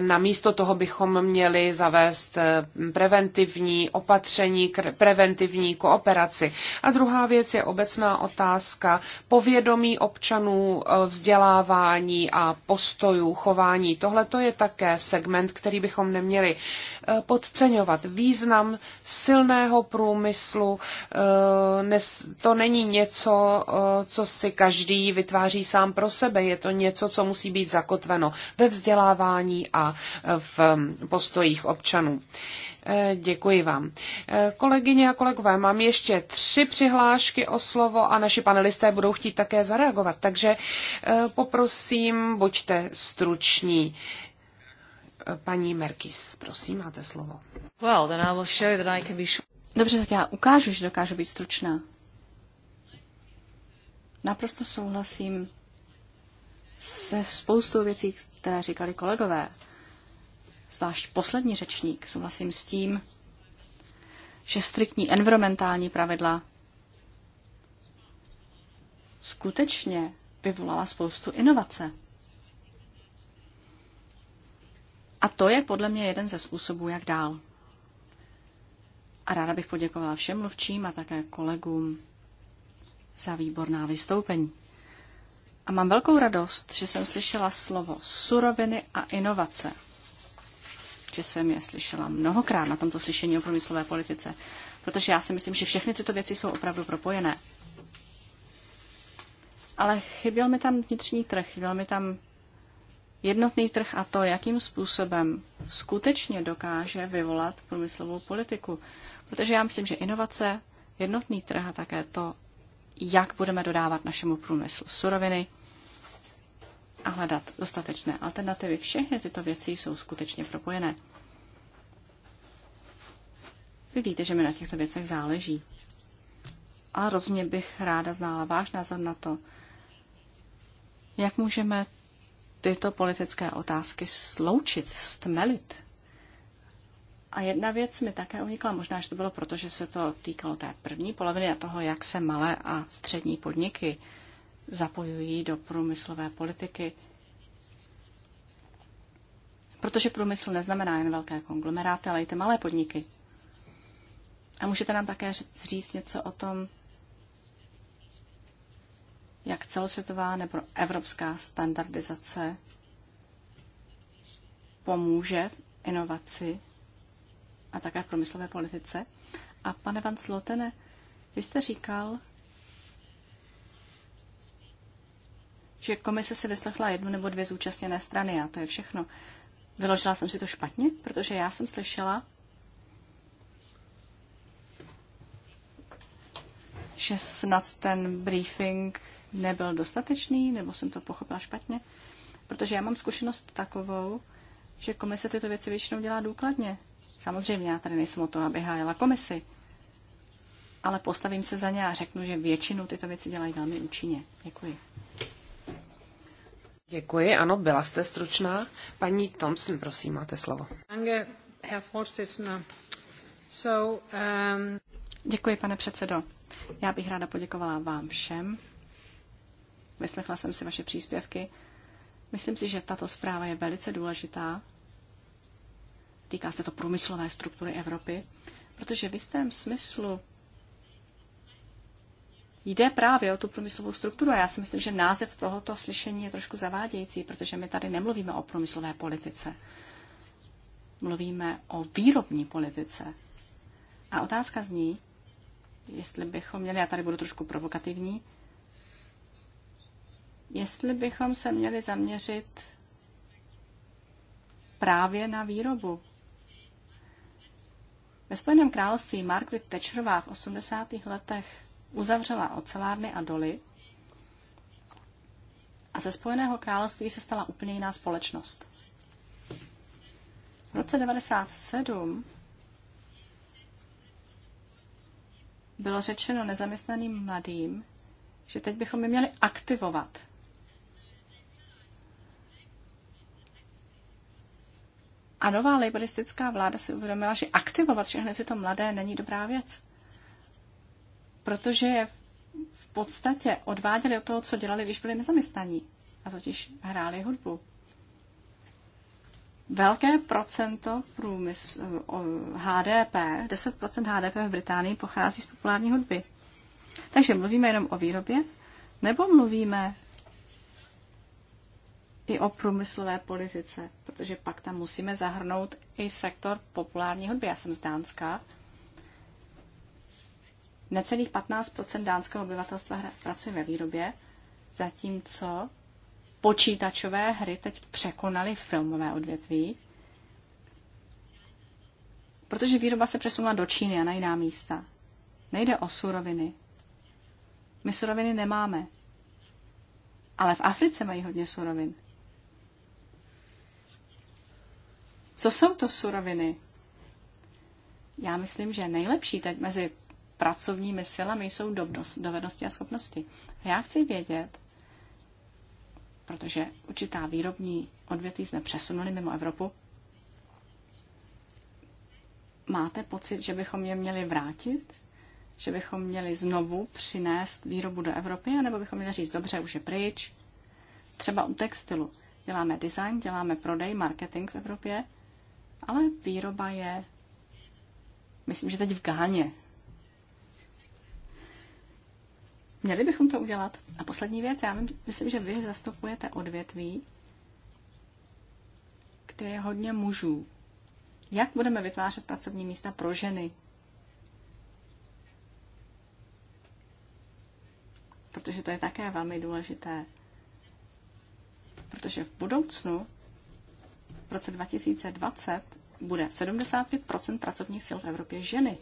Namísto toho bychom měli zavést eh, preventivní opatření, preventivní kooperaci. A druhá věc je obecná otázka povědomí občanů, eh, vzdělávání a postojů, chování. Tohle to je také segment, který bychom neměli eh, podceňovat. Význam silného průmyslu, to není něco, co si každý vytváří sám pro sebe, je to něco, co musí být zakotveno ve vzdělávání a v postojích občanů. E, děkuji vám. E, kolegyně a kolegové, mám ještě tři přihlášky o slovo a naši panelisté budou chtít také zareagovat, takže e, poprosím, buďte struční. Paní Merkis, prosím, máte slovo. Dobře, tak já ukážu, že dokážu být stručná. Naprosto souhlasím se spoustou věcí, které říkali kolegové. Zvlášť poslední řečník, souhlasím s tím, že striktní environmentální pravidla skutečně vyvolala spoustu inovace. A to je podle mě jeden ze způsobů, jak dál. A ráda bych poděkovala všem mluvčím a také kolegům za výborná vystoupení. A mám velkou radost, že jsem slyšela slovo suroviny a inovace. Že jsem je slyšela mnohokrát na tomto slyšení o průmyslové politice, protože já si myslím, že všechny tyto věci jsou opravdu propojené. Ale chyběl mi tam vnitřní trh, chyběl mi tam jednotný trh a to, jakým způsobem skutečně dokáže vyvolat průmyslovou politiku. Protože já myslím, že inovace, jednotný trh a také to, jak budeme dodávat našemu průmyslu suroviny a hledat dostatečné alternativy. Všechny tyto věci jsou skutečně propojené. Vy víte, že mi na těchto věcech záleží. A rozhodně bych ráda znala váš názor na to, jak můžeme tyto politické otázky sloučit, stmelit. A jedna věc mi také unikla, možná, že to bylo proto, že se to týkalo té první poloviny a toho, jak se malé a střední podniky zapojují do průmyslové politiky. Protože průmysl neznamená jen velké konglomeráty, ale i ty malé podniky. A můžete nám také říct něco o tom, jak celosvětová nebo evropská standardizace pomůže inovaci a také v promyslové politice. A pane Van Slotene, vy jste říkal, že komise si vyslechla jednu nebo dvě zúčastněné strany a to je všechno. Vyložila jsem si to špatně, protože já jsem slyšela, že snad ten briefing nebyl dostatečný, nebo jsem to pochopila špatně. Protože já mám zkušenost takovou, že komise tyto věci většinou dělá důkladně. Samozřejmě já tady nejsem o to, aby hájela komisi, ale postavím se za ně a řeknu, že většinu tyto věci dělají velmi účinně. Děkuji. Děkuji, ano, byla jste stručná. Paní Thompson, prosím, máte slovo. Um, Děkuji, pane předsedo. Já bych ráda poděkovala vám všem. Vyslechla jsem si vaše příspěvky. Myslím si, že tato zpráva je velice důležitá Týká se to průmyslové struktury Evropy, protože v jistém smyslu jde právě o tu průmyslovou strukturu. A já si myslím, že název tohoto slyšení je trošku zavádějící, protože my tady nemluvíme o průmyslové politice. Mluvíme o výrobní politice. A otázka zní, jestli bychom měli, já tady budu trošku provokativní, jestli bychom se měli zaměřit právě na výrobu, ve Spojeném království Margaret Thatcherová v 80. letech uzavřela ocelárny a doly a ze Spojeného království se stala úplně jiná společnost. V roce 1997 bylo řečeno nezaměstnaným mladým, že teď bychom je měli aktivovat, A nová liberistická vláda si uvědomila, že aktivovat všechny tyto mladé není dobrá věc. Protože je v podstatě odváděli od toho, co dělali, když byli nezaměstnaní. A totiž hráli hudbu. Velké procento průmysl, HDP, 10% HDP v Británii pochází z populární hudby. Takže mluvíme jenom o výrobě, nebo mluvíme i o průmyslové politice, protože pak tam musíme zahrnout i sektor populární hudby. Já jsem z Dánska. Necelých 15 dánského obyvatelstva pracuje ve výrobě, zatímco počítačové hry teď překonaly filmové odvětví, protože výroba se přesunula do Číny a na jiná místa. Nejde o suroviny. My suroviny nemáme. Ale v Africe mají hodně surovin. Co jsou to suroviny? Já myslím, že nejlepší teď mezi pracovními silami jsou dobnost, dovednosti a schopnosti. A já chci vědět, protože určitá výrobní odvětví jsme přesunuli mimo Evropu, máte pocit, že bychom je měli vrátit? Že bychom měli znovu přinést výrobu do Evropy? A nebo bychom měli říct, dobře, už je pryč? Třeba u textilu. Děláme design, děláme prodej, marketing v Evropě, ale výroba je, myslím, že teď v Gáně. Měli bychom to udělat. A poslední věc, já myslím, že vy zastupujete odvětví, kde je hodně mužů. Jak budeme vytvářet pracovní místa pro ženy? Protože to je také velmi důležité. Protože v budoucnu v roce 2020 bude 75 pracovních sil v Evropě ženy.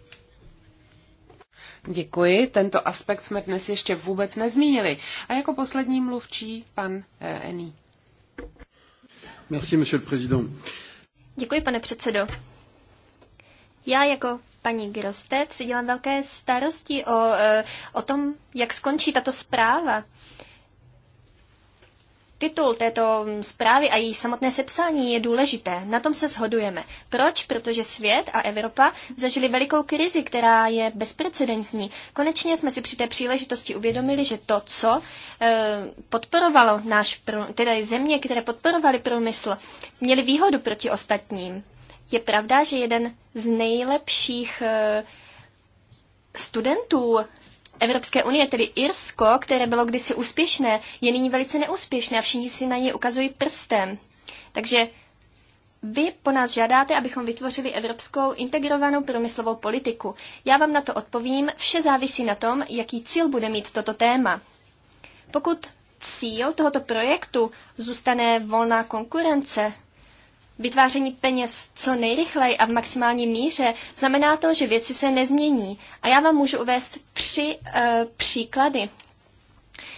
Děkuji, tento aspekt jsme dnes ještě vůbec nezmínili. A jako poslední mluvčí pan eh, Eni. Merci, monsieur le président. Děkuji, pane předsedo. Já jako paní Grostec si dělám velké starosti o, eh, o tom, jak skončí tato zpráva. Titul této zprávy a její samotné sepsání je důležité. Na tom se shodujeme. Proč? Protože svět a Evropa zažili velikou krizi, která je bezprecedentní. Konečně jsme si při té příležitosti uvědomili, že to, co eh, podporovalo náš, teda země, které podporovaly průmysl, měly výhodu proti ostatním. Je pravda, že jeden z nejlepších eh, studentů Evropské unie, tedy Irsko, které bylo kdysi úspěšné, je nyní velice neúspěšné a všichni si na něj ukazují prstem. Takže vy po nás žádáte, abychom vytvořili evropskou integrovanou průmyslovou politiku. Já vám na to odpovím, vše závisí na tom, jaký cíl bude mít toto téma. Pokud cíl tohoto projektu zůstane volná konkurence, vytváření peněz co nejrychleji a v maximální míře, znamená to, že věci se nezmění. A já vám můžu uvést tři uh, příklady,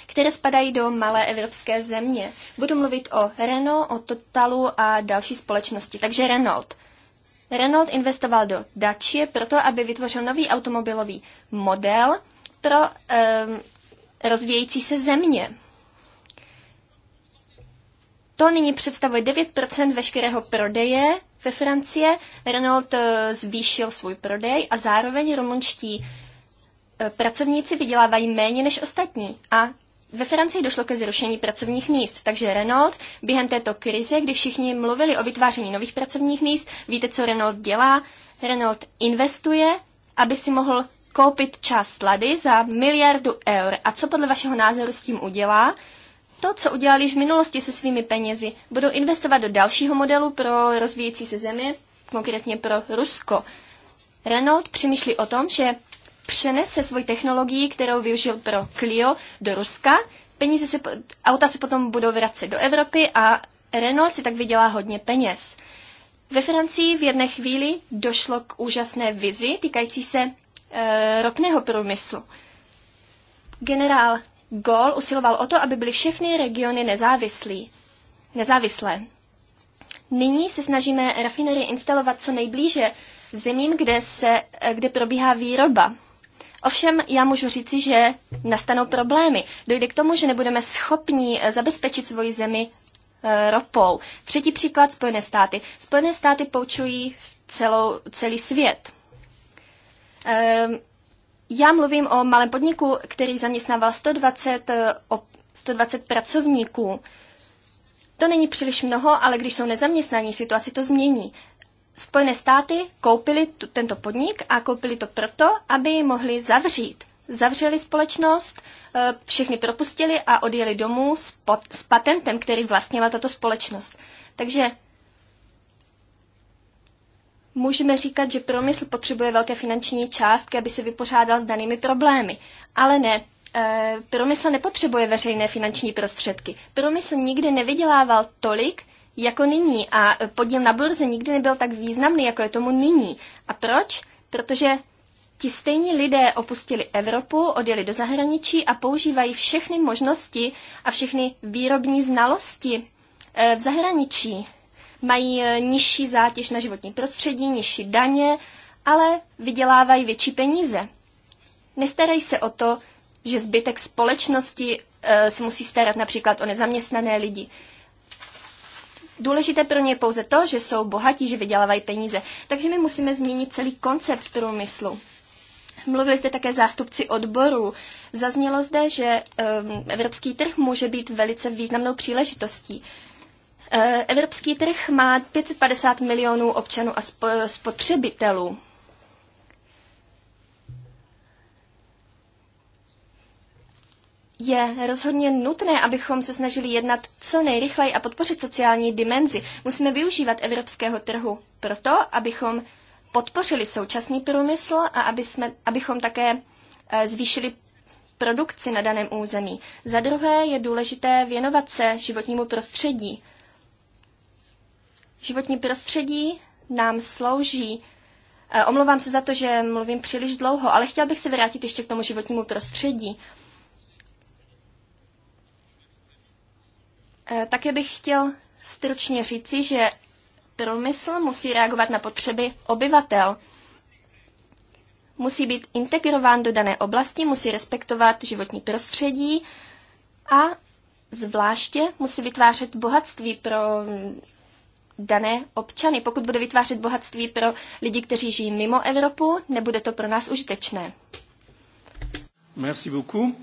které spadají do malé evropské země. Budu mluvit o Renault, o Totalu a další společnosti. Takže Renault. Renault investoval do Dacia proto, aby vytvořil nový automobilový model pro um, rozvíjející se země. To nyní představuje 9% veškerého prodeje ve Francie. Renault eh, zvýšil svůj prodej a zároveň rumunští eh, pracovníci vydělávají méně než ostatní. A ve Francii došlo ke zrušení pracovních míst, takže Renault během této krize, kdy všichni mluvili o vytváření nových pracovních míst, víte, co Renault dělá? Renault investuje, aby si mohl koupit část Lady za miliardu eur. A co podle vašeho názoru s tím udělá? to, co udělali již v minulosti se svými penězi. Budou investovat do dalšího modelu pro rozvíjející se země, konkrétně pro Rusko. Renault přemýšlí o tom, že přenese svoji technologii, kterou využil pro Clio, do Ruska. Peníze se, auta se potom budou vracet do Evropy a Renault si tak vydělá hodně peněz. Ve Francii v jedné chvíli došlo k úžasné vizi týkající se e, ropného průmyslu. Generál Gol usiloval o to, aby byly všechny regiony nezávislí. nezávislé. Nyní se snažíme rafinerie instalovat co nejblíže zemím, kde, se, eh, kde probíhá výroba. Ovšem já můžu říci, že nastanou problémy. Dojde k tomu, že nebudeme schopni eh, zabezpečit svoji zemi eh, ropou. Třetí příklad Spojené státy. Spojené státy poučují celou, celý svět. Ehm, já mluvím o malém podniku, který zaměstnával 120, 120 pracovníků. To není příliš mnoho, ale když jsou nezaměstnaní, situaci to změní. Spojené státy koupili tu, tento podnik a koupili to proto, aby ji mohli zavřít. Zavřeli společnost, eh, všechny propustili a odjeli domů s, pot, s patentem, který vlastnila tato společnost. Takže Můžeme říkat, že promysl potřebuje velké finanční částky, aby se vypořádal s danými problémy. Ale ne, e, eh, promysl nepotřebuje veřejné finanční prostředky. Promysl nikdy nevydělával tolik, jako nyní a eh, podíl na burze nikdy nebyl tak významný, jako je tomu nyní. A proč? Protože ti stejní lidé opustili Evropu, odjeli do zahraničí a používají všechny možnosti a všechny výrobní znalosti eh, v zahraničí mají eh, nižší zátěž na životní prostředí, nižší daně, ale vydělávají větší peníze. Nestarají se o to, že zbytek společnosti eh, se musí starat například o nezaměstnané lidi. Důležité pro ně je pouze to, že jsou bohatí, že vydělávají peníze. Takže my musíme změnit celý koncept průmyslu. Mluvili zde také zástupci odborů. Zaznělo zde, že um, evropský trh může být velice významnou příležitostí. Eh, evropský trh má 550 milionů občanů a spotřebitelů. Je rozhodně nutné, abychom se snažili jednat co nejrychleji a podpořit sociální dimenzi. Musíme využívat evropského trhu proto, abychom podpořili současný průmysl a aby jsme, abychom také eh, zvýšili produkci na daném území. Za druhé je důležité věnovat se životnímu prostředí. Životní prostředí nám slouží. Eh, omlouvám se za to, že mluvím příliš dlouho, ale chtěl bych se vrátit ještě k tomu životnímu prostředí. Eh, také bych chtěl stručně říci, že průmysl musí reagovat na potřeby obyvatel. Musí být integrován do dané oblasti, musí respektovat životní prostředí a zvláště musí vytvářet bohatství pro dané občany. Pokud bude vytvářet bohatství pro lidi, kteří žijí mimo Evropu, nebude to pro nás užitečné. Merci beaucoup.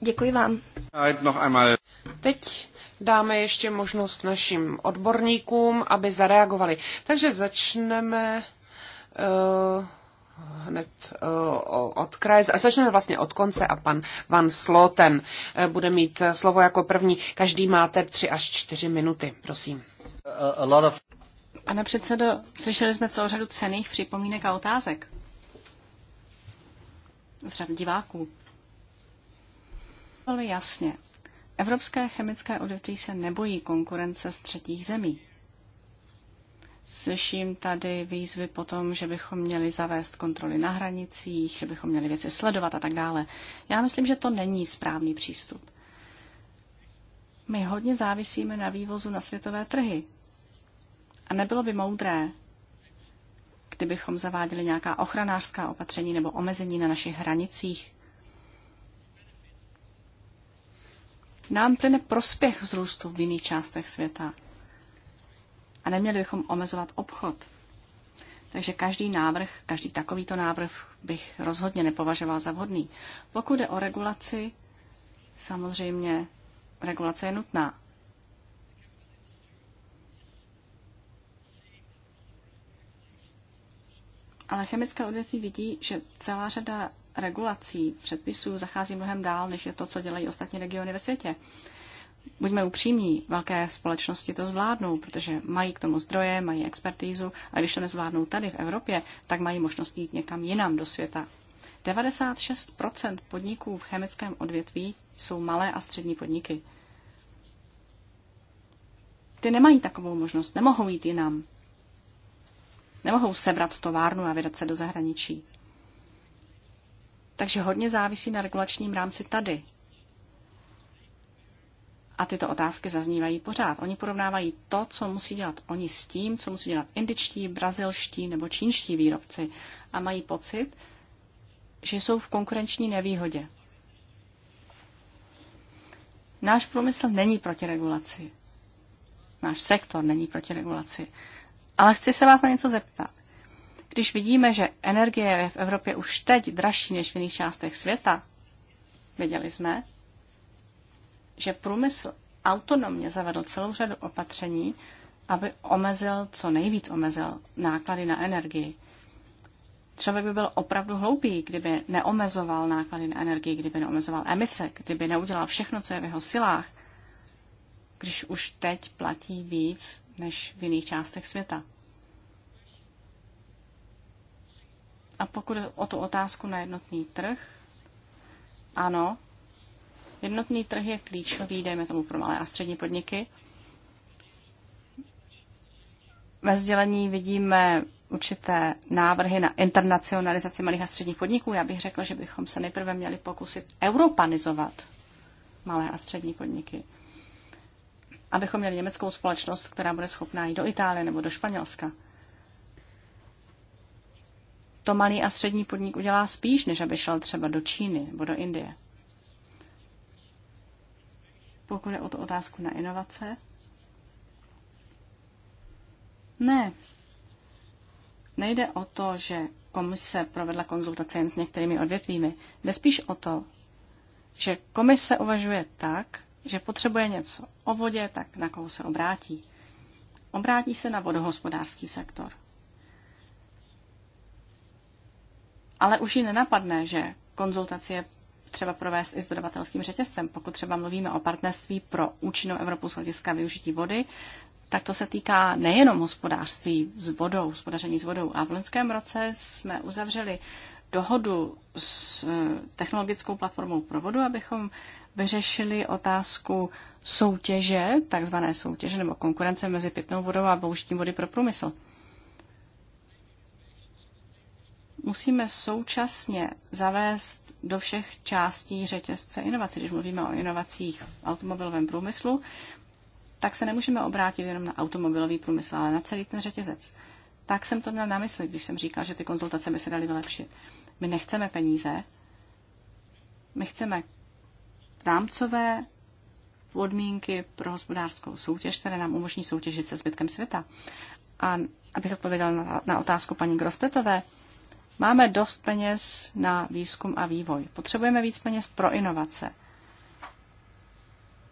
Děkuji vám. Teď dáme ještě možnost našim odborníkům, aby zareagovali. Takže začneme uh, hned uh, od kraje. Začneme vlastně od konce a pan Van Sloten eh, bude mít slovo jako první. Každý máte tři až čtyři minuty, prosím. A, Pane předsedo, slyšeli jsme celou řadu cených připomínek a otázek z řad diváků. Ale jasně, evropské chemické odvětví se nebojí konkurence z třetích zemí. Slyším tady výzvy po tom, že bychom měli zavést kontroly na hranicích, že bychom měli věci sledovat a tak dále. Já myslím, že to není správný přístup. My hodně závisíme na vývozu na světové trhy. A nebylo by moudré, kdybychom zaváděli nějaká ochranářská opatření nebo omezení na našich hranicích. Nám plyne prospěch z růstu v jiných částech světa. A neměli bychom omezovat obchod. Takže každý návrh, každý takovýto návrh bych rozhodně nepovažoval za vhodný. Pokud jde o regulaci, samozřejmě regulace je nutná. Ale chemické odvětví vidí, že celá řada regulací, předpisů zachází mnohem dál, než je to, co dělají ostatní regiony ve světě. Buďme upřímní, velké společnosti to zvládnou, protože mají k tomu zdroje, mají expertízu a když to nezvládnou tady v Evropě, tak mají možnost jít někam jinam do světa 96 podniků v chemickém odvětví jsou malé a střední podniky. Ty nemají takovou možnost, nemohou jít jinam. Nemohou sebrat továrnu a vydat se do zahraničí. Takže hodně závisí na regulačním rámci tady. A tyto otázky zaznívají pořád. Oni porovnávají to, co musí dělat oni s tím, co musí dělat indičtí, brazilští nebo čínští výrobci. A mají pocit, že jsou v konkurenční nevýhodě. Náš průmysl není proti regulaci. Náš sektor není proti regulaci. Ale chci se vás na něco zeptat. Když vidíme, že energie je v Evropě už teď dražší než v jiných částech světa, viděli jsme, že průmysl autonomně zavedl celou řadu opatření, aby omezil, co nejvíc omezil, náklady na energii. Člověk by byl opravdu hloupý, kdyby neomezoval náklady na energii, kdyby neomezoval emise, kdyby neudělal všechno, co je v jeho silách, když už teď platí víc než v jiných částech světa. A pokud o tu otázku na jednotný trh, ano, jednotný trh je klíčový, dejme tomu pro malé a střední podniky. Ve sdělení vidíme určité návrhy na internacionalizaci malých a středních podniků. Já bych řekl, že bychom se nejprve měli pokusit europanizovat malé a střední podniky. Abychom měli německou společnost, která bude schopná jít do Itálie nebo do Španělska. To malý a střední podnik udělá spíš, než aby šel třeba do Číny nebo do Indie. Pokud je o tu otázku na inovace, ne, Nejde o to, že komise provedla konzultace jen s některými odvětvími. Jde spíš o to, že komise uvažuje tak, že potřebuje něco o vodě, tak na koho se obrátí. Obrátí se na vodohospodářský sektor. Ale už ji nenapadne, že konzultaci je třeba provést i s dodavatelským řetězcem, pokud třeba mluvíme o partnerství pro účinnou Evropu z hlediska využití vody, tak to se týká nejenom hospodářství s vodou, hospodaření s vodou. A v loňském roce jsme uzavřeli dohodu s eh, technologickou platformou vodu, abychom vyřešili otázku soutěže, takzvané soutěže nebo konkurence mezi pitnou vodou a bouštím vody pro průmysl. Musíme současně zavést do všech částí řetězce inovací. Když mluvíme o inovacích v automobilovém průmyslu, tak se nemůžeme obrátit jenom na automobilový průmysl, ale na celý ten řetězec. Tak jsem to měl na mysli, když jsem říkal, že ty konzultace by se daly vylepšit. My nechceme peníze, my chceme rámcové podmínky pro hospodářskou soutěž, které nám umožní soutěžit se zbytkem světa. A abych odpověděl na, na otázku paní Grostetové, máme dost peněz na výzkum a vývoj. Potřebujeme víc peněz pro inovace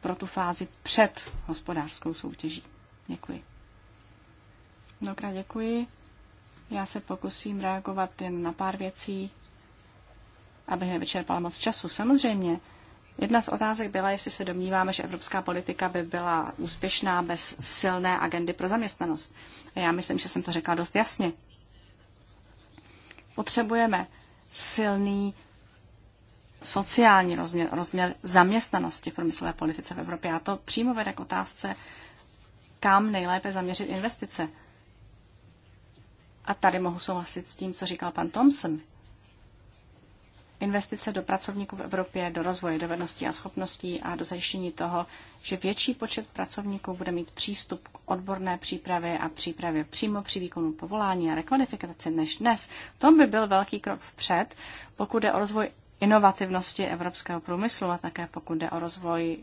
pro tu fázi před hospodářskou soutěží. Děkuji. Mnohokrát děkuji. Já se pokusím reagovat jen na pár věcí, abych nevyčerpala moc času. Samozřejmě, jedna z otázek byla, jestli se domníváme, že evropská politika by byla úspěšná bez silné agendy pro zaměstnanost. A já myslím, že jsem to řekla dost jasně. Potřebujeme silný sociální rozměr, rozměr zaměstnanosti v průmyslové politice v Evropě. A to přímo vede k otázce, kam nejlépe zaměřit investice. A tady mohu souhlasit s tím, co říkal pan Thompson. Investice do pracovníků v Evropě, do rozvoje dovedností a schopností a do zajištění toho, že větší počet pracovníků bude mít přístup k odborné přípravě a přípravě přímo při výkonu povolání a rekvalifikaci než dnes. To by byl velký krok vpřed, pokud je o rozvoj inovativnosti evropského průmyslu a také pokud jde o rozvoj e,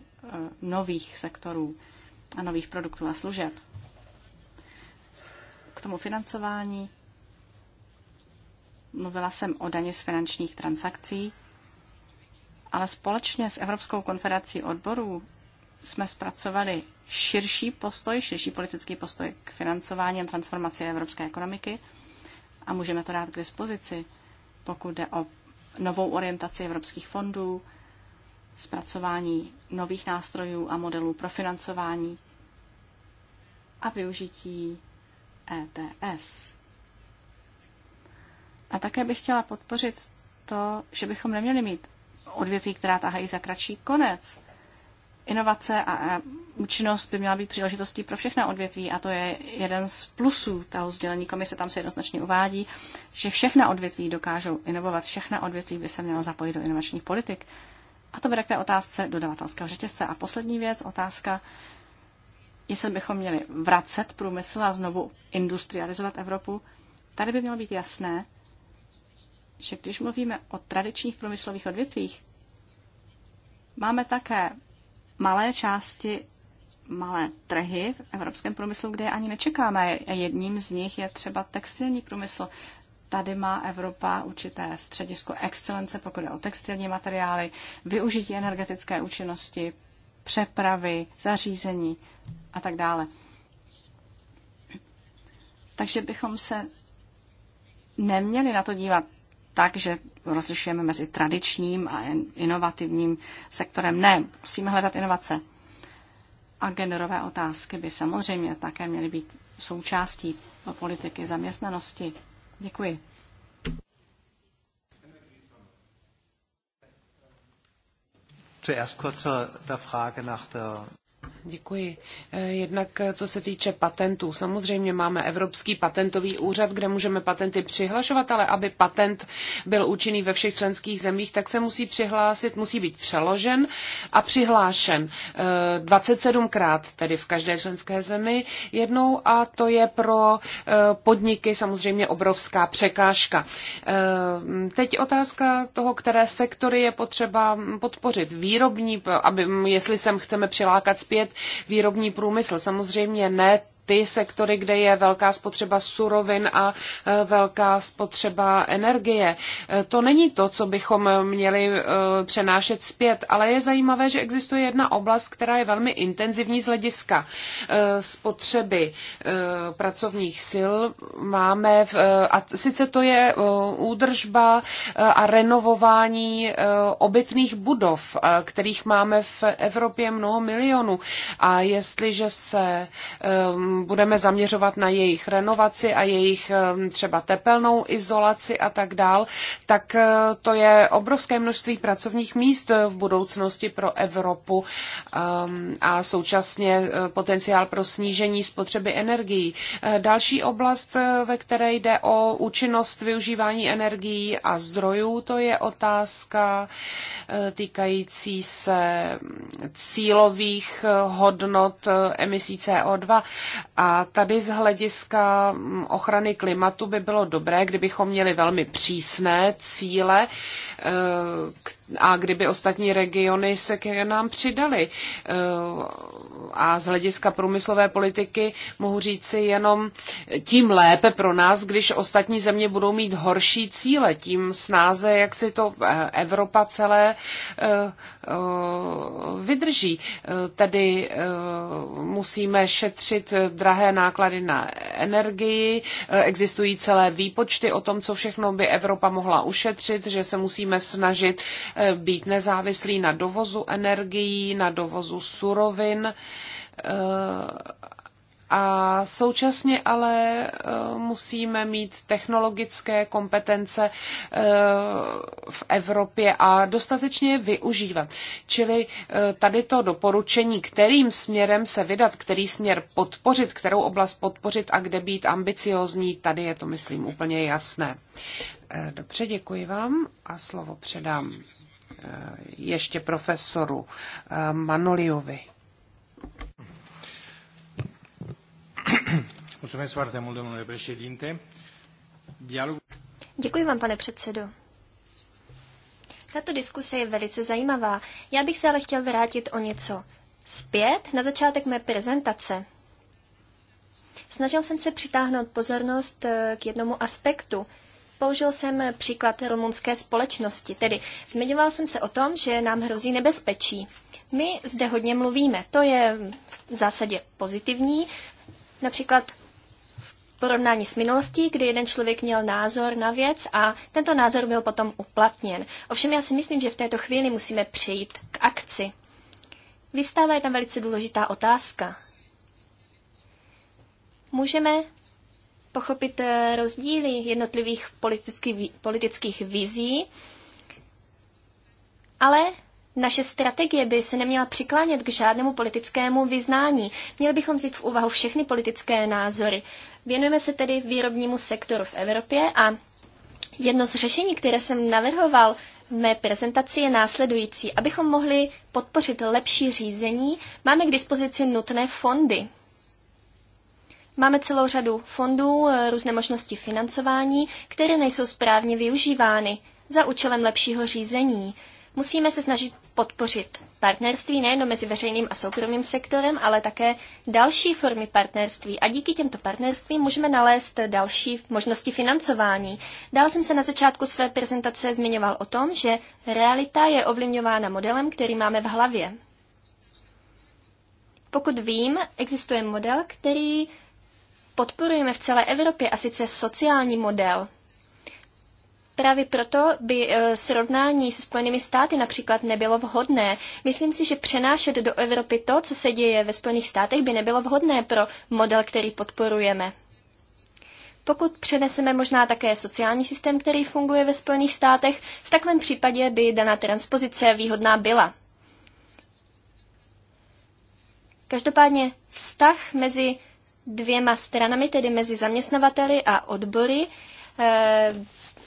nových sektorů a nových produktů a služeb. K tomu financování mluvila jsem o daně z finančních transakcí, ale společně s Evropskou konfederací odborů jsme zpracovali širší postoj, širší politický postoj k financování a transformaci evropské ekonomiky a můžeme to dát k dispozici, pokud jde o novou orientaci evropských fondů, zpracování nových nástrojů a modelů pro financování a využití ETS. A také bych chtěla podpořit to, že bychom neměli mít odvětví, která tahají za kratší konec. Inovace a účinnost by měla být příležitostí pro všechna odvětví a to je jeden z plusů toho sdělení komise, tam se jednoznačně uvádí, že všechna odvětví dokážou inovovat, všechna odvětví by se měla zapojit do inovačních politik. A to vede k té otázce dodavatelského řetězce. A poslední věc, otázka, jestli bychom měli vracet průmysl a znovu industrializovat Evropu. Tady by mělo být jasné, že když mluvíme o tradičních průmyslových odvětvích, máme také malé části, malé trhy v evropském průmyslu, kde je ani nečekáme. Jedním z nich je třeba textilní průmysl. Tady má Evropa určité středisko excelence, pokud je o textilní materiály, využití energetické účinnosti, přepravy, zařízení a tak dále. Takže bychom se neměli na to dívat tak, že rozlišujeme mezi tradičním a inovativním sektorem. Ne, musíme hledat inovace. A genderové otázky by samozřejmě také měly být součástí politiky zaměstnanosti. Děkuji. Zuerst kurz zur Frage nach der Děkuji. E, jednak e, co se týče patentů, samozřejmě máme Evropský patentový úřad, kde můžeme patenty přihlašovat, ale aby patent byl účinný ve všech členských zemích, tak se musí přihlásit, musí být přeložen a přihlášen 27krát, e, tedy v každé členské zemi jednou a to je pro podniky samozřejmě obrovská překážka. Teď otázka toho, které sektory je potřeba podpořit. Výrobní, aby, jestli sem chceme přilákat zpět výrobní průmysl. Samozřejmě ne ty sektory, kde je velká spotřeba surovin a e, velká spotřeba energie. E, to není to, co bychom měli e, přenášet zpět, ale je zajímavé, že existuje jedna oblast, která je velmi intenzivní z hlediska spotřeby pracovních sil. Máme, v, a sice to je údržba a renovování obytných budov, kterých máme v Evropě mnoho milionů. A jestliže se um, budeme zaměřovat na jejich renovaci a jejich eh, třeba tepelnou izolaci a tak dál, tak eh, to je obrovské množství pracovních míst eh, v budoucnosti pro Evropu ehm, a současně potenciál pro snížení spotřeby energií. Další oblast, ve které jde o účinnost využívání energií a zdrojů, to je otázka týkající se cílových hodnot emisí CO2. A tady z hlediska mm, ochrany klimatu by bylo dobré, kdybychom měli velmi přísné cíle eh, a kdyby ostatní regiony se k nám přidaly. Eh, a z hlediska průmyslové politiky mohu říci jenom eh, tím lépe pro nás, když ostatní země budou mít horší cíle, tím snáze, jak si to Evropa celé Eh, vydrží. Eh, tedy eh, musíme šetřit drahé náklady na energii, existují celé výpočty o tom, co všechno by Evropa mohla ušetřit, že se musíme snažit být nezávislí na dovozu energií, na dovozu surovin a současně ale eh, musíme mít technologické kompetence eh, v Evropě a dostatečně je využívat. Čili eh, tady to doporučení, kterým směrem se vydat, který směr podpořit, kterou oblast podpořit a kde být ambiciozní, tady je to, myslím, úplně jasné. Dobře, děkuji vám a slovo předám ještě profesoru Manoliovi. Mulțumesc foarte mult, domnule președinte. Dialog... Děkuji vám, pane předsedo. Tato diskuse je velice zajímavá. Já bych se ale chtěl vrátit o něco zpět na začátek mé prezentace. Snažil jsem se přitáhnout pozornost eh, k jednomu aspektu. Použil jsem příklad rumunské společnosti, tedy zmiňoval jsem se o tom, že nám hrozí nebezpečí. My zde hodně mluvíme, to je v zásadě pozitivní, Například v porovnání s minulostí, kdy jeden člověk měl názor na věc a tento názor byl potom uplatněn. Ovšem já si myslím, že v této chvíli musíme přejít k akci. Vystává je tam velice důležitá otázka. Můžeme pochopit eh, rozdíly jednotlivých politických, politických vizí, ale naše strategie by se neměla přiklánět k žádnému politickému vyznání. Měli bychom vzít v úvahu všechny politické názory. Věnujeme se tedy výrobnímu sektoru v Evropě a jedno z řešení, které jsem navrhoval v mé prezentaci, je následující. Abychom mohli podpořit lepší řízení, máme k dispozici nutné fondy. Máme celou řadu fondů, různé možnosti financování, které nejsou správně využívány za účelem lepšího řízení. Musíme se snažit podpořit partnerství nejen mezi veřejným a soukromým sektorem, ale také další formy partnerství. A díky těmto partnerstvím můžeme nalézt další možnosti financování. Dál jsem se na začátku své prezentace zmiňoval o tom, že realita je ovlivňována modelem, který máme v hlavě. Pokud vím, existuje model, který podporujeme v celé Evropě, a sice sociální model. Právě proto by e, srovnání se Spojenými státy například nebylo vhodné. Myslím si, že přenášet do Evropy to, co se děje ve Spojených státech, by nebylo vhodné pro model, který podporujeme. Pokud přeneseme možná také sociální systém, který funguje ve Spojených státech, v takovém případě by daná transpozice výhodná byla. Každopádně vztah mezi dvěma stranami, tedy mezi zaměstnavateli a odbory, e,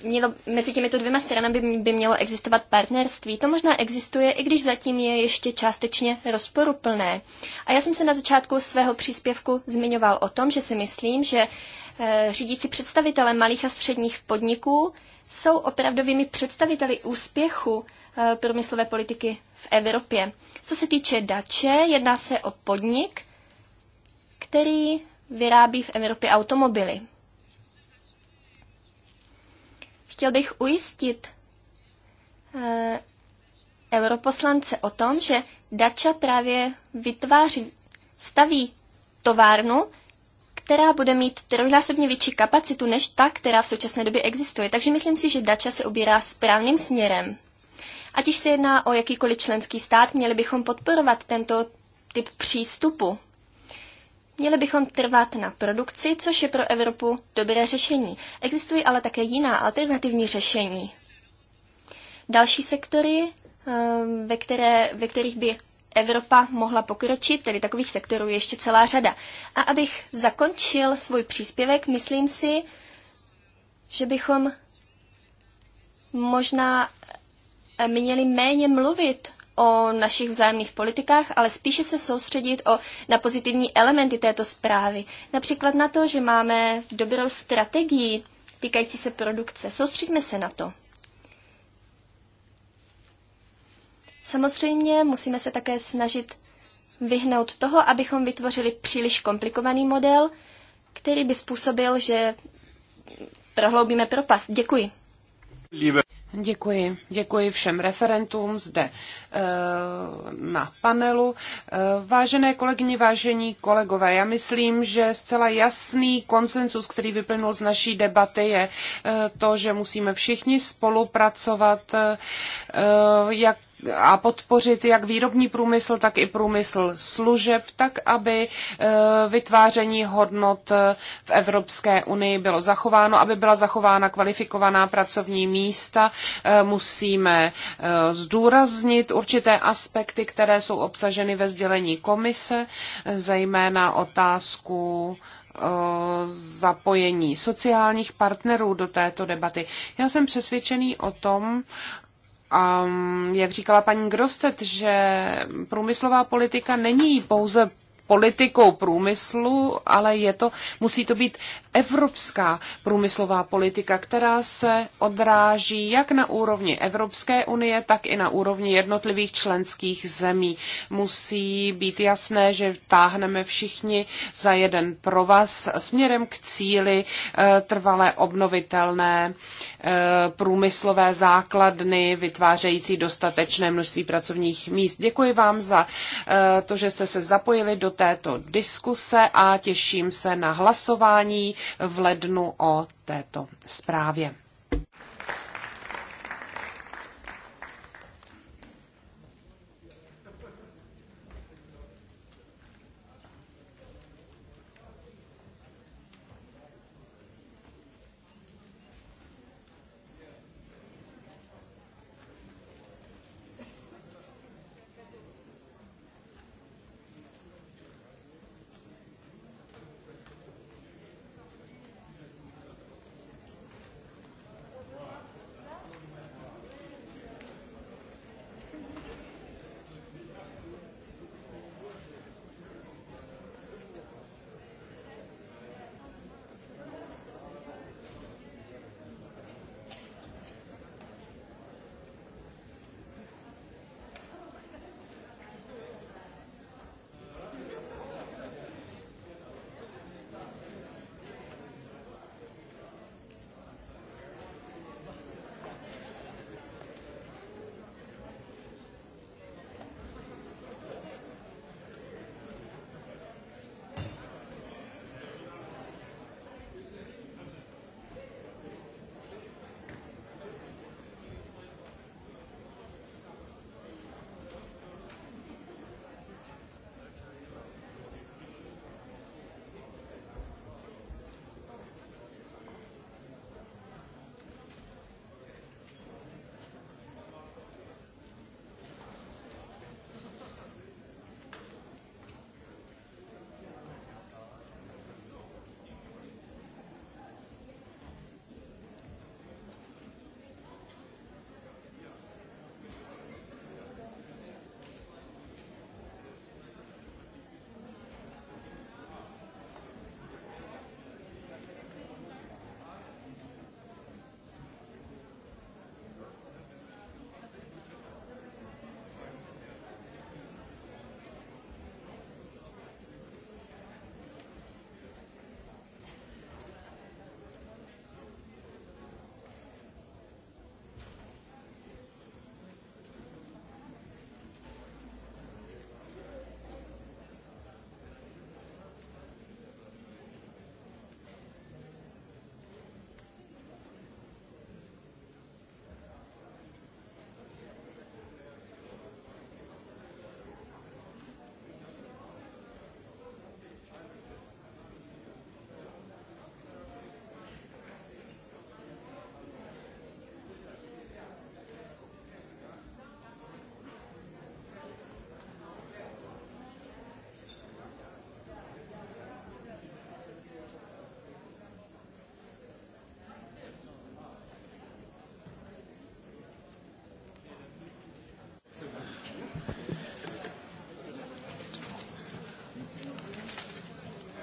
mělo, mezi těmito dvěma stranami by, by mělo existovat partnerství. To možná existuje, i když zatím je ještě částečně rozporuplné. A já jsem se na začátku svého příspěvku zmiňoval o tom, že si myslím, že e, řídící představitele malých a středních podniků jsou opravdovými představiteli úspěchu e, průmyslové politiky v Evropě. Co se týče Dače, jedná se o podnik, který vyrábí v Evropě automobily. Chtěl bych ujistit e, europoslance o tom, že Dača právě vytváří, staví továrnu, která bude mít trojnásobně větší kapacitu než ta, která v současné době existuje. Takže myslím si, že Dača se ubírá správným směrem. Ať již se jedná o jakýkoliv členský stát, měli bychom podporovat tento typ přístupu. Měli bychom trvat na produkci, což je pro Evropu dobré řešení. Existují ale také jiná alternativní řešení. Další sektory, ehm, ve, které, ve kterých by Evropa mohla pokročit, tedy takových sektorů je ještě celá řada. A abych zakončil svůj příspěvek, myslím si, že bychom možná měli méně mluvit o našich vzájemných politikách, ale spíše se soustředit o, na pozitivní elementy této zprávy. Například na to, že máme dobrou strategii týkající se produkce. Soustředíme se na to. Samozřejmě musíme se také snažit vyhnout toho, abychom vytvořili příliš komplikovaný model, který by způsobil, že prohloubíme propast. Děkuji. Líbe. Děkuji. Děkuji všem referentům zde eh, na panelu. Eh, vážené kolegyně, vážení kolegové, já myslím, že zcela jasný konsensus, který vyplnul z naší debaty, je eh, to, že musíme všichni spolupracovat, jak a podpořit jak výrobní průmysl, tak i průmysl služeb, tak aby e, vytváření hodnot e, v Evropské unii bylo zachováno, aby byla zachována kvalifikovaná pracovní místa. E, musíme zdůraznit určité aspekty, které jsou obsaženy ve sdělení komise, zejména otázku zapojení sociálních partnerů do této debaty. Já jsem přesvědčený o tom, a jak říkala paní Grostet, že průmyslová politika není pouze politikou průmyslu, ale je to, musí to být evropská průmyslová politika, která se odráží jak na úrovni Evropské unie, tak i na úrovni jednotlivých členských zemí. Musí být jasné, že táhneme všichni za jeden provaz směrem k cíli eh, trvalé obnovitelné eh, průmyslové základny, vytvářející dostatečné množství pracovních míst. Děkuji vám za eh, to, že jste se zapojili do této diskuse a těším se na hlasování v lednu o této zprávě.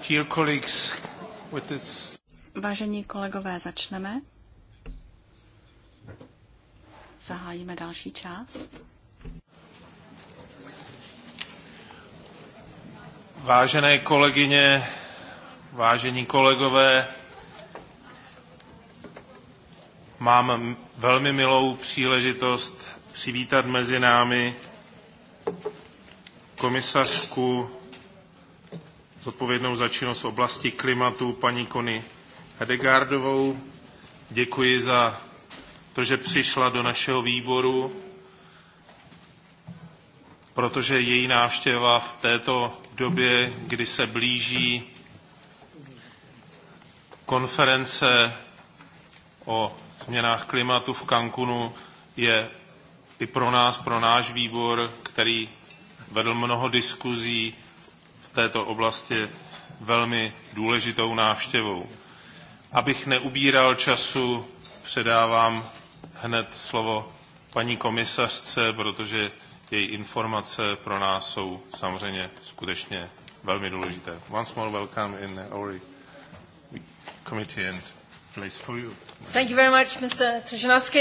Dear colleagues, with this... Vážení kolegové, začneme. Zahájíme další část. Vážené kolegyně, vážení kolegové, mám velmi milou příležitost přivítat mezi námi komisařku zodpovědnou za činnost v oblasti klimatu, paní Kony Hedegardovou. Děkuji za to, že přišla do našeho výboru, protože její návštěva v této době, kdy se blíží konference o změnách klimatu v Cancunu, je i pro nás, pro náš výbor, který vedl mnoho diskuzí, v této oblasti velmi důležitou návštěvou. Abych neubíral času, předávám hned slovo paní komisařce, protože její informace pro nás jsou samozřejmě skutečně velmi důležité. Once more welcome in our committee and place for you. Thank you very much, Mr. Tršenovský.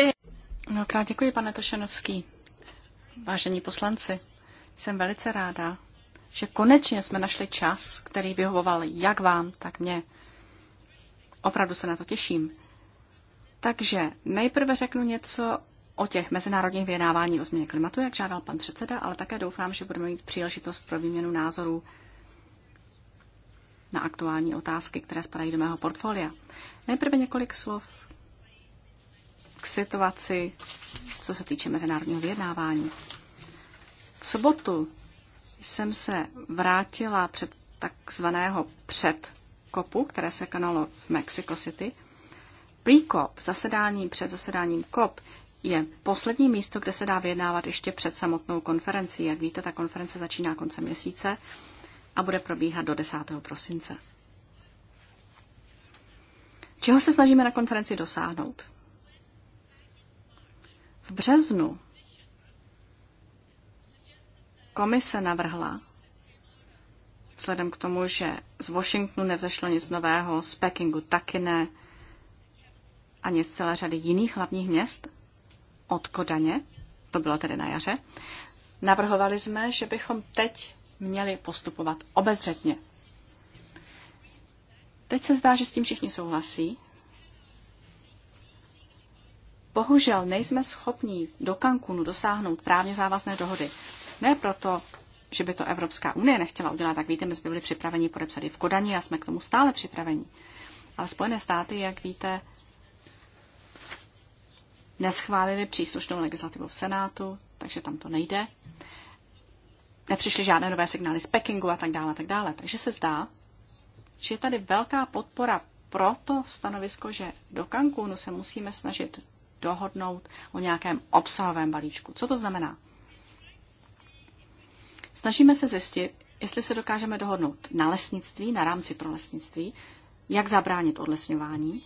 Mnohokrát děkuji, pane Tršenovský. Vážení poslanci, jsem velice ráda, že konečně jsme našli čas, který vyhovoval jak vám, tak mě. Opravdu se na to těším. Takže nejprve řeknu něco o těch mezinárodních vyjednávání o změně klimatu, jak žádal pan předseda, ale také doufám, že budeme mít příležitost pro výměnu názorů na aktuální otázky, které spadají do mého portfolia. Nejprve několik slov k situaci, co se týče mezinárodního vyjednávání. V sobotu jsem se vrátila před takzvaného předkopu, které se konalo v Mexico City. Příkop, zasedání před zasedáním kop, je poslední místo, kde se dá vyjednávat ještě před samotnou konferencí. Jak víte, ta konference začíná koncem měsíce a bude probíhat do 10. prosince. Čeho se snažíme na konferenci dosáhnout? V březnu komise navrhla, vzhledem k tomu, že z Washingtonu nevzešlo nic nového, z Pekingu taky ne, ani z celé řady jiných hlavních měst, od Kodaně, to bylo tedy na jaře, navrhovali jsme, že bychom teď měli postupovat obezřetně. Teď se zdá, že s tím všichni souhlasí. Bohužel nejsme schopní do Cancunu dosáhnout právně závazné dohody. Ne proto, že by to Evropská unie nechtěla udělat, tak víte, my jsme byli připraveni podepsat i v Kodani a jsme k tomu stále připraveni. Ale Spojené státy, jak víte, neschválili příslušnou legislativu v Senátu, takže tam to nejde. Nepřišly žádné nové signály z Pekingu a tak dále, a tak dále. Takže se zdá, že je tady velká podpora pro to stanovisko, že do Cancúnu se musíme snažit dohodnout o nějakém obsahovém balíčku. Co to znamená? Snažíme se zjistit, jestli se dokážeme dohodnout na lesnictví, na rámci pro lesnictví, jak zabránit odlesňování.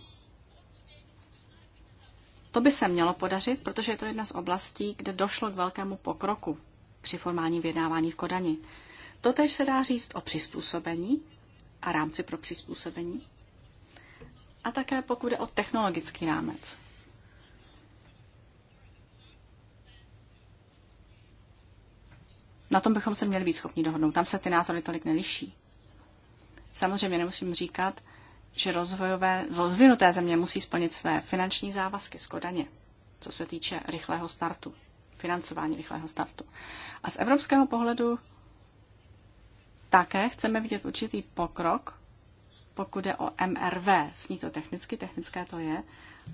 To by se mělo podařit, protože je to jedna z oblastí, kde došlo k velkému pokroku při formálním vyjednávání v Kodani. Totež se dá říct o přizpůsobení a rámci pro přizpůsobení. A také pokud je o technologický rámec. Na tom bychom se měli být schopni dohodnout. Tam se ty názory tolik neliší. Samozřejmě nemusím říkat, že rozvojové, rozvinuté země musí splnit své finanční závazky z Kodaně, co se týče rychlého startu, financování rychlého startu. A z evropského pohledu také chceme vidět určitý pokrok, pokud jde o MRV. Sní to technicky, technické to je.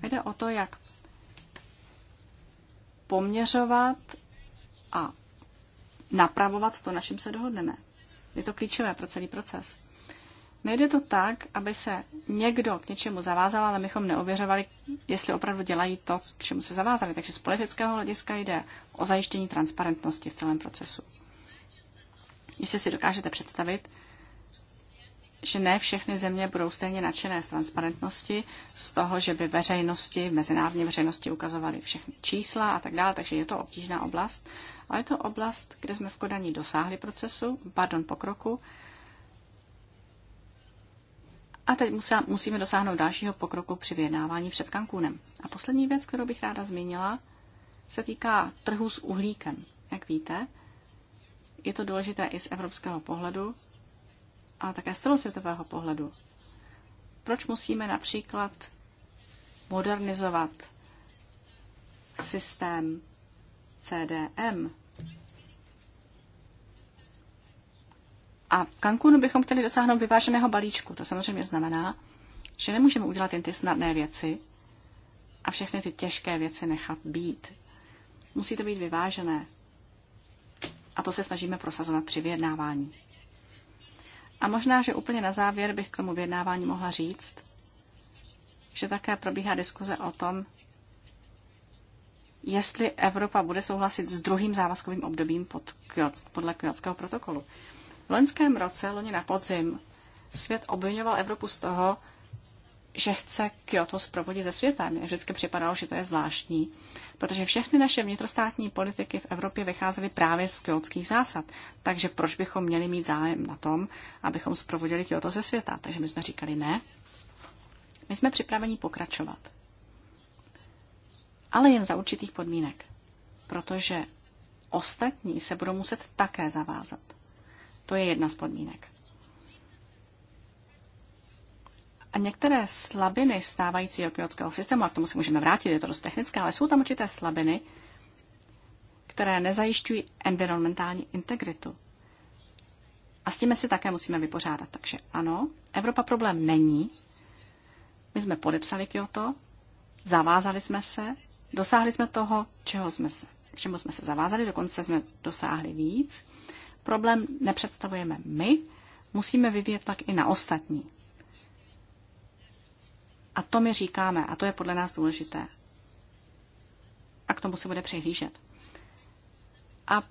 jde o to, jak poměřovat a napravovat to, na čem se dohodneme. Je to klíčové pro celý proces. Nejde to tak, aby se někdo k něčemu zavázal, ale bychom neověřovali, jestli opravdu dělají to, k čemu se zavázali. Takže z politického hlediska jde o zajištění transparentnosti v celém procesu. Jestli si dokážete představit, že ne všechny země budou stejně nadšené z transparentnosti, z toho, že by veřejnosti, mezinárodní veřejnosti ukazovaly všechny čísla a tak dále, takže je to obtížná oblast. Ale je to oblast, kde jsme v Kodaní dosáhli procesu, pardon, pokroku. A teď musíme dosáhnout dalšího pokroku při vyjednávání před Cancúnem. A poslední věc, kterou bych ráda zmínila, se týká trhu s uhlíkem. Jak víte, je to důležité i z evropského pohledu, a také z celosvětového pohledu. Proč musíme například modernizovat systém CDM? A v Cancúnu bychom chtěli dosáhnout vyváženého balíčku. To samozřejmě znamená, že nemůžeme udělat jen ty snadné věci a všechny ty těžké věci nechat být. Musí to být vyvážené. A to se snažíme prosazovat při vyjednávání. A možná, že úplně na závěr bych k tomu vyjednávání mohla říct, že také probíhá diskuze o tom, jestli Evropa bude souhlasit s druhým závazkovým obdobím pod Kyot, podle Kyotského protokolu. V loňském roce, loni na podzim, svět obvinoval Evropu z toho, že chce Kyoto zprovodit ze světem. Mně vždycky připadalo, že to je zvláštní, protože všechny naše vnitrostátní politiky v Evropě vycházely právě z kyotských zásad. Takže proč bychom měli mít zájem na tom, abychom zprovodili Kyoto ze světa? Takže my jsme říkali ne. My jsme připraveni pokračovat. Ale jen za určitých podmínek. Protože ostatní se budou muset také zavázat. To je jedna z podmínek. A některé slabiny stávajícího kyotského systému, a k tomu se můžeme vrátit, je to dost technické, ale jsou tam určité slabiny, které nezajišťují environmentální integritu. A s tím si také musíme vypořádat. Takže ano, Evropa problém není. My jsme podepsali Kyoto, zavázali jsme se, dosáhli jsme toho, čeho jsme se, k čemu jsme se zavázali, dokonce jsme dosáhli víc. Problém nepředstavujeme my, musíme vyvíjet tak i na ostatní. A to my říkáme, a to je podle nás důležité. A k tomu se bude přihlížet. A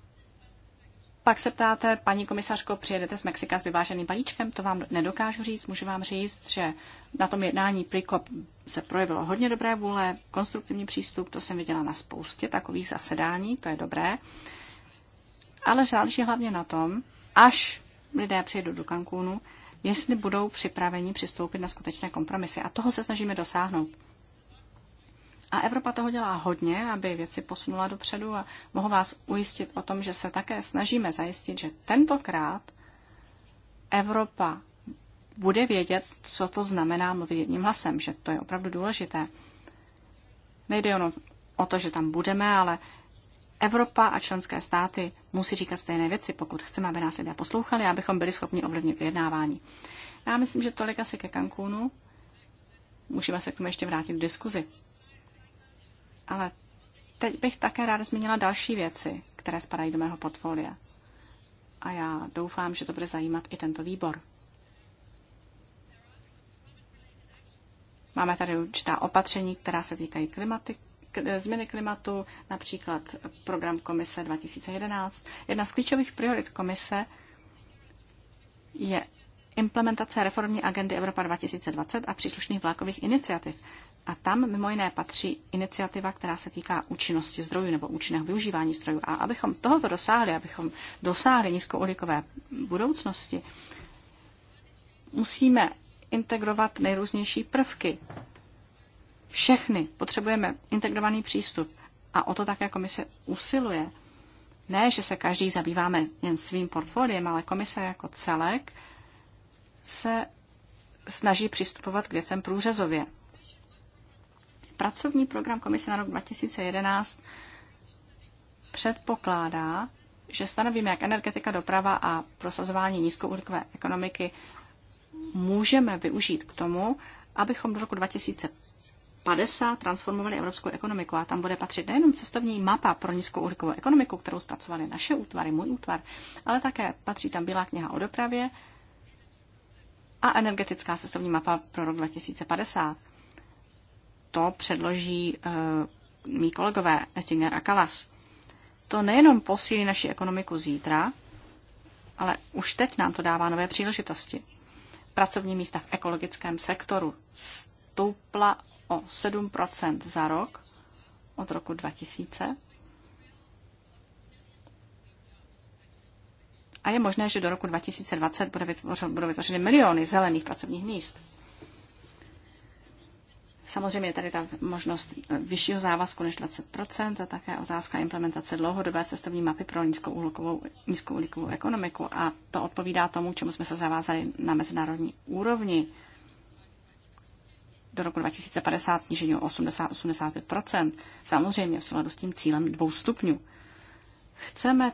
pak se ptáte, paní komisařko, přijedete z Mexika s vyváženým balíčkem? To vám nedokážu říct. Můžu vám říct, že na tom jednání Prikop se projevilo hodně dobré vůle, konstruktivní přístup, to jsem viděla na spoustě takových zasedání, to je dobré. Ale záleží hlavně na tom, až lidé přijedou do Cancúnu, jestli budou připraveni přistoupit na skutečné kompromisy. A toho se snažíme dosáhnout. A Evropa toho dělá hodně, aby věci posunula dopředu a mohu vás ujistit o tom, že se také snažíme zajistit, že tentokrát Evropa bude vědět, co to znamená mluvit jedním hlasem, že to je opravdu důležité. Nejde jenom o to, že tam budeme, ale Evropa a členské státy musí říkat stejné věci, pokud chceme, aby nás lidé poslouchali, abychom byli schopni ovlivnit vyjednávání. Já myslím, že tolik asi ke Cancúnu. Můžeme se k tomu ještě vrátit v diskuzi. Ale teď bych také ráda zmínila další věci, které spadají do mého portfolia. A já doufám, že to bude zajímat i tento výbor. Máme tady určitá opatření, která se týkají klimatiky, E, změny klimatu, například program Komise 2011. Jedna z klíčových priorit Komise je implementace reformní agendy Evropa 2020 a příslušných vlákových iniciativ. A tam mimo jiné patří iniciativa, která se týká účinnosti zdrojů nebo účinného využívání zdrojů. A abychom tohoto dosáhli, abychom dosáhli nízkouhlíkové budoucnosti, musíme integrovat nejrůznější prvky všechny. Potřebujeme integrovaný přístup. A o to také komise usiluje. Ne, že se každý zabýváme jen svým portfoliem, ale komise jako celek se snaží přistupovat k věcem průřezově. Pracovní program komise na rok 2011 předpokládá, že stanovíme, jak energetika, doprava a prosazování nízkouhlíkové ekonomiky můžeme využít k tomu, abychom do roku 2000 50 transformovali evropskou ekonomiku a tam bude patřit nejenom cestovní mapa pro nízkou uhlíkovou ekonomiku, kterou zpracovaly naše útvary, můj útvar, ale také patří tam Bílá kniha o dopravě a energetická cestovní mapa pro rok 2050. To předloží uh, mý kolegové Ettinger a Kalas. To nejenom posílí naši ekonomiku zítra, ale už teď nám to dává nové příležitosti. Pracovní místa v ekologickém sektoru stoupla o 7 za rok od roku 2000. A je možné, že do roku 2020 bude vytvořen, budou vytvořeny miliony zelených pracovních míst. Samozřejmě je tady ta možnost vyššího závazku než 20% a také otázka implementace dlouhodobé cestovní mapy pro nízkouhlíkovou, nízkouhlíkovou ekonomiku. A to odpovídá tomu, čemu jsme se zavázali na mezinárodní úrovni do roku 2050 snížení o 80-85 samozřejmě v souladu s tím cílem dvou stupňů. Chceme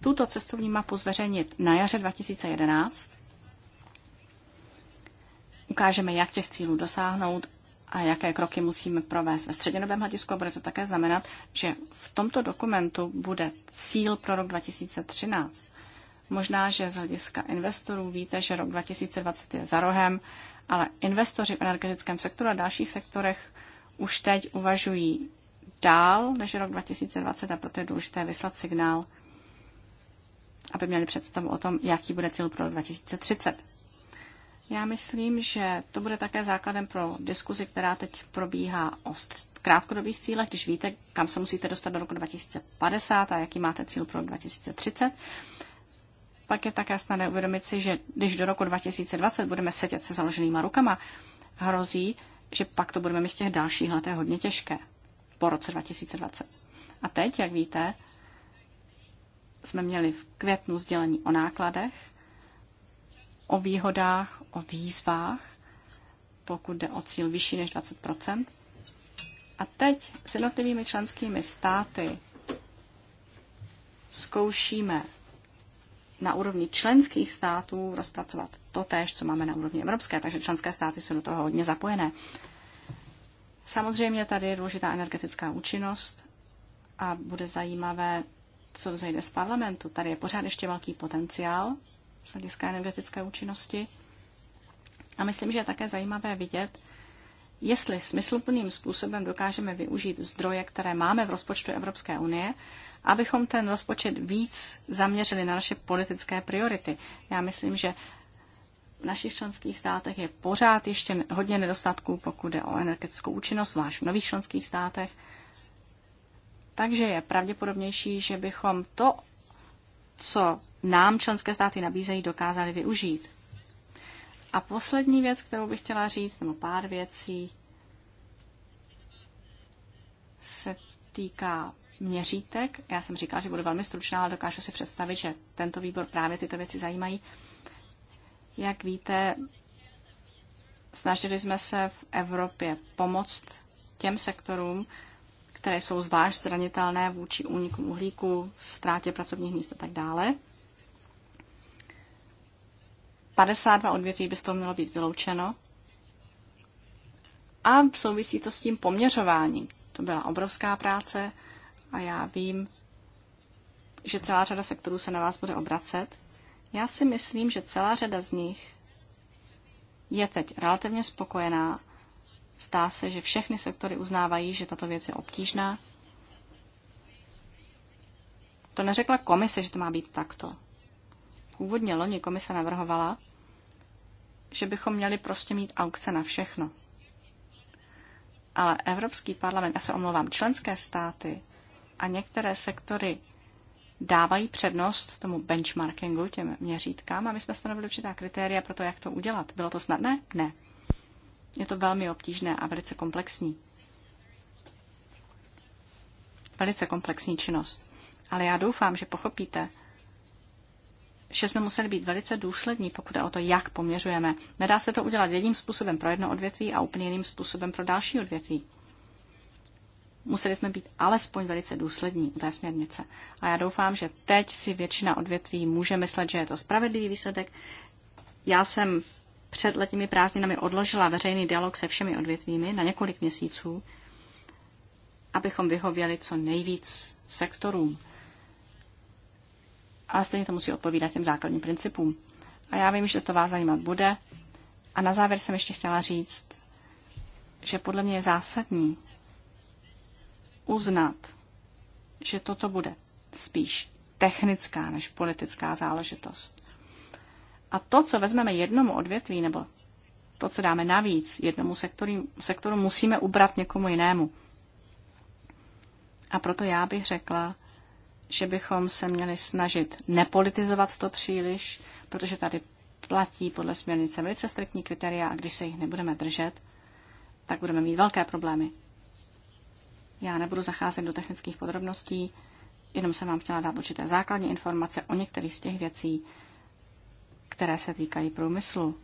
tuto cestovní mapu zveřejnit na jaře 2011. Ukážeme, jak těch cílů dosáhnout a jaké kroky musíme provést ve střednědobém hledisku. A bude to také znamenat, že v tomto dokumentu bude cíl pro rok 2013. Možná, že z hlediska investorů víte, že rok 2020 je za rohem ale investoři v energetickém sektoru a dalších sektorech už teď uvažují dál než rok 2020 a proto je důležité vyslat signál, aby měli představu o tom, jaký bude cíl pro 2030. Já myslím, že to bude také základem pro diskuzi, která teď probíhá o krátkodobých cílech, když víte, kam se musíte dostat do roku 2050 a jaký máte cíl pro 2030 pak je také snadné uvědomit si, že když do roku 2020 budeme sedět se založenýma rukama, hrozí, že pak to budeme mít v těch dalších letech hodně těžké po roce 2020. A teď, jak víte, jsme měli v květnu sdělení o nákladech, o výhodách, o výzvách, pokud jde o cíl vyšší než 20 A teď s jednotlivými členskými státy zkoušíme na úrovni členských států rozpracovat to též, co máme na úrovni evropské, takže členské státy jsou do toho hodně zapojené. Samozřejmě tady je důležitá energetická účinnost a bude zajímavé, co vzejde z parlamentu. Tady je pořád ještě velký potenciál z hlediska energetické účinnosti. A myslím, že je také zajímavé vidět, jestli smysluplným způsobem dokážeme využít zdroje, které máme v rozpočtu Evropské unie abychom ten rozpočet víc zaměřili na naše politické priority. Já myslím, že v našich členských státech je pořád ještě hodně nedostatků, pokud jde o energetickou účinnost, zvlášť v nových členských státech. Takže je pravděpodobnější, že bychom to, co nám členské státy nabízejí, dokázali využít. A poslední věc, kterou bych chtěla říct, nebo pár věcí, se týká měřítek. Já jsem říkala, že budu velmi stručná, ale dokážu si představit, že tento výbor právě tyto věci zajímají. Jak víte, snažili jsme se v Evropě pomoct těm sektorům, které jsou zvlášť zranitelné vůči únikům uhlíku, ztrátě pracovních míst a tak dále. 52 odvětví by z toho mělo být vyloučeno. A souvisí to s tím poměřováním. To byla obrovská práce a já vím, že celá řada sektorů se na vás bude obracet. Já si myslím, že celá řada z nich je teď relativně spokojená. Stá se, že všechny sektory uznávají, že tato věc je obtížná. To neřekla komise, že to má být takto. Původně loni komise navrhovala, že bychom měli prostě mít aukce na všechno. Ale Evropský parlament, já se omlouvám, členské státy a některé sektory dávají přednost tomu benchmarkingu, těm měřítkám a my jsme stanovili určitá kritéria pro to, jak to udělat. Bylo to snadné? Ne. Je to velmi obtížné a velice komplexní. Velice komplexní činnost. Ale já doufám, že pochopíte, že jsme museli být velice důslední, pokud je o to, jak poměřujeme. Nedá se to udělat jedním způsobem pro jedno odvětví a úplně jiným způsobem pro další odvětví museli jsme být alespoň velice důslední u té směrnice. A já doufám, že teď si většina odvětví může myslet, že je to spravedlivý výsledek. Já jsem před letními prázdninami odložila veřejný dialog se všemi odvětvími na několik měsíců, abychom vyhověli co nejvíc sektorům. A stejně to musí odpovídat těm základním principům. A já vím, že to vás zajímat bude. A na závěr jsem ještě chtěla říct, že podle mě je zásadní, uznat, že toto bude spíš technická než politická záležitost. A to, co vezmeme jednomu odvětví, nebo to, co dáme navíc jednomu sektoru, sektoru musíme ubrat někomu jinému. A proto já bych řekla, že bychom se měli snažit nepolitizovat to příliš, protože tady platí podle směrnice velice striktní kritéria a když se jich nebudeme držet, tak budeme mít velké problémy. Já nebudu zacházet do technických podrobností, jenom jsem vám chtěla dát určité základní informace o některých z těch věcí, které se týkají průmyslu.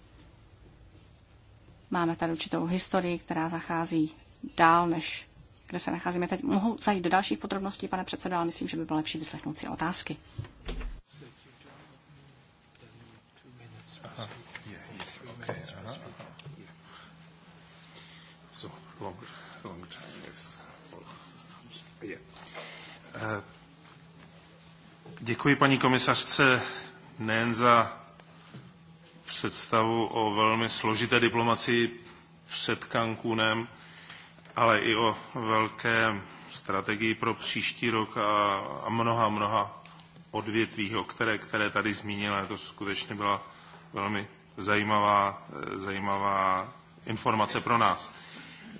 Máme tady určitou historii, která zachází dál, než kde se nacházíme teď. Mohu zajít do dalších podrobností, pane předsedo, ale myslím, že by bylo lepší vyslechnout si otázky. Děkuji paní komisařce nejen za představu o velmi složité diplomacii před Cancunem, ale i o velké strategii pro příští rok a, a mnoha, mnoha odvětví, o které, které tady zmínila. To skutečně byla velmi zajímavá, eh, zajímavá informace pro nás.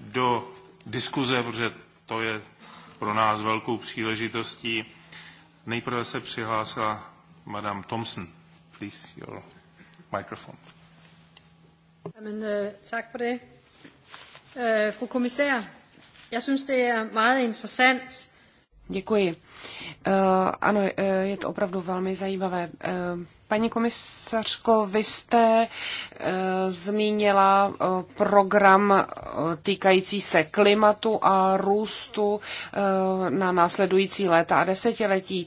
Do diskuze, protože to je pro nás velkou příležitostí, Nejprve se přihlásila Madame Thompson. Please, your microphone. Jamen, øh, tak for det. Øh, fru kommissær, jeg synes, det er meget interessant, Děkuji. Eh, ano, eh, je to opravdu velmi zajímavé. Eh, paní komisařko, vy jste zmínila program týkající se klimatu a růstu na následující léta a desetiletí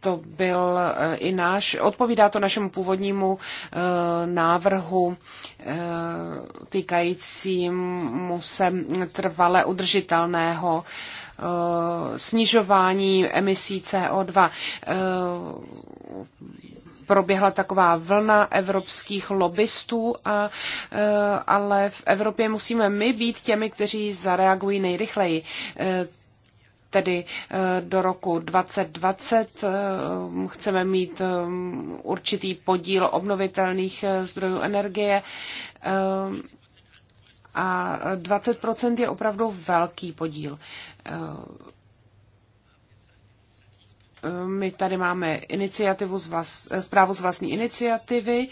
to byl i náš, odpovídá to našemu původnímu návrhu týkajícímu se trvale udržitelného Eh, snižování emisí CO2. Eh, proběhla taková vlna evropských lobbystů, a, eh, ale v Evropě musíme my být těmi, kteří zareagují nejrychleji tedy do roku 2020 chceme mít určitý podíl obnovitelných zdrojů energie. A 20 je opravdu velký podíl. Eh, my tady máme iniciativu z vás, eh, zprávu z vlastní iniciativy.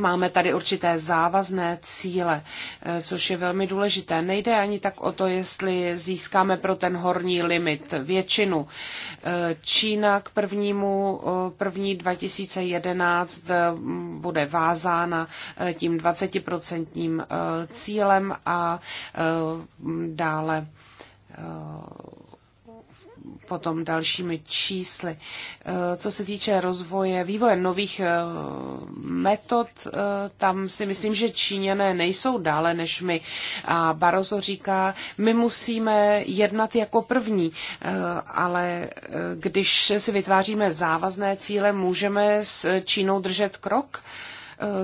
Máme tady určité závazné cíle, eh, což je velmi důležité. Nejde ani tak o to, jestli získáme pro ten horní limit většinu. Eh, Čína k prvnímu, eh, první 2011 bude vázána tím 20% cílem a dále potom dalšími čísly. E, co se týče rozvoje, vývoje nových e, metod, e, tam si myslím, že Číňané nejsou dále než my. A Barozo říká, my musíme jednat jako první, ale když si vytváříme závazné cíle, můžeme s Čínou držet krok?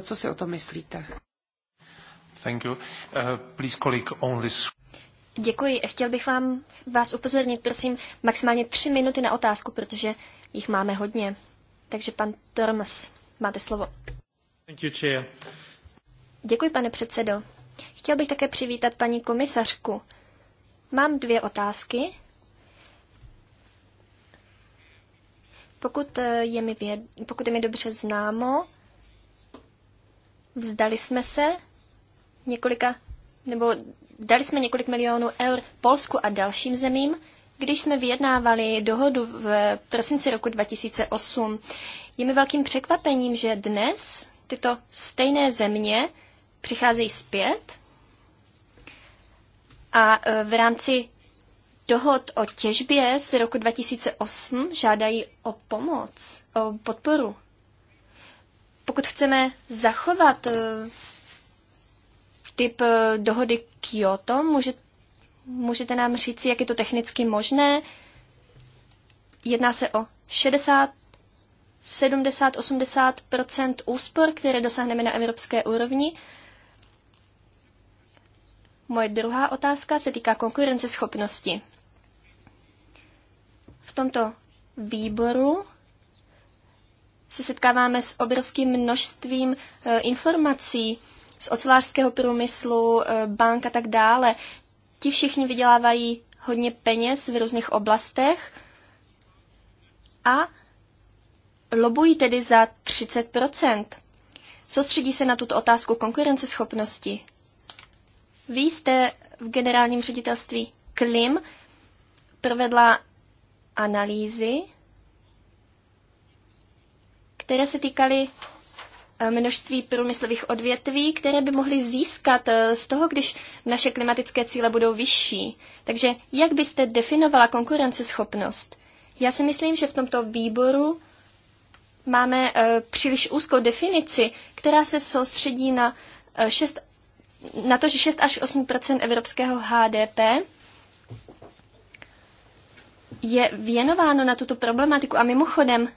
Co si o to myslíte? Thank you. Uh, please, colleague, only... Děkuji. Chtěl bych vám vás upozornit, prosím, maximálně tři minuty na otázku, protože jich máme hodně. Takže pan Torms, máte slovo. Thank you, chair. Děkuji, pane předsedo. Chtěl bych také přivítat paní komisařku. Mám dvě otázky. Pokud eh, je mi, věd, pokud je mi dobře známo, vzdali jsme se několika, nebo Dali jsme několik milionů eur Polsku a dalším zemím, když jsme vyjednávali dohodu v prosinci roku 2008. Je mi velkým překvapením, že dnes tyto stejné země přicházejí zpět a e, v rámci dohod o těžbě z roku 2008 žádají o pomoc, o podporu. Pokud chceme zachovat e, typ eh, dohody Kyoto. Můžete, můžete nám říct, jak je to technicky možné? Jedná se o 60, 70, 80 úspor, které dosáhneme na evropské úrovni. Moje druhá otázka se týká konkurenceschopnosti. V tomto výboru se setkáváme s obrovským množstvím eh, informací z ocelářského průmyslu, e, bank a tak dále. Ti všichni vydělávají hodně peněz v různých oblastech a lobují tedy za 30 Soustředí se na tuto otázku konkurenceschopnosti. Vy jste v generálním ředitelství KLIM provedla analýzy, které se týkaly Eh, množství průmyslových odvětví, které by mohly získat eh, z toho, když naše klimatické cíle budou vyšší. Takže jak byste definovala konkurenceschopnost? Já si myslím, že v tomto výboru máme eh, příliš úzkou definici, která se soustředí na, 6, na to, že 6 až 8 evropského HDP je věnováno na tuto problematiku. A mimochodem,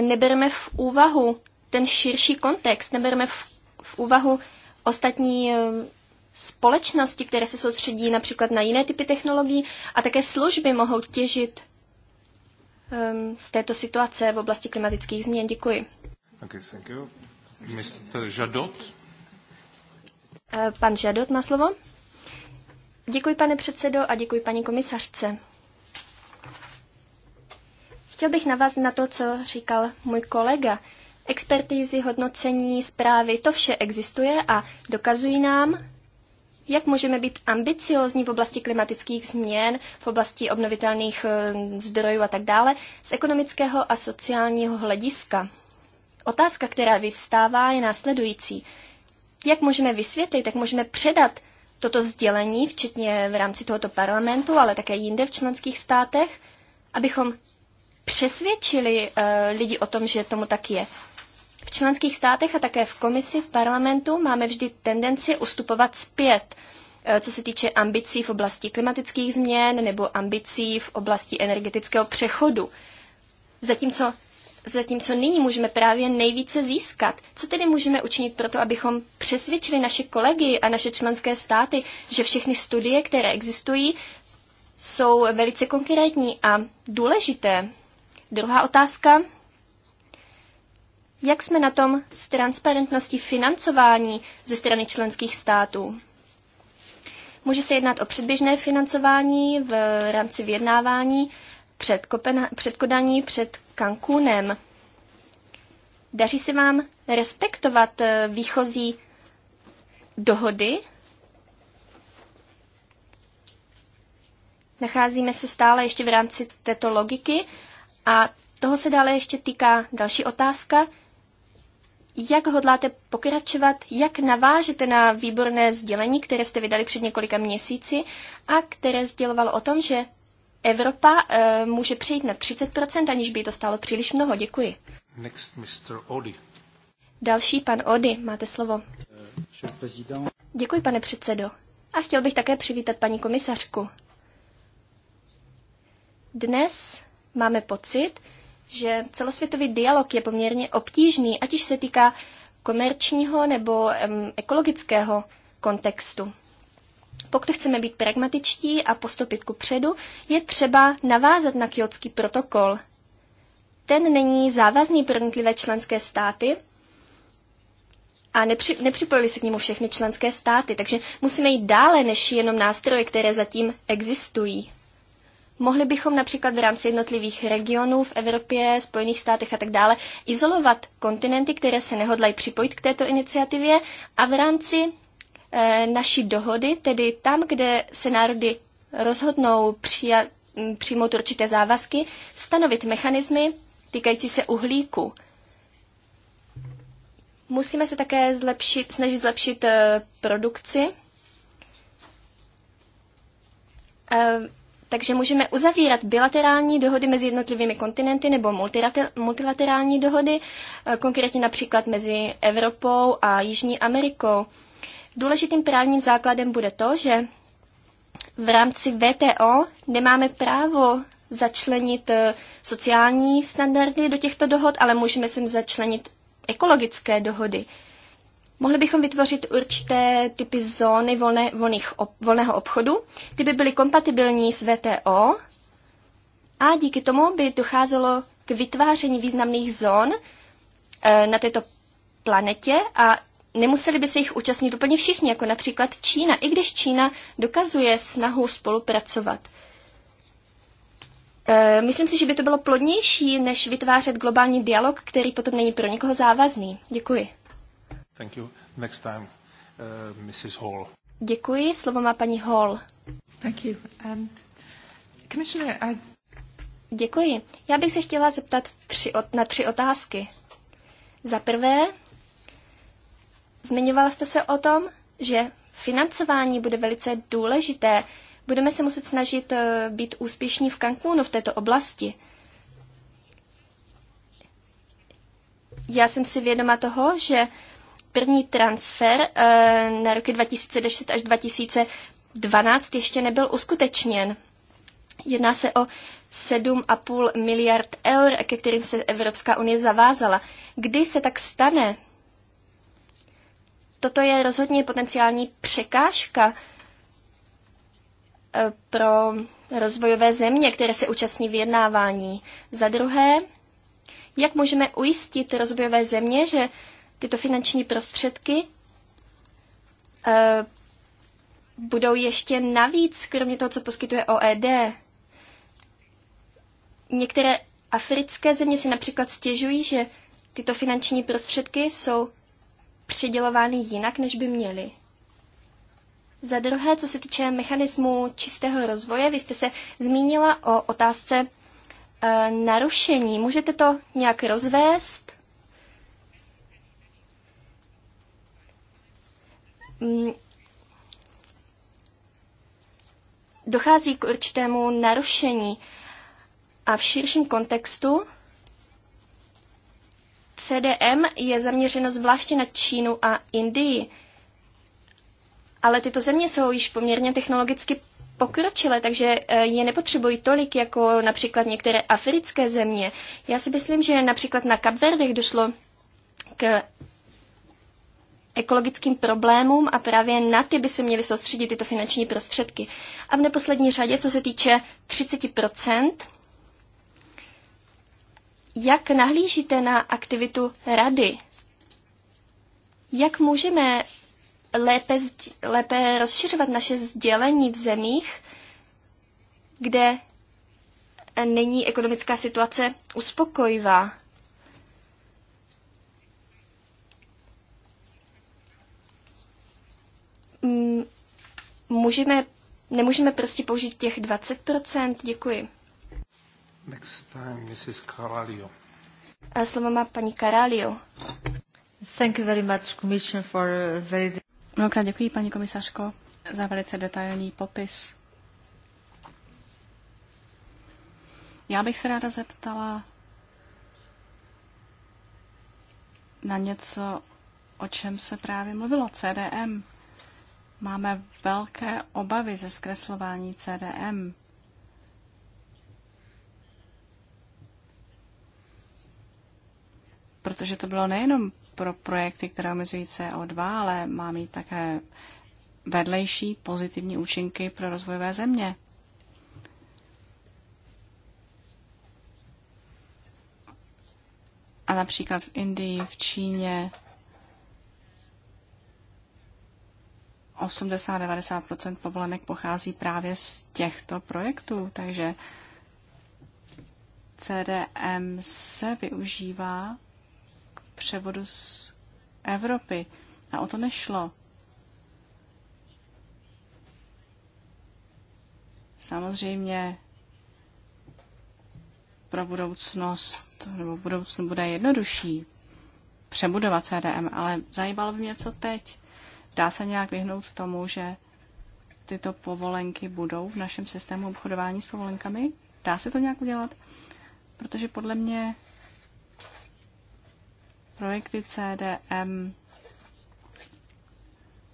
nebereme v úvahu ten širší kontext, nebereme v, v úvahu ostatní eh, společnosti, které se soustředí například na jiné typy technologií a také služby mohou těžit um, z této situace v oblasti klimatických změn. Děkuji. Okay, thank you. Mr. Žadot. Eh, pan Žadot má slovo. Děkuji, pane předsedo, a děkuji paní komisařce. Chtěl bych navázat na to, co říkal můj kolega expertízy, hodnocení, zprávy, to vše existuje a dokazují nám, jak můžeme být ambiciozní v oblasti klimatických změn, v oblasti obnovitelných eh, zdrojů a tak dále, z ekonomického a sociálního hlediska. Otázka, která vyvstává, je následující. Jak můžeme vysvětlit, jak můžeme předat toto sdělení, včetně v rámci tohoto parlamentu, ale také jinde v členských státech, abychom přesvědčili uh, lidi o tom, že tomu tak je členských státech a také v komisi, v parlamentu máme vždy tendenci ustupovat zpět, eh, co se týče ambicí v oblasti klimatických změn nebo ambicí v oblasti energetického přechodu. Zatímco, zatímco nyní můžeme právě nejvíce získat. Co tedy můžeme učinit pro to, abychom přesvědčili naše kolegy a naše členské státy, že všechny studie, které existují, jsou velice konkrétní a důležité? Druhá otázka jak jsme na tom s transparentností financování ze strany členských států? Může se jednat o předběžné financování v rámci vyjednávání před, Kopen, před Kodaní, před Cancúnem. Daří se vám respektovat eh, výchozí dohody? Nacházíme se stále ještě v rámci této logiky a toho se dále ještě týká další otázka – jak hodláte pokračovat, jak navážete na výborné sdělení, které jste vydali před několika měsíci a které sdělovalo o tom, že Evropa e, může přejít na 30%, aniž by to stálo příliš mnoho. Děkuji. Next, Mr. Odi. Další pan Ody, máte slovo. Děkuji, pane předsedo. A chtěl bych také přivítat paní komisařku. Dnes máme pocit, že celosvětový dialog je poměrně obtížný, ať už se týká komerčního nebo um, ekologického kontextu. Pokud chceme být pragmatičtí a postupit ku předu, je třeba navázat na kyotský protokol. Ten není závazný pro jednotlivé členské státy a nepři, nepřipojili se k němu všechny členské státy, takže musíme jít dále než jenom nástroje, které zatím existují. Mohli bychom například v rámci jednotlivých regionů v Evropě, Spojených státech a tak dále izolovat kontinenty, které se nehodlají připojit k této iniciativě a v rámci e, naší dohody, tedy tam, kde se národy rozhodnou přijat, přijmout určité závazky, stanovit mechanismy týkající se uhlíku. Musíme se také zlepšit, snažit zlepšit e, produkci. E, takže můžeme uzavírat bilaterální dohody mezi jednotlivými kontinenty nebo multilaterální dohody, e, konkrétně například mezi Evropou a Jižní Amerikou. Důležitým právním základem bude to, že v rámci VTO nemáme právo začlenit e, sociální standardy do těchto dohod, ale můžeme sem začlenit ekologické dohody. Mohli bychom vytvořit určité typy zóny volné, volných, ob, volného obchodu, ty by byly kompatibilní s VTO a díky tomu by docházelo k vytváření významných zón e, na této planetě a nemuseli by se jich účastnit úplně všichni, jako například Čína, i když Čína dokazuje snahu spolupracovat. Eh, myslím si, že by to bylo plodnější, než vytvářet globální dialog, který potom není pro někoho závazný. Děkuji. Thank you. Next time, uh, Mrs. Hall. Děkuji, slovo má paní Hall. Thank you. Um, commissioner, I... Děkuji. Já bych se chtěla zeptat tři, na tři otázky. Za prvé, zmiňovala jste se o tom, že financování bude velice důležité. Budeme se muset snažit eh, být úspěšní v Cancúnu v této oblasti. Já jsem si vědoma toho, že první transfer eh, na roky 2010 až 2012 ještě nebyl uskutečněn. Jedná se o 7,5 miliard eur, ke kterým se Evropská unie zavázala. Kdy se tak stane? Toto je rozhodně potenciální překážka eh, pro rozvojové země, které se účastní vyjednávání. Za druhé, jak můžeme ujistit rozvojové země, že Tyto finanční prostředky eh, budou ještě navíc, kromě toho, co poskytuje OED. Některé africké země si například stěžují, že tyto finanční prostředky jsou přidělovány jinak, než by měly. Za druhé, co se týče mechanismu čistého rozvoje, vy jste se zmínila o otázce e, narušení. Můžete to nějak rozvést? Mm, dochází k určitému narušení a v širším kontextu CDM je zaměřeno zvláště na Čínu a Indii. Ale tyto země jsou již poměrně technologicky pokročilé, takže eh, je nepotřebují tolik jako například některé africké země. Já si myslím, že například na Kapverdech došlo k ekologickým problémům a právě na ty by se měly soustředit tyto finanční prostředky. A v neposlední řadě, co se týče 30%, jak nahlížíte na aktivitu rady? Jak můžeme lépe, lépe rozšiřovat naše sdělení v zemích, kde není ekonomická situace uspokojivá? Mm, můžeme, nemůžeme prostě použít těch 20%? Děkuji. Next time, Mrs. Caralio. A slovo má paní Carvalho. Thank you very much, Commission for very... Mnohokrát děkuji, paní komisařko, za velice detailní popis. Já bych se ráda zeptala na něco, o čem se právě mluvilo, CDM. Máme velké obavy ze zkreslování CDM. Protože to bylo nejenom pro projekty, které omezují CO2, ale má mít také vedlejší pozitivní účinky pro rozvojové země. A například v Indii, v Číně, 80-90 povolenek pochází právě z těchto projektů, takže CDM se využívá k převodu z Evropy. A o to nešlo. Samozřejmě pro budoucnost nebo budoucnu bude jednodušší přebudovat CDM, ale zajímalo by mě, co teď. Dá se nějak vyhnout tomu, že tyto povolenky budou v našem systému obchodování s povolenkami? Dá se to nějak udělat? Protože podle mě projekty CDM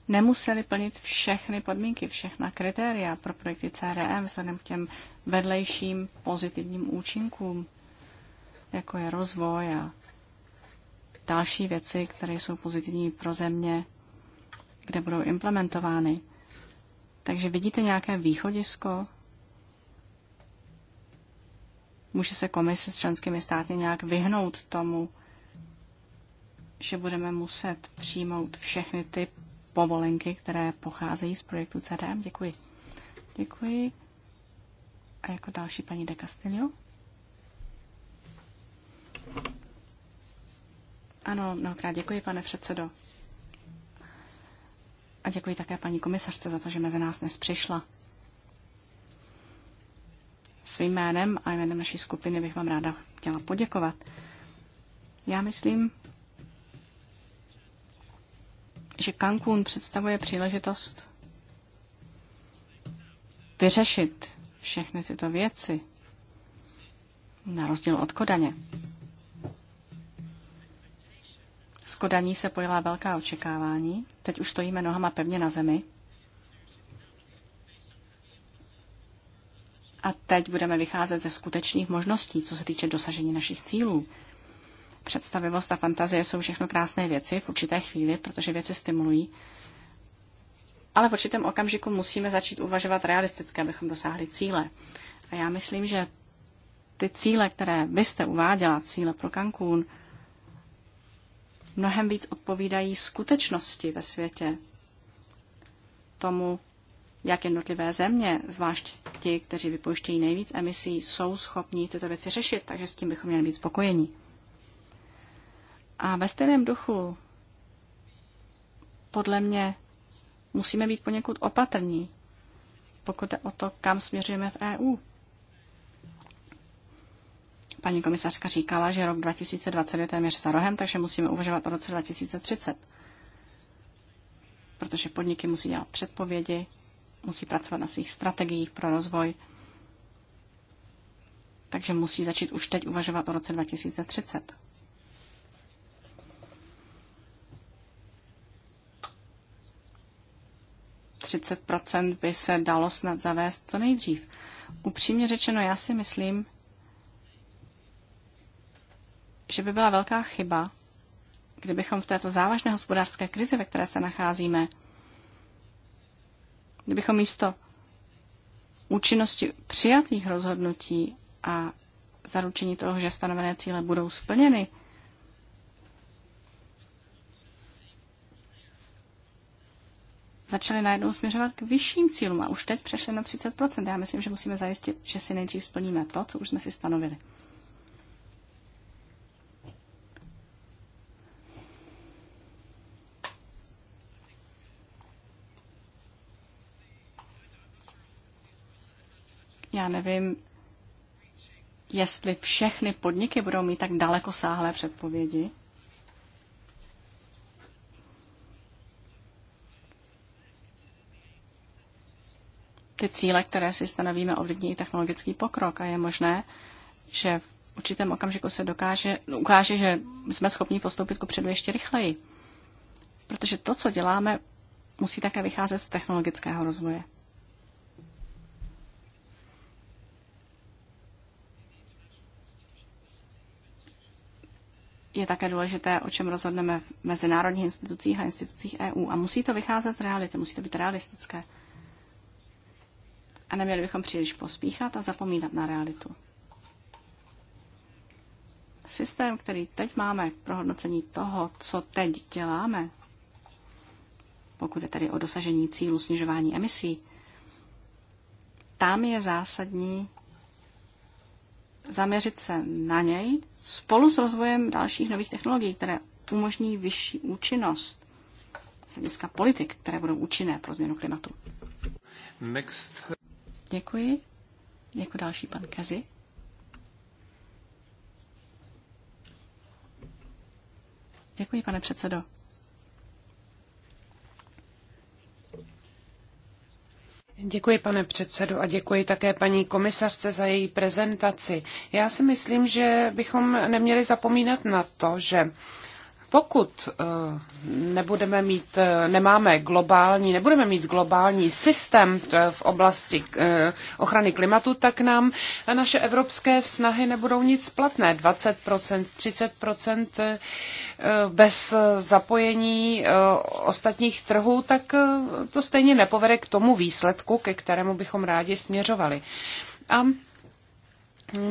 nemuseli plnit všechny podmínky, všechna kritéria pro projekty CDM vzhledem k těm vedlejším pozitivním účinkům, jako je rozvoj a další věci, které jsou pozitivní pro země, kde budou implementovány. Takže vidíte nějaké východisko? Může se komise s členskými státy nějak vyhnout tomu, že budeme muset přijmout všechny ty povolenky, které pocházejí z projektu CDM? Děkuji. Děkuji. A jako další paní de Castillo. Ano, mnohokrát děkuji, pane předsedo. A děkuji také paní komisařce za to, že mezi nás dnes přišla. Svým jménem a jménem naší skupiny bych vám ráda chtěla poděkovat. Já myslím, že Cancún představuje příležitost vyřešit všechny tyto věci, na rozdíl od Kodaně. S Kodaní se pojila velká očekávání. Teď už stojíme nohama pevně na zemi. A teď budeme vycházet ze skutečných možností, co se týče dosažení našich cílů. Představivost a fantazie jsou všechno krásné věci v určité chvíli, protože věci stimulují. Ale v určitém okamžiku musíme začít uvažovat realisticky, abychom dosáhli cíle. A já myslím, že ty cíle, které byste uváděla, cíle pro Cancún, mnohem víc odpovídají skutečnosti ve světě. Tomu, jak jednotlivé země, zvlášť ti, kteří vypouštějí nejvíc emisí, jsou schopní tyto věci řešit, takže s tím bychom měli být spokojení. A ve stejném duchu, podle mě, musíme být poněkud opatrní, pokud jde o to, kam směřujeme v EU. Paní komisařka říkala, že rok 2020 je téměř za rohem, takže musíme uvažovat o roce 2030. Protože podniky musí dělat předpovědi, musí pracovat na svých strategiích pro rozvoj, takže musí začít už teď uvažovat o roce 2030. by se dalo snad zavést co nejdřív. Upřímně řečeno, já si myslím, že by byla velká chyba, kdybychom v této závažné hospodářské krizi, ve které se nacházíme, kdybychom místo účinnosti přijatých rozhodnutí a zaručení toho, že stanovené cíle budou splněny, začaly najednou směřovat k vyšším cílům a už teď přešly na 30%. Já myslím, že musíme zajistit, že si nejdřív splníme to, co už jsme si stanovili. Já nevím, jestli všechny podniky budou mít tak daleko sáhlé předpovědi. Ty cíle, které si stanovíme, ovlivní i technologický pokrok a je možné, že v určitém okamžiku se dokáže, no, ukáže, že jsme schopni postoupit ku předu ještě rychleji. Protože to, co děláme, musí také vycházet z technologického rozvoje. je také důležité, o čem rozhodneme v mezinárodních institucích a institucích EU. A musí to vycházet z reality, musí to být realistické. A neměli bychom příliš pospíchat a zapomínat na realitu. Systém, který teď máme pro hodnocení toho, co teď děláme, pokud je tedy o dosažení cílu snižování emisí, tam je zásadní zaměřit se na něj spolu s rozvojem dalších nových technologií, které umožní vyšší účinnost z hlediska politik, které budou účinné pro změnu klimatu. Next. Děkuji. Jako další pan Kazi. Děkuji, pane předsedo. Děkuji, pane předsedu, a děkuji také paní komisařce za její prezentaci. Já si myslím, že bychom neměli zapomínat na to, že pokud eh, nebudeme mít, eh, nemáme globální, nebudeme mít globální systém eh, v oblasti ochrany klimatu, tak nám naše evropské snahy nebudou nic platné. 20%, 30% bez zapojení ostatních trhů, tak to stejně nepovede k tomu výsledku, ke kterému bychom rádi směřovali. A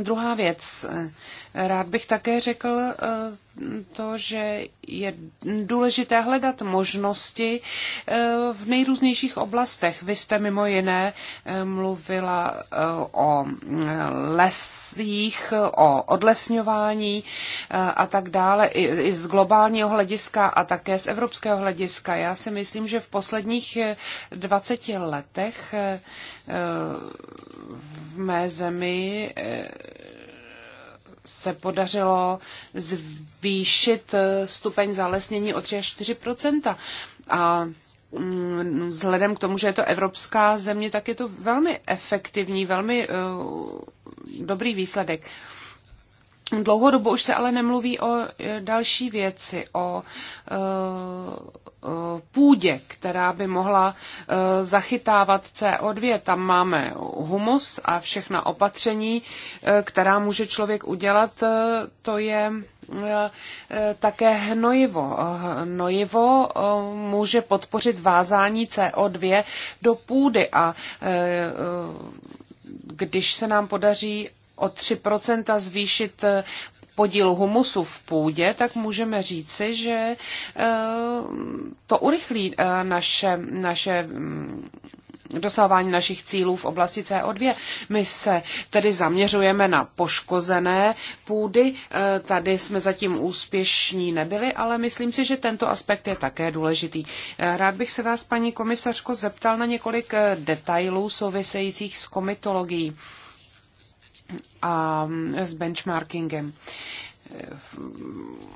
druhá věc. Rád bych také řekl eh, to, že je důležité hledat možnosti eh, v nejrůznějších oblastech. Vy jste mimo jiné eh, mluvila o mm, lesích, o odlesňování a tak dále, i z globálního hlediska a také z evropského hlediska. Já si myslím, že v posledních 20 letech v mé zemi se podařilo zvýšit eh, stupeň zalesnění o 3 až 4 A mm, vzhledem k tomu, že je to evropská země, tak je to velmi efektivní, velmi eh, dobrý výsledek. Dlouhodobo už se ale nemluví o e, další věci, e, o půdě, která by mohla e, zachytávat CO2. Tam máme humus a všechna opatření, která může člověk udělat, to je také hnojivo. Hnojivo může podpořit vázání CO2 do půdy a když se nám podaří o 3 zvýšit eh, podíl humusu v půdě, tak můžeme říci, že eh, to urychlí eh, naše, naše mm, dosahování našich cílů v oblasti CO2. My se tedy zaměřujeme na poškozené půdy. Tady jsme zatím úspěšní nebyli, ale myslím si, že tento aspekt je také důležitý. Rád bych se vás, paní komisařko, zeptal na několik detailů souvisejících s komitologií a mm, s benchmarkingem.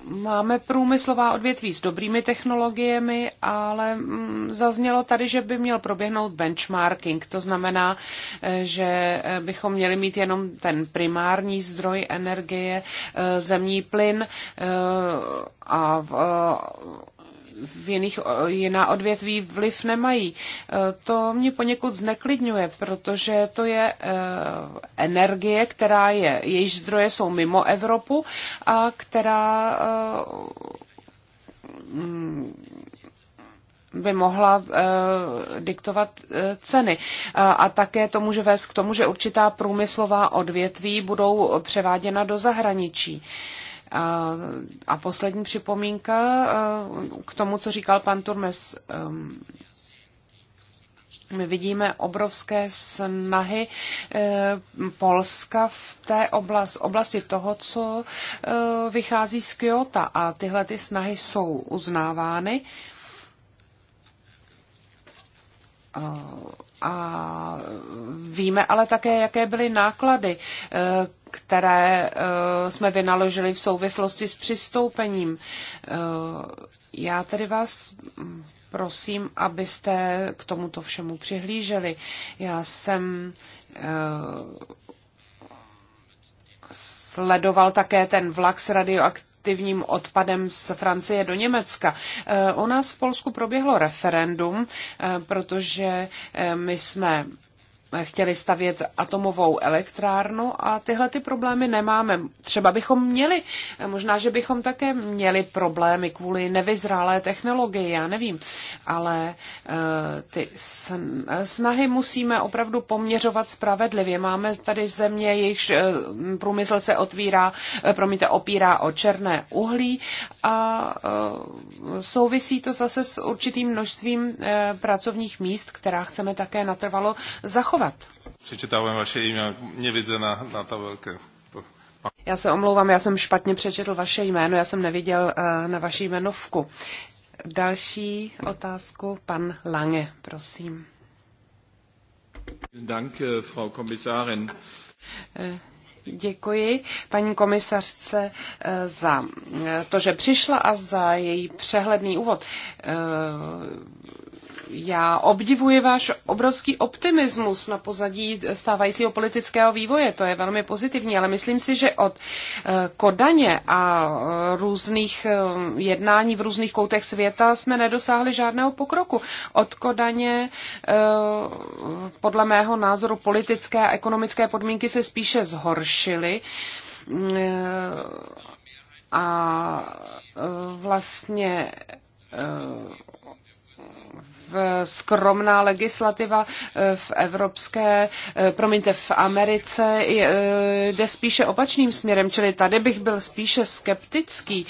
Máme průmyslová odvětví s dobrými technologiemi, ale mm, zaznělo tady, že by měl proběhnout benchmarking. To znamená, eh, že eh, bychom měli mít jenom ten primární zdroj energie, eh, zemní plyn a v jiných, jiná odvětví vliv nemají. E, to mě poněkud zneklidňuje, protože to je e, energie, která je, jejíž zdroje jsou mimo Evropu a která e, mm, by mohla uh, diktovat uh, ceny. A, a také to může vést k tomu, že určitá průmyslová odvětví budou převáděna do zahraničí. Uh, Eh, a poslední připomínka eh, k tomu, co říkal pan Turmes. Ehm, my vidíme obrovské snahy eh, Polska v té oblast, oblasti toho, co vychází z Kyoto. A tyhle ty snahy jsou uznávány. A víme ale také, jaké byly náklady, eh, které eh, jsme vynaložili v souvislosti s přistoupením. Eh, já tedy vás prosím, abyste k tomuto všemu přihlíželi. Já jsem sledoval také ten vlak s radioaktivitou radioaktivním odpadem z Francie do Německa. Eh, u nás v Polsku proběhlo referendum, eh, protože eh, my jsme chtěli stavět atomovou elektrárnu a tyhle ty problémy nemáme. Třeba bychom měli, možná, že bychom také měli problémy kvůli nevyzrálé technologii, já nevím, ale eh, ty snahy musíme opravdu poměřovat spravedlivě. Máme tady země, jejichž eh, průmysl se otvírá, eh, promiňte, opírá o černé uhlí a souvisí to zase s určitým množstvím pracovních míst, která chceme také natrvalo zachovat hlasovat. Přečetávám vaše jméno, mě vidze na, na tabelce. To... Já se omlouvám, já jsem špatně přečetl vaše jméno, já jsem neviděl uh, na vaší jmenovku. Další otázku, pan Lange, prosím. Eh, Frau Kommissarin. Eh, děkuji paní komisařce za to, že přišla a za její přehledný úvod já obdivuji váš obrovský optimismus na pozadí stávajícího politického vývoje. To je velmi pozitivní, ale myslím si, že od eh, Kodaně a eh, různých eh, jednání v různých koutech světa jsme nedosáhli žádného pokroku. Od Kodaně podle mého názoru politické a ekonomické podmínky se spíše zhoršily a vlastně skromná legislativa eh, v evropské, eh, promiňte, v Americe eh, jde spíše opačným směrem, čili tady bych byl spíše skeptický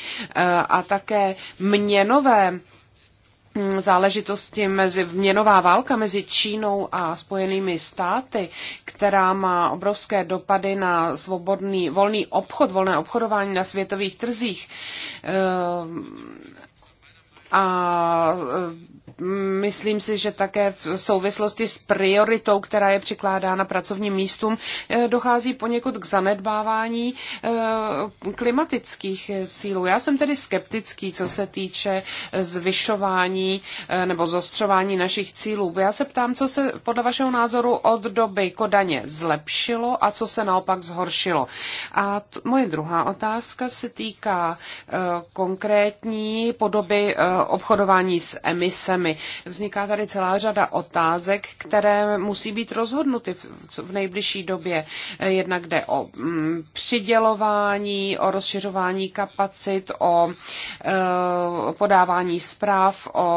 a také měnové hm, záležitosti mezi měnová válka mezi Čínou a Spojenými státy, která má obrovské dopady na svobodný, volný obchod, volné obchodování na světových trzích. A Myslím si, že také v souvislosti s prioritou, která je přikládána pracovním místům, eh, dochází poněkud k zanedbávání eh, klimatických eh, cílů. Já jsem tedy skeptický, co se týče zvyšování nebo zostřování našich cílů. Já se ptám, co se podle vašeho názoru od doby Kodaně zlepšilo a co se naopak zhoršilo. A t- moje druhá otázka se týká konkrétní podoby obchodování s emisemi zemi. Vzniká tady celá řada otázek, které musí být rozhodnuty v nejbližší době. Jednak jde o mm, přidělování, o rozšiřování kapacit, o eh, podávání zpráv, o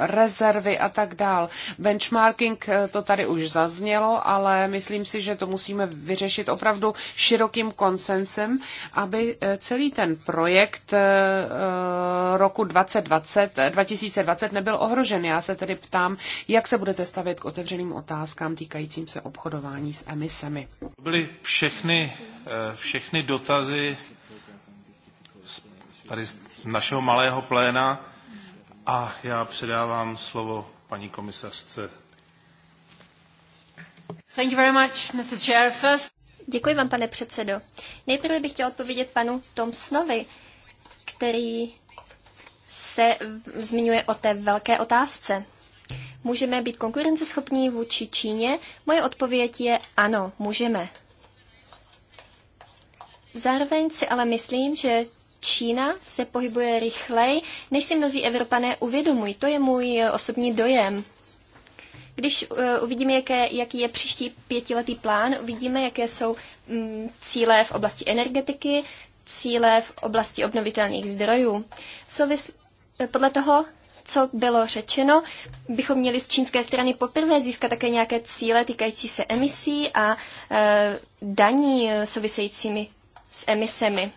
eh, rezervy a tak dál. Benchmarking eh, to tady už zaznělo, ale myslím si, že to musíme vyřešit opravdu širokým konsensem, aby celý ten projekt roku 2020, 2020 2020 nebyl ohrožen. Já se tedy ptám, jak se budete stavět k otevřeným otázkám týkajícím se obchodování s emisemi. Byly všechny, eh, všechny dotazy tady z našeho malého pléna a já předávám slovo paní komisařce. Thank you very much, Mr. Chair. First... Děkuji vám, pane předsedo. Nejprve bych chtěl odpovědět panu Tomsnovi, který se zmiňuje o té velké otázce. Můžeme být konkurenceschopní vůči Číně? Moje odpověď je ano, můžeme. Zároveň si ale myslím, že Čína se pohybuje rychleji, než si mnozí Evropané uvědomují. To je můj osobní dojem. Když eh, uvidíme, jaké, jaký je příští pětiletý plán, uvidíme, jaké jsou mm, cíle v oblasti energetiky, cíle v oblasti obnovitelných zdrojů. Souvisl- podle toho, co bylo řečeno, bychom měli z čínské strany poprvé získat také nějaké cíle týkající se emisí a e, daní e, souvisejícími s emisemi.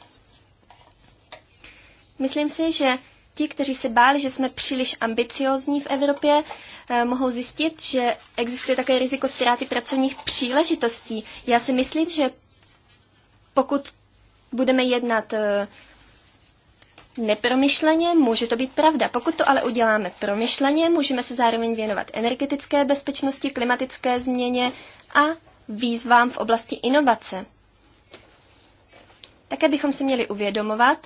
Myslím si, že ti, kteří se báli, že jsme příliš ambiciozní v Evropě, e, mohou zjistit, že existuje také riziko ztráty pracovních příležitostí. Já si myslím, že pokud budeme jednat e, nepromyšleně, může to být pravda. Pokud to ale uděláme promyšleně, můžeme se zároveň věnovat energetické bezpečnosti, klimatické změně a výzvám v oblasti inovace. Také bychom si měli uvědomovat,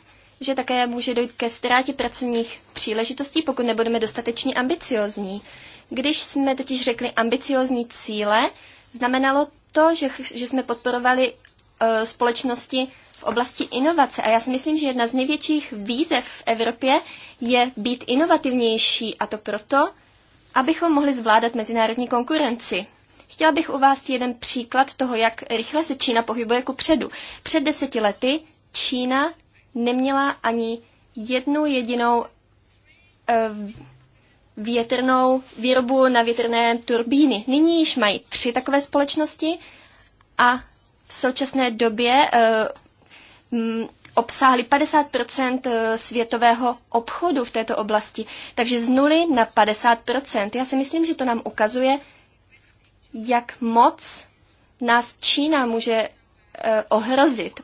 že také může dojít ke ztrátě pracovních příležitostí, pokud nebudeme dostatečně ambiciozní. Když jsme totiž řekli ambiciozní cíle, znamenalo to, že, že jsme podporovali uh, společnosti v oblasti inovace. A já si myslím, že jedna z největších výzev v Evropě je být inovativnější a to proto, abychom mohli zvládat mezinárodní konkurenci. Chtěla bych uvést jeden příklad toho, jak rychle se Čína pohybuje ku předu. Před deseti lety Čína neměla ani jednu jedinou eh, větrnou výrobu na větrné turbíny. Nyní již mají tři takové společnosti a v současné době eh, Mm, obsáhly 50 eh, světového obchodu v této oblasti. Takže z nuly na 50 Já si myslím, že to nám ukazuje, jak moc nás Čína může eh, ohrozit.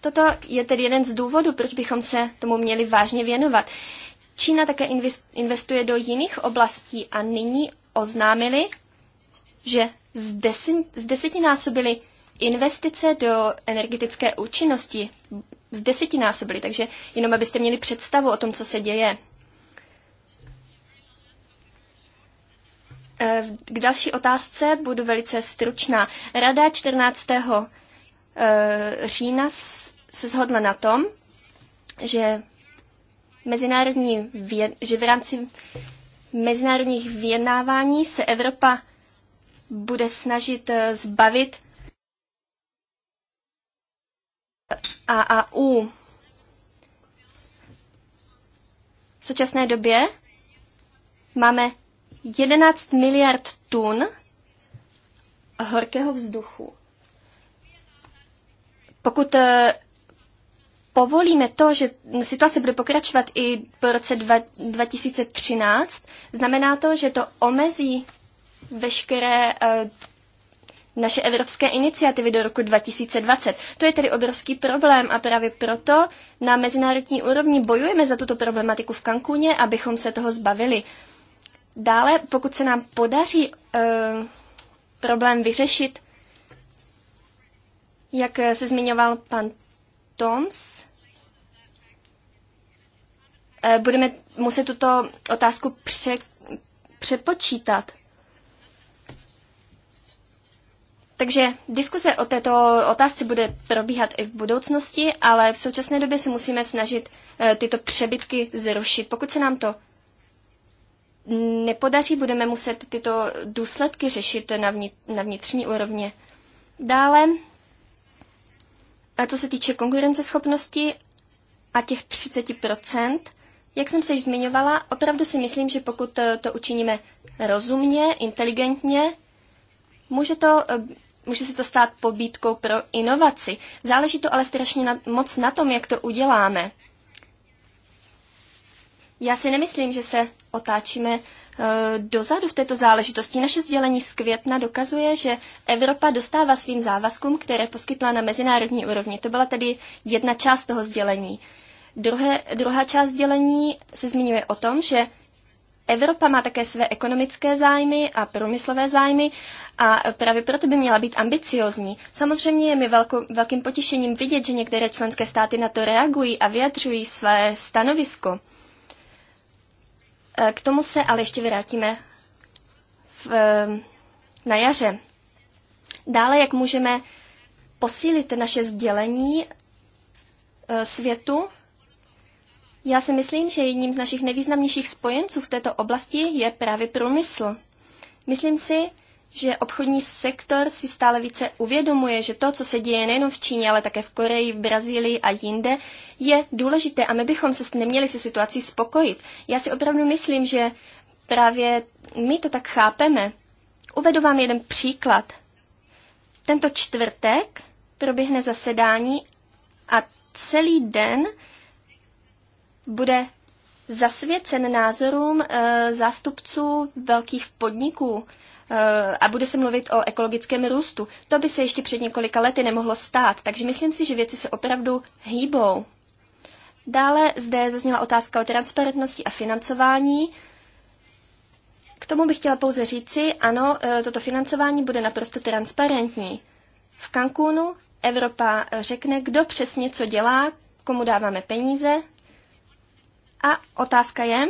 Toto je tedy jeden z důvodů, proč bychom se tomu měli vážně věnovat. Čína také investuje do jiných oblastí a nyní oznámili, že z, desin, z desetinásobili investice do energetické účinnosti z desetinásobily, takže jenom abyste měli představu o tom, co se děje. Eh, k další otázce budu velice stručná. Rada 14. Eh, října se shodla na tom, že, mezinárodní, že v rámci mezinárodních vyjednávání se Evropa bude snažit eh, zbavit u. V současné době máme 11 miliard tun horkého vzduchu. Pokud eh, povolíme to, že situace bude pokračovat i po roce 2013, znamená to, že to omezí veškeré eh, naše evropské iniciativy do roku 2020. To je tedy obrovský problém a právě proto na mezinárodní úrovni bojujeme za tuto problematiku v Cancúně, abychom se toho zbavili. Dále, pokud se nám podaří e, problém vyřešit, jak eh, se zmiňoval pan Toms, e, budeme muset tuto otázku pře, přepočítat. Takže diskuse o této otázce bude probíhat i v budoucnosti, ale v současné době se musíme snažit eh, tyto přebytky zrušit. Pokud se nám to nepodaří, budeme muset tyto důsledky řešit na, vnit, na vnitřní úrovně. Dále, a co se týče konkurenceschopnosti a těch 30%, jak jsem se již zmiňovala, opravdu si myslím, že pokud eh, to učiníme rozumně, inteligentně, může to eh, může se to stát pobídkou pro inovaci. Záleží to ale strašně na, moc na tom, jak to uděláme. Já si nemyslím, že se otáčíme e, dozadu v této záležitosti. Naše sdělení z května dokazuje, že Evropa dostává svým závazkům, které poskytla na mezinárodní úrovni. To byla tedy jedna část toho sdělení. Druhé, druhá část sdělení se zmiňuje o tom, že Evropa má také své ekonomické zájmy a průmyslové zájmy a právě proto by měla být ambiciozní. Samozřejmě je mi velko, velkým potěšením vidět, že některé členské státy na to reagují a vyjadřují své stanovisko. E, k tomu se ale ještě vrátíme v, e, na jaře. Dále, jak můžeme posílit naše sdělení e, světu já si myslím, že jedním z našich nejvýznamnějších spojenců v této oblasti je právě průmysl. Myslím si, že obchodní sektor si stále více uvědomuje, že to, co se děje nejen v Číně, ale také v Koreji, v Brazílii a jinde, je důležité a my bychom se neměli se situací spokojit. Já si opravdu myslím, že právě my to tak chápeme. Uvedu vám jeden příklad. Tento čtvrtek proběhne zasedání a celý den bude zasvěcen názorům e, zástupců velkých podniků e, a bude se mluvit o ekologickém růstu. To by se ještě před několika lety nemohlo stát, takže myslím si, že věci se opravdu hýbou. Dále zde zazněla otázka o transparentnosti a financování. K tomu bych chtěla pouze říci, ano, e, toto financování bude naprosto transparentní. V Cancúnu Evropa řekne, kdo přesně co dělá, komu dáváme peníze, a otázka je,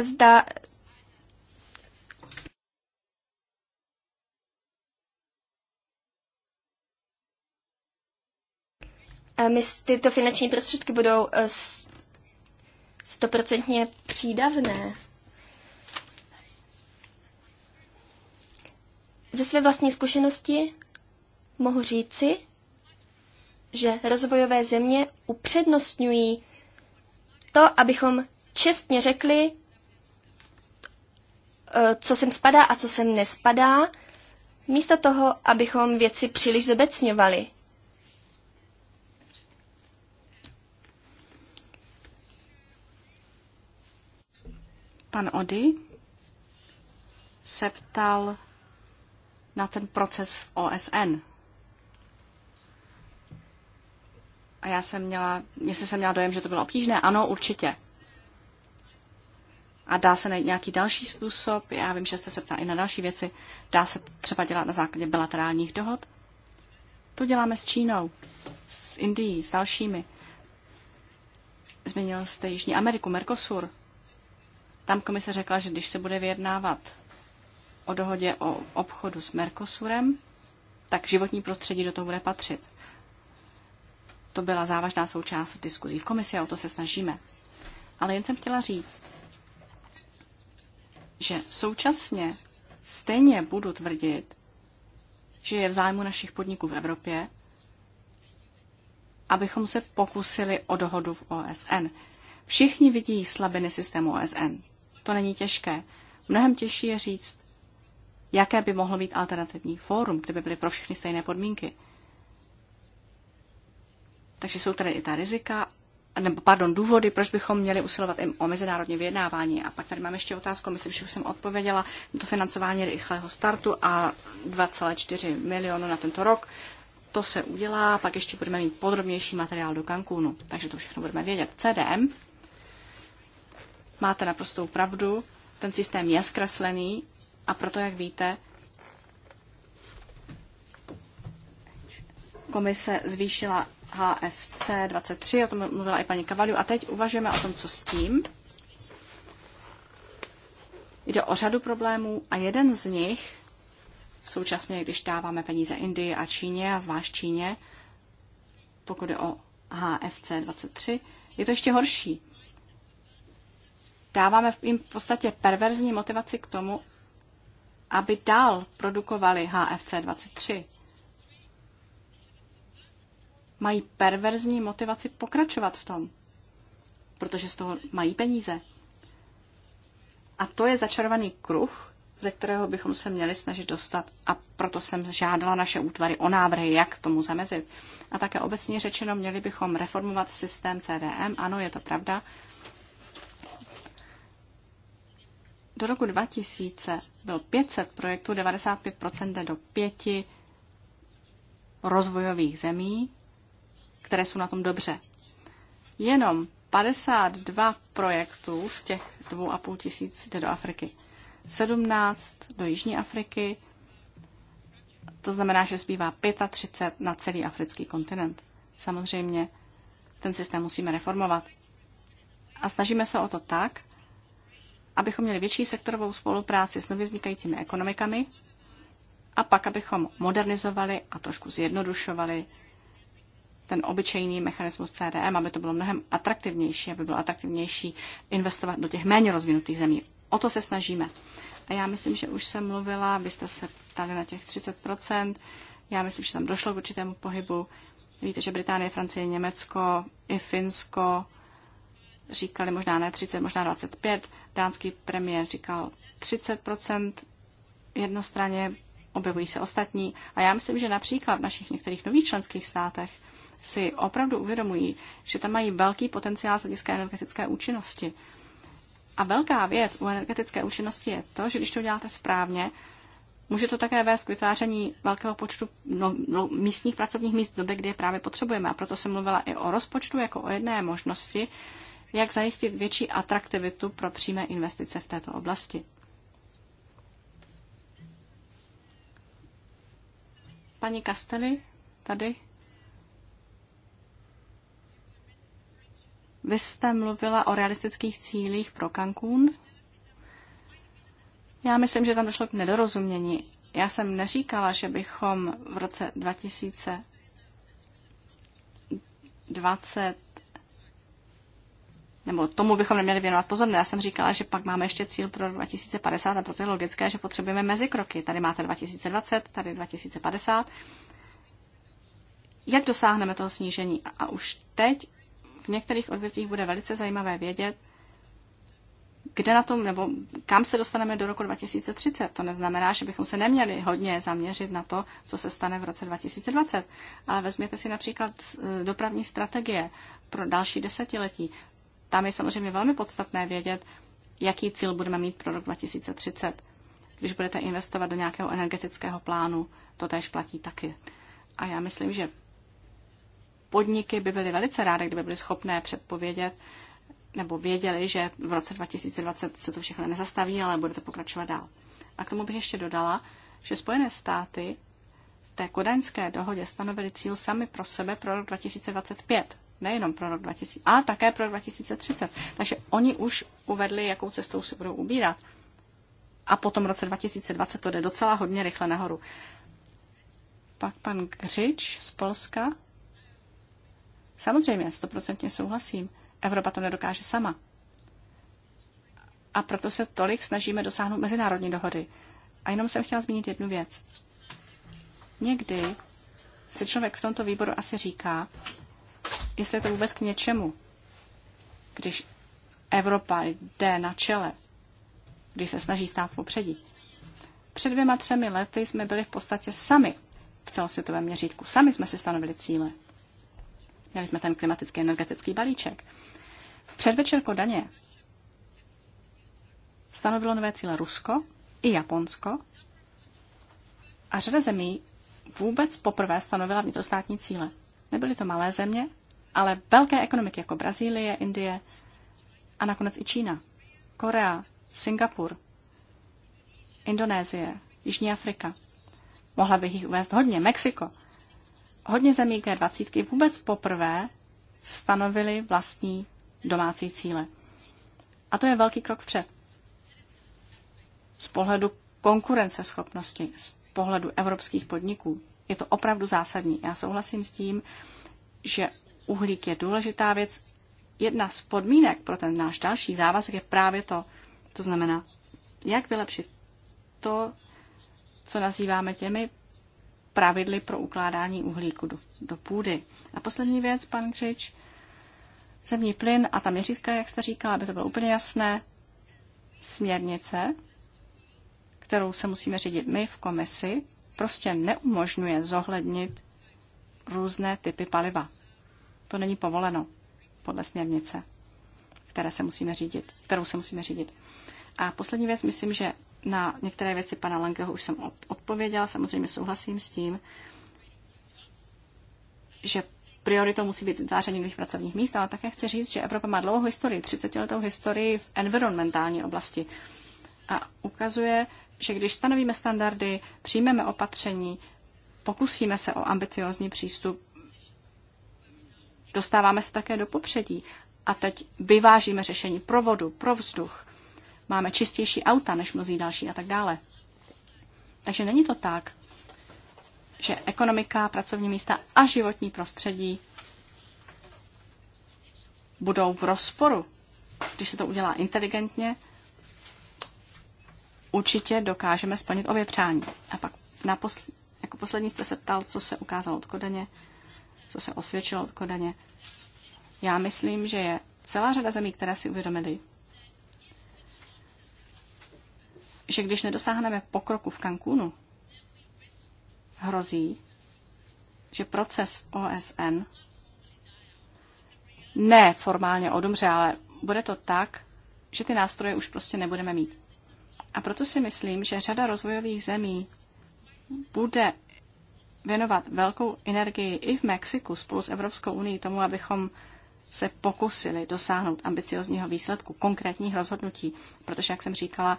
zda my tyto finanční prostředky budou eh, stoprocentně přídavné. Ze své vlastní zkušenosti mohu říci, že rozvojové země upřednostňují to, abychom čestně řekli, eh, co sem spadá a co sem nespadá, místo toho, abychom věci příliš zobecňovali. Pan Ody se ptal na ten proces v OSN. A já jsem měla, jestli jsem měla dojem, že to bylo obtížné, ano, určitě. A dá se najít nějaký další způsob, já vím, že jste se ptá i na další věci, dá se třeba dělat na základě bilaterálních dohod. To děláme s Čínou, s Indií, s dalšími. Změnil jste Jižní Ameriku, Mercosur. Tam komise řekla, že když se bude vyjednávat o dohodě o obchodu s Mercosurem, tak životní prostředí do toho bude patřit. To byla závažná součást diskuzí v komisi a o to se snažíme. Ale jen jsem chtěla říct, že současně stejně budu tvrdit, že je v zájmu našich podniků v Evropě, abychom se pokusili o dohodu v OSN. Všichni vidí slabiny systému OSN. To není těžké. Mnohem těžší je říct, jaké by mohlo být alternativní fórum, kde by byly pro všechny stejné podmínky. Takže jsou tady i ta rizika, nebo pardon, důvody, proč bychom měli usilovat i o mezinárodní vyjednávání. A pak tady mám ještě otázku, myslím, že už jsem odpověděla, to financování rychlého startu a 2,4 milionu na tento rok. To se udělá, pak ještě budeme mít podrobnější materiál do Cancúnu, takže to všechno budeme vědět. CDM, máte naprostou pravdu, ten systém je zkreslený a proto, jak víte, komise zvýšila HFC 23, o tom mluvila i paní Kavaliu, a teď uvažujeme o tom, co s tím. Jde o řadu problémů a jeden z nich, současně když dáváme peníze Indii a Číně, a zvlášť Číně, pokud je o HFC 23, je to ještě horší. Dáváme jim v podstatě perverzní motivaci k tomu, aby dál produkovali HFC 23 mají perverzní motivaci pokračovat v tom, protože z toho mají peníze. A to je začarovaný kruh, ze kterého bychom se měli snažit dostat. A proto jsem žádala naše útvary o návrhy, jak tomu zamezit. A také obecně řečeno, měli bychom reformovat systém CDM. Ano, je to pravda. Do roku 2000 bylo 500 projektů, 95% jde do pěti rozvojových zemí, které jsou na tom dobře. Jenom 52 projektů z těch 2,5 tisíc jde do Afriky. 17 do Jižní Afriky, to znamená, že zbývá 35 na celý africký kontinent. Samozřejmě ten systém musíme reformovat. A snažíme se o to tak, abychom měli větší sektorovou spolupráci s nově vznikajícími ekonomikami a pak, abychom modernizovali a trošku zjednodušovali ten obyčejný mechanismus CDM, aby to bylo mnohem atraktivnější, aby bylo atraktivnější investovat do těch méně rozvinutých zemí. O to se snažíme. A já myslím, že už jsem mluvila, vy jste se ptali na těch 30%, já myslím, že tam došlo k určitému pohybu. Víte, že Británie, Francie, Německo i Finsko říkali možná ne 30, možná 25. Dánský premiér říkal 30% jednostranně, objevují se ostatní. A já myslím, že například v našich některých nových členských státech si opravdu uvědomují, že tam mají velký potenciál z hlediska energetické účinnosti. A velká věc u energetické účinnosti je to, že když to děláte správně, může to také vést k vytváření velkého počtu no, no, místních pracovních míst v době, kdy je právě potřebujeme. A proto jsem mluvila i o rozpočtu jako o jedné možnosti, jak zajistit větší atraktivitu pro přímé investice v této oblasti. Paní Kastely, tady Vy jste mluvila o realistických cílích pro Cancún. Já myslím, že tam došlo k nedorozumění. Já jsem neříkala, že bychom v roce 2020 nebo tomu bychom neměli věnovat pozornost. Já jsem říkala, že pak máme ještě cíl pro 2050 a proto je logické, že potřebujeme mezikroky. Tady máte 2020, tady 2050. Jak dosáhneme toho snížení? A už teď některých odvětvích bude velice zajímavé vědět, kde na tom, nebo kam se dostaneme do roku 2030. To neznamená, že bychom se neměli hodně zaměřit na to, co se stane v roce 2020. Ale vezměte si například eh, dopravní strategie pro další desetiletí. Tam je samozřejmě velmi podstatné vědět, jaký cíl budeme mít pro rok 2030. Když budete investovat do nějakého energetického plánu, to též platí taky. A já myslím, že podniky by byly velice rády, kdyby byly schopné předpovědět nebo věděli, že v roce 2020 se to všechno nezastaví, ale bude to pokračovat dál. A k tomu bych ještě dodala, že Spojené státy v té kodaňské dohodě stanovili cíl sami pro sebe pro rok 2025 nejenom pro rok 2000, a také pro rok 2030. Takže oni už uvedli, jakou cestou se budou ubírat. A potom v roce 2020 to jde docela hodně rychle nahoru. Pak pan Křič z Polska Samozřejmě, stoprocentně souhlasím. Evropa to nedokáže sama. A proto se tolik snažíme dosáhnout mezinárodní dohody. A jenom jsem chtěla zmínit jednu věc. Někdy se člověk v tomto výboru asi říká, jestli je to vůbec k něčemu, když Evropa jde na čele, když se snaží stát v popředí. Před dvěma, třemi lety jsme byli v podstatě sami v celosvětovém měřítku. Sami jsme si stanovili cíle. Měli jsme ten klimatický energetický balíček. V předvečer Kodaně stanovilo nové cíle Rusko i Japonsko a řada zemí vůbec poprvé stanovila vnitrostátní cíle. Nebyly to malé země, ale velké ekonomiky jako Brazílie, Indie a nakonec i Čína, Korea, Singapur, Indonésie, Jižní Afrika. Mohla bych jich uvést hodně, Mexiko. Hodně zemí G20 vůbec poprvé stanovili vlastní domácí cíle. A to je velký krok vpřed. Z pohledu konkurenceschopnosti, z pohledu evropských podniků, je to opravdu zásadní. Já souhlasím s tím, že uhlík je důležitá věc. Jedna z podmínek pro ten náš další závazek je právě to, to znamená, jak vylepšit to, co nazýváme těmi pravidly pro ukládání uhlíku do, do půdy. A poslední věc, pan Křič, zemní plyn a ta měřítka, jak jste říkala, aby to bylo úplně jasné, směrnice, kterou se musíme řídit my v komisi, prostě neumožňuje zohlednit různé typy paliva. To není povoleno podle směrnice, které se musíme řídit, kterou se musíme řídit. A poslední věc, myslím, že na některé věci pana Langeho už jsem odpověděla, samozřejmě souhlasím s tím, že prioritou musí být vytváření nových pracovních míst, ale také chci říct, že Evropa má dlouhou historii, 30 letou historii v environmentální oblasti a ukazuje, že když stanovíme standardy, přijmeme opatření, pokusíme se o ambiciozní přístup, dostáváme se také do popředí a teď vyvážíme řešení pro vodu, pro vzduch, máme čistější auta než mnozí další a tak dále. Takže není to tak, že ekonomika, pracovní místa a životní prostředí budou v rozporu. Když se to udělá inteligentně, určitě dokážeme splnit obě přání. A pak naposl- jako poslední jste se ptal, co se ukázalo od Kodaně, co se osvědčilo od Kodaně. Já myslím, že je celá řada zemí, které si uvědomili, že když nedosáhneme pokroku v Cancúnu, hrozí, že proces v OSN ne formálně odumře, ale bude to tak, že ty nástroje už prostě nebudeme mít. A proto si myslím, že řada rozvojových zemí bude věnovat velkou energii i v Mexiku spolu s Evropskou unii tomu, abychom se pokusili dosáhnout ambiciozního výsledku, konkrétních rozhodnutí, protože, jak jsem říkala,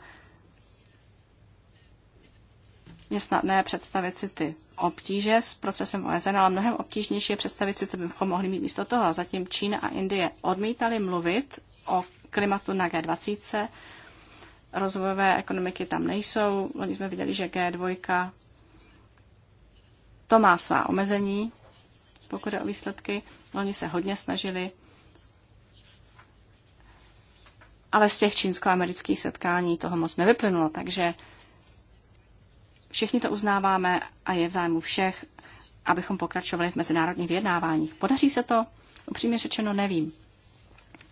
je snadné představit si ty obtíže s procesem OSN, ale mnohem obtížnější je představit si, co bychom mohli mít místo toho. Zatím Čína a Indie odmítali mluvit o klimatu na G20. Rozvojové ekonomiky tam nejsou. Oni jsme viděli, že G2 to má svá omezení, pokud je o výsledky. Oni se hodně snažili. Ale z těch čínsko-amerických setkání toho moc nevyplynulo, takže Všichni to uznáváme a je v zájmu všech, abychom pokračovali v mezinárodních vyjednáváních. Podaří se to? Upřímně řečeno nevím.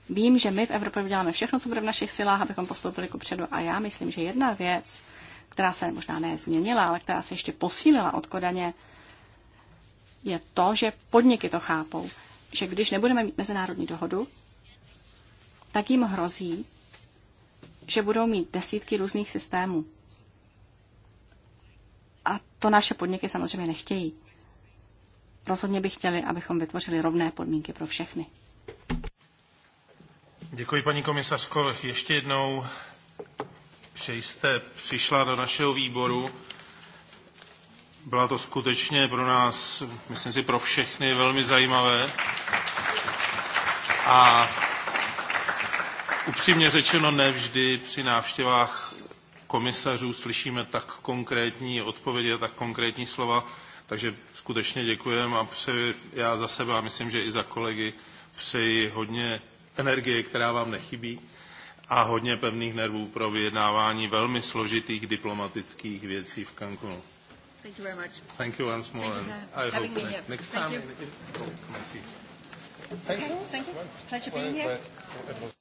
Vím, že my v Evropě uděláme všechno, co bude v našich silách, abychom postoupili kupředu. A já myslím, že jedna věc, která se možná nezměnila, ale která se ještě posílila od Kodaně, je to, že podniky to chápou. Že když nebudeme mít mezinárodní dohodu, tak jim hrozí, že budou mít desítky různých systémů. A to naše podniky samozřejmě nechtějí. Rozhodně by chtěli, abychom vytvořili rovné podmínky pro všechny. Děkuji, paní komisařko. Ještě jednou, že jste přišla do našeho výboru. Byla to skutečně pro nás, myslím si, pro všechny velmi zajímavé. A upřímně řečeno, nevždy při návštěvách komisařů slyšíme tak konkrétní odpovědi a tak konkrétní slova, takže skutečně děkujeme a přeji, já za sebe a myslím, že i za kolegy přeji hodně energie, která vám nechybí a hodně pevných nervů pro vyjednávání velmi složitých diplomatických věcí v Cancunu. Thank you very much. Thank you once more. Thank you for I having hope me here. next Thank time. You. Thank you. Thank you. Thank you. It's a pleasure being here.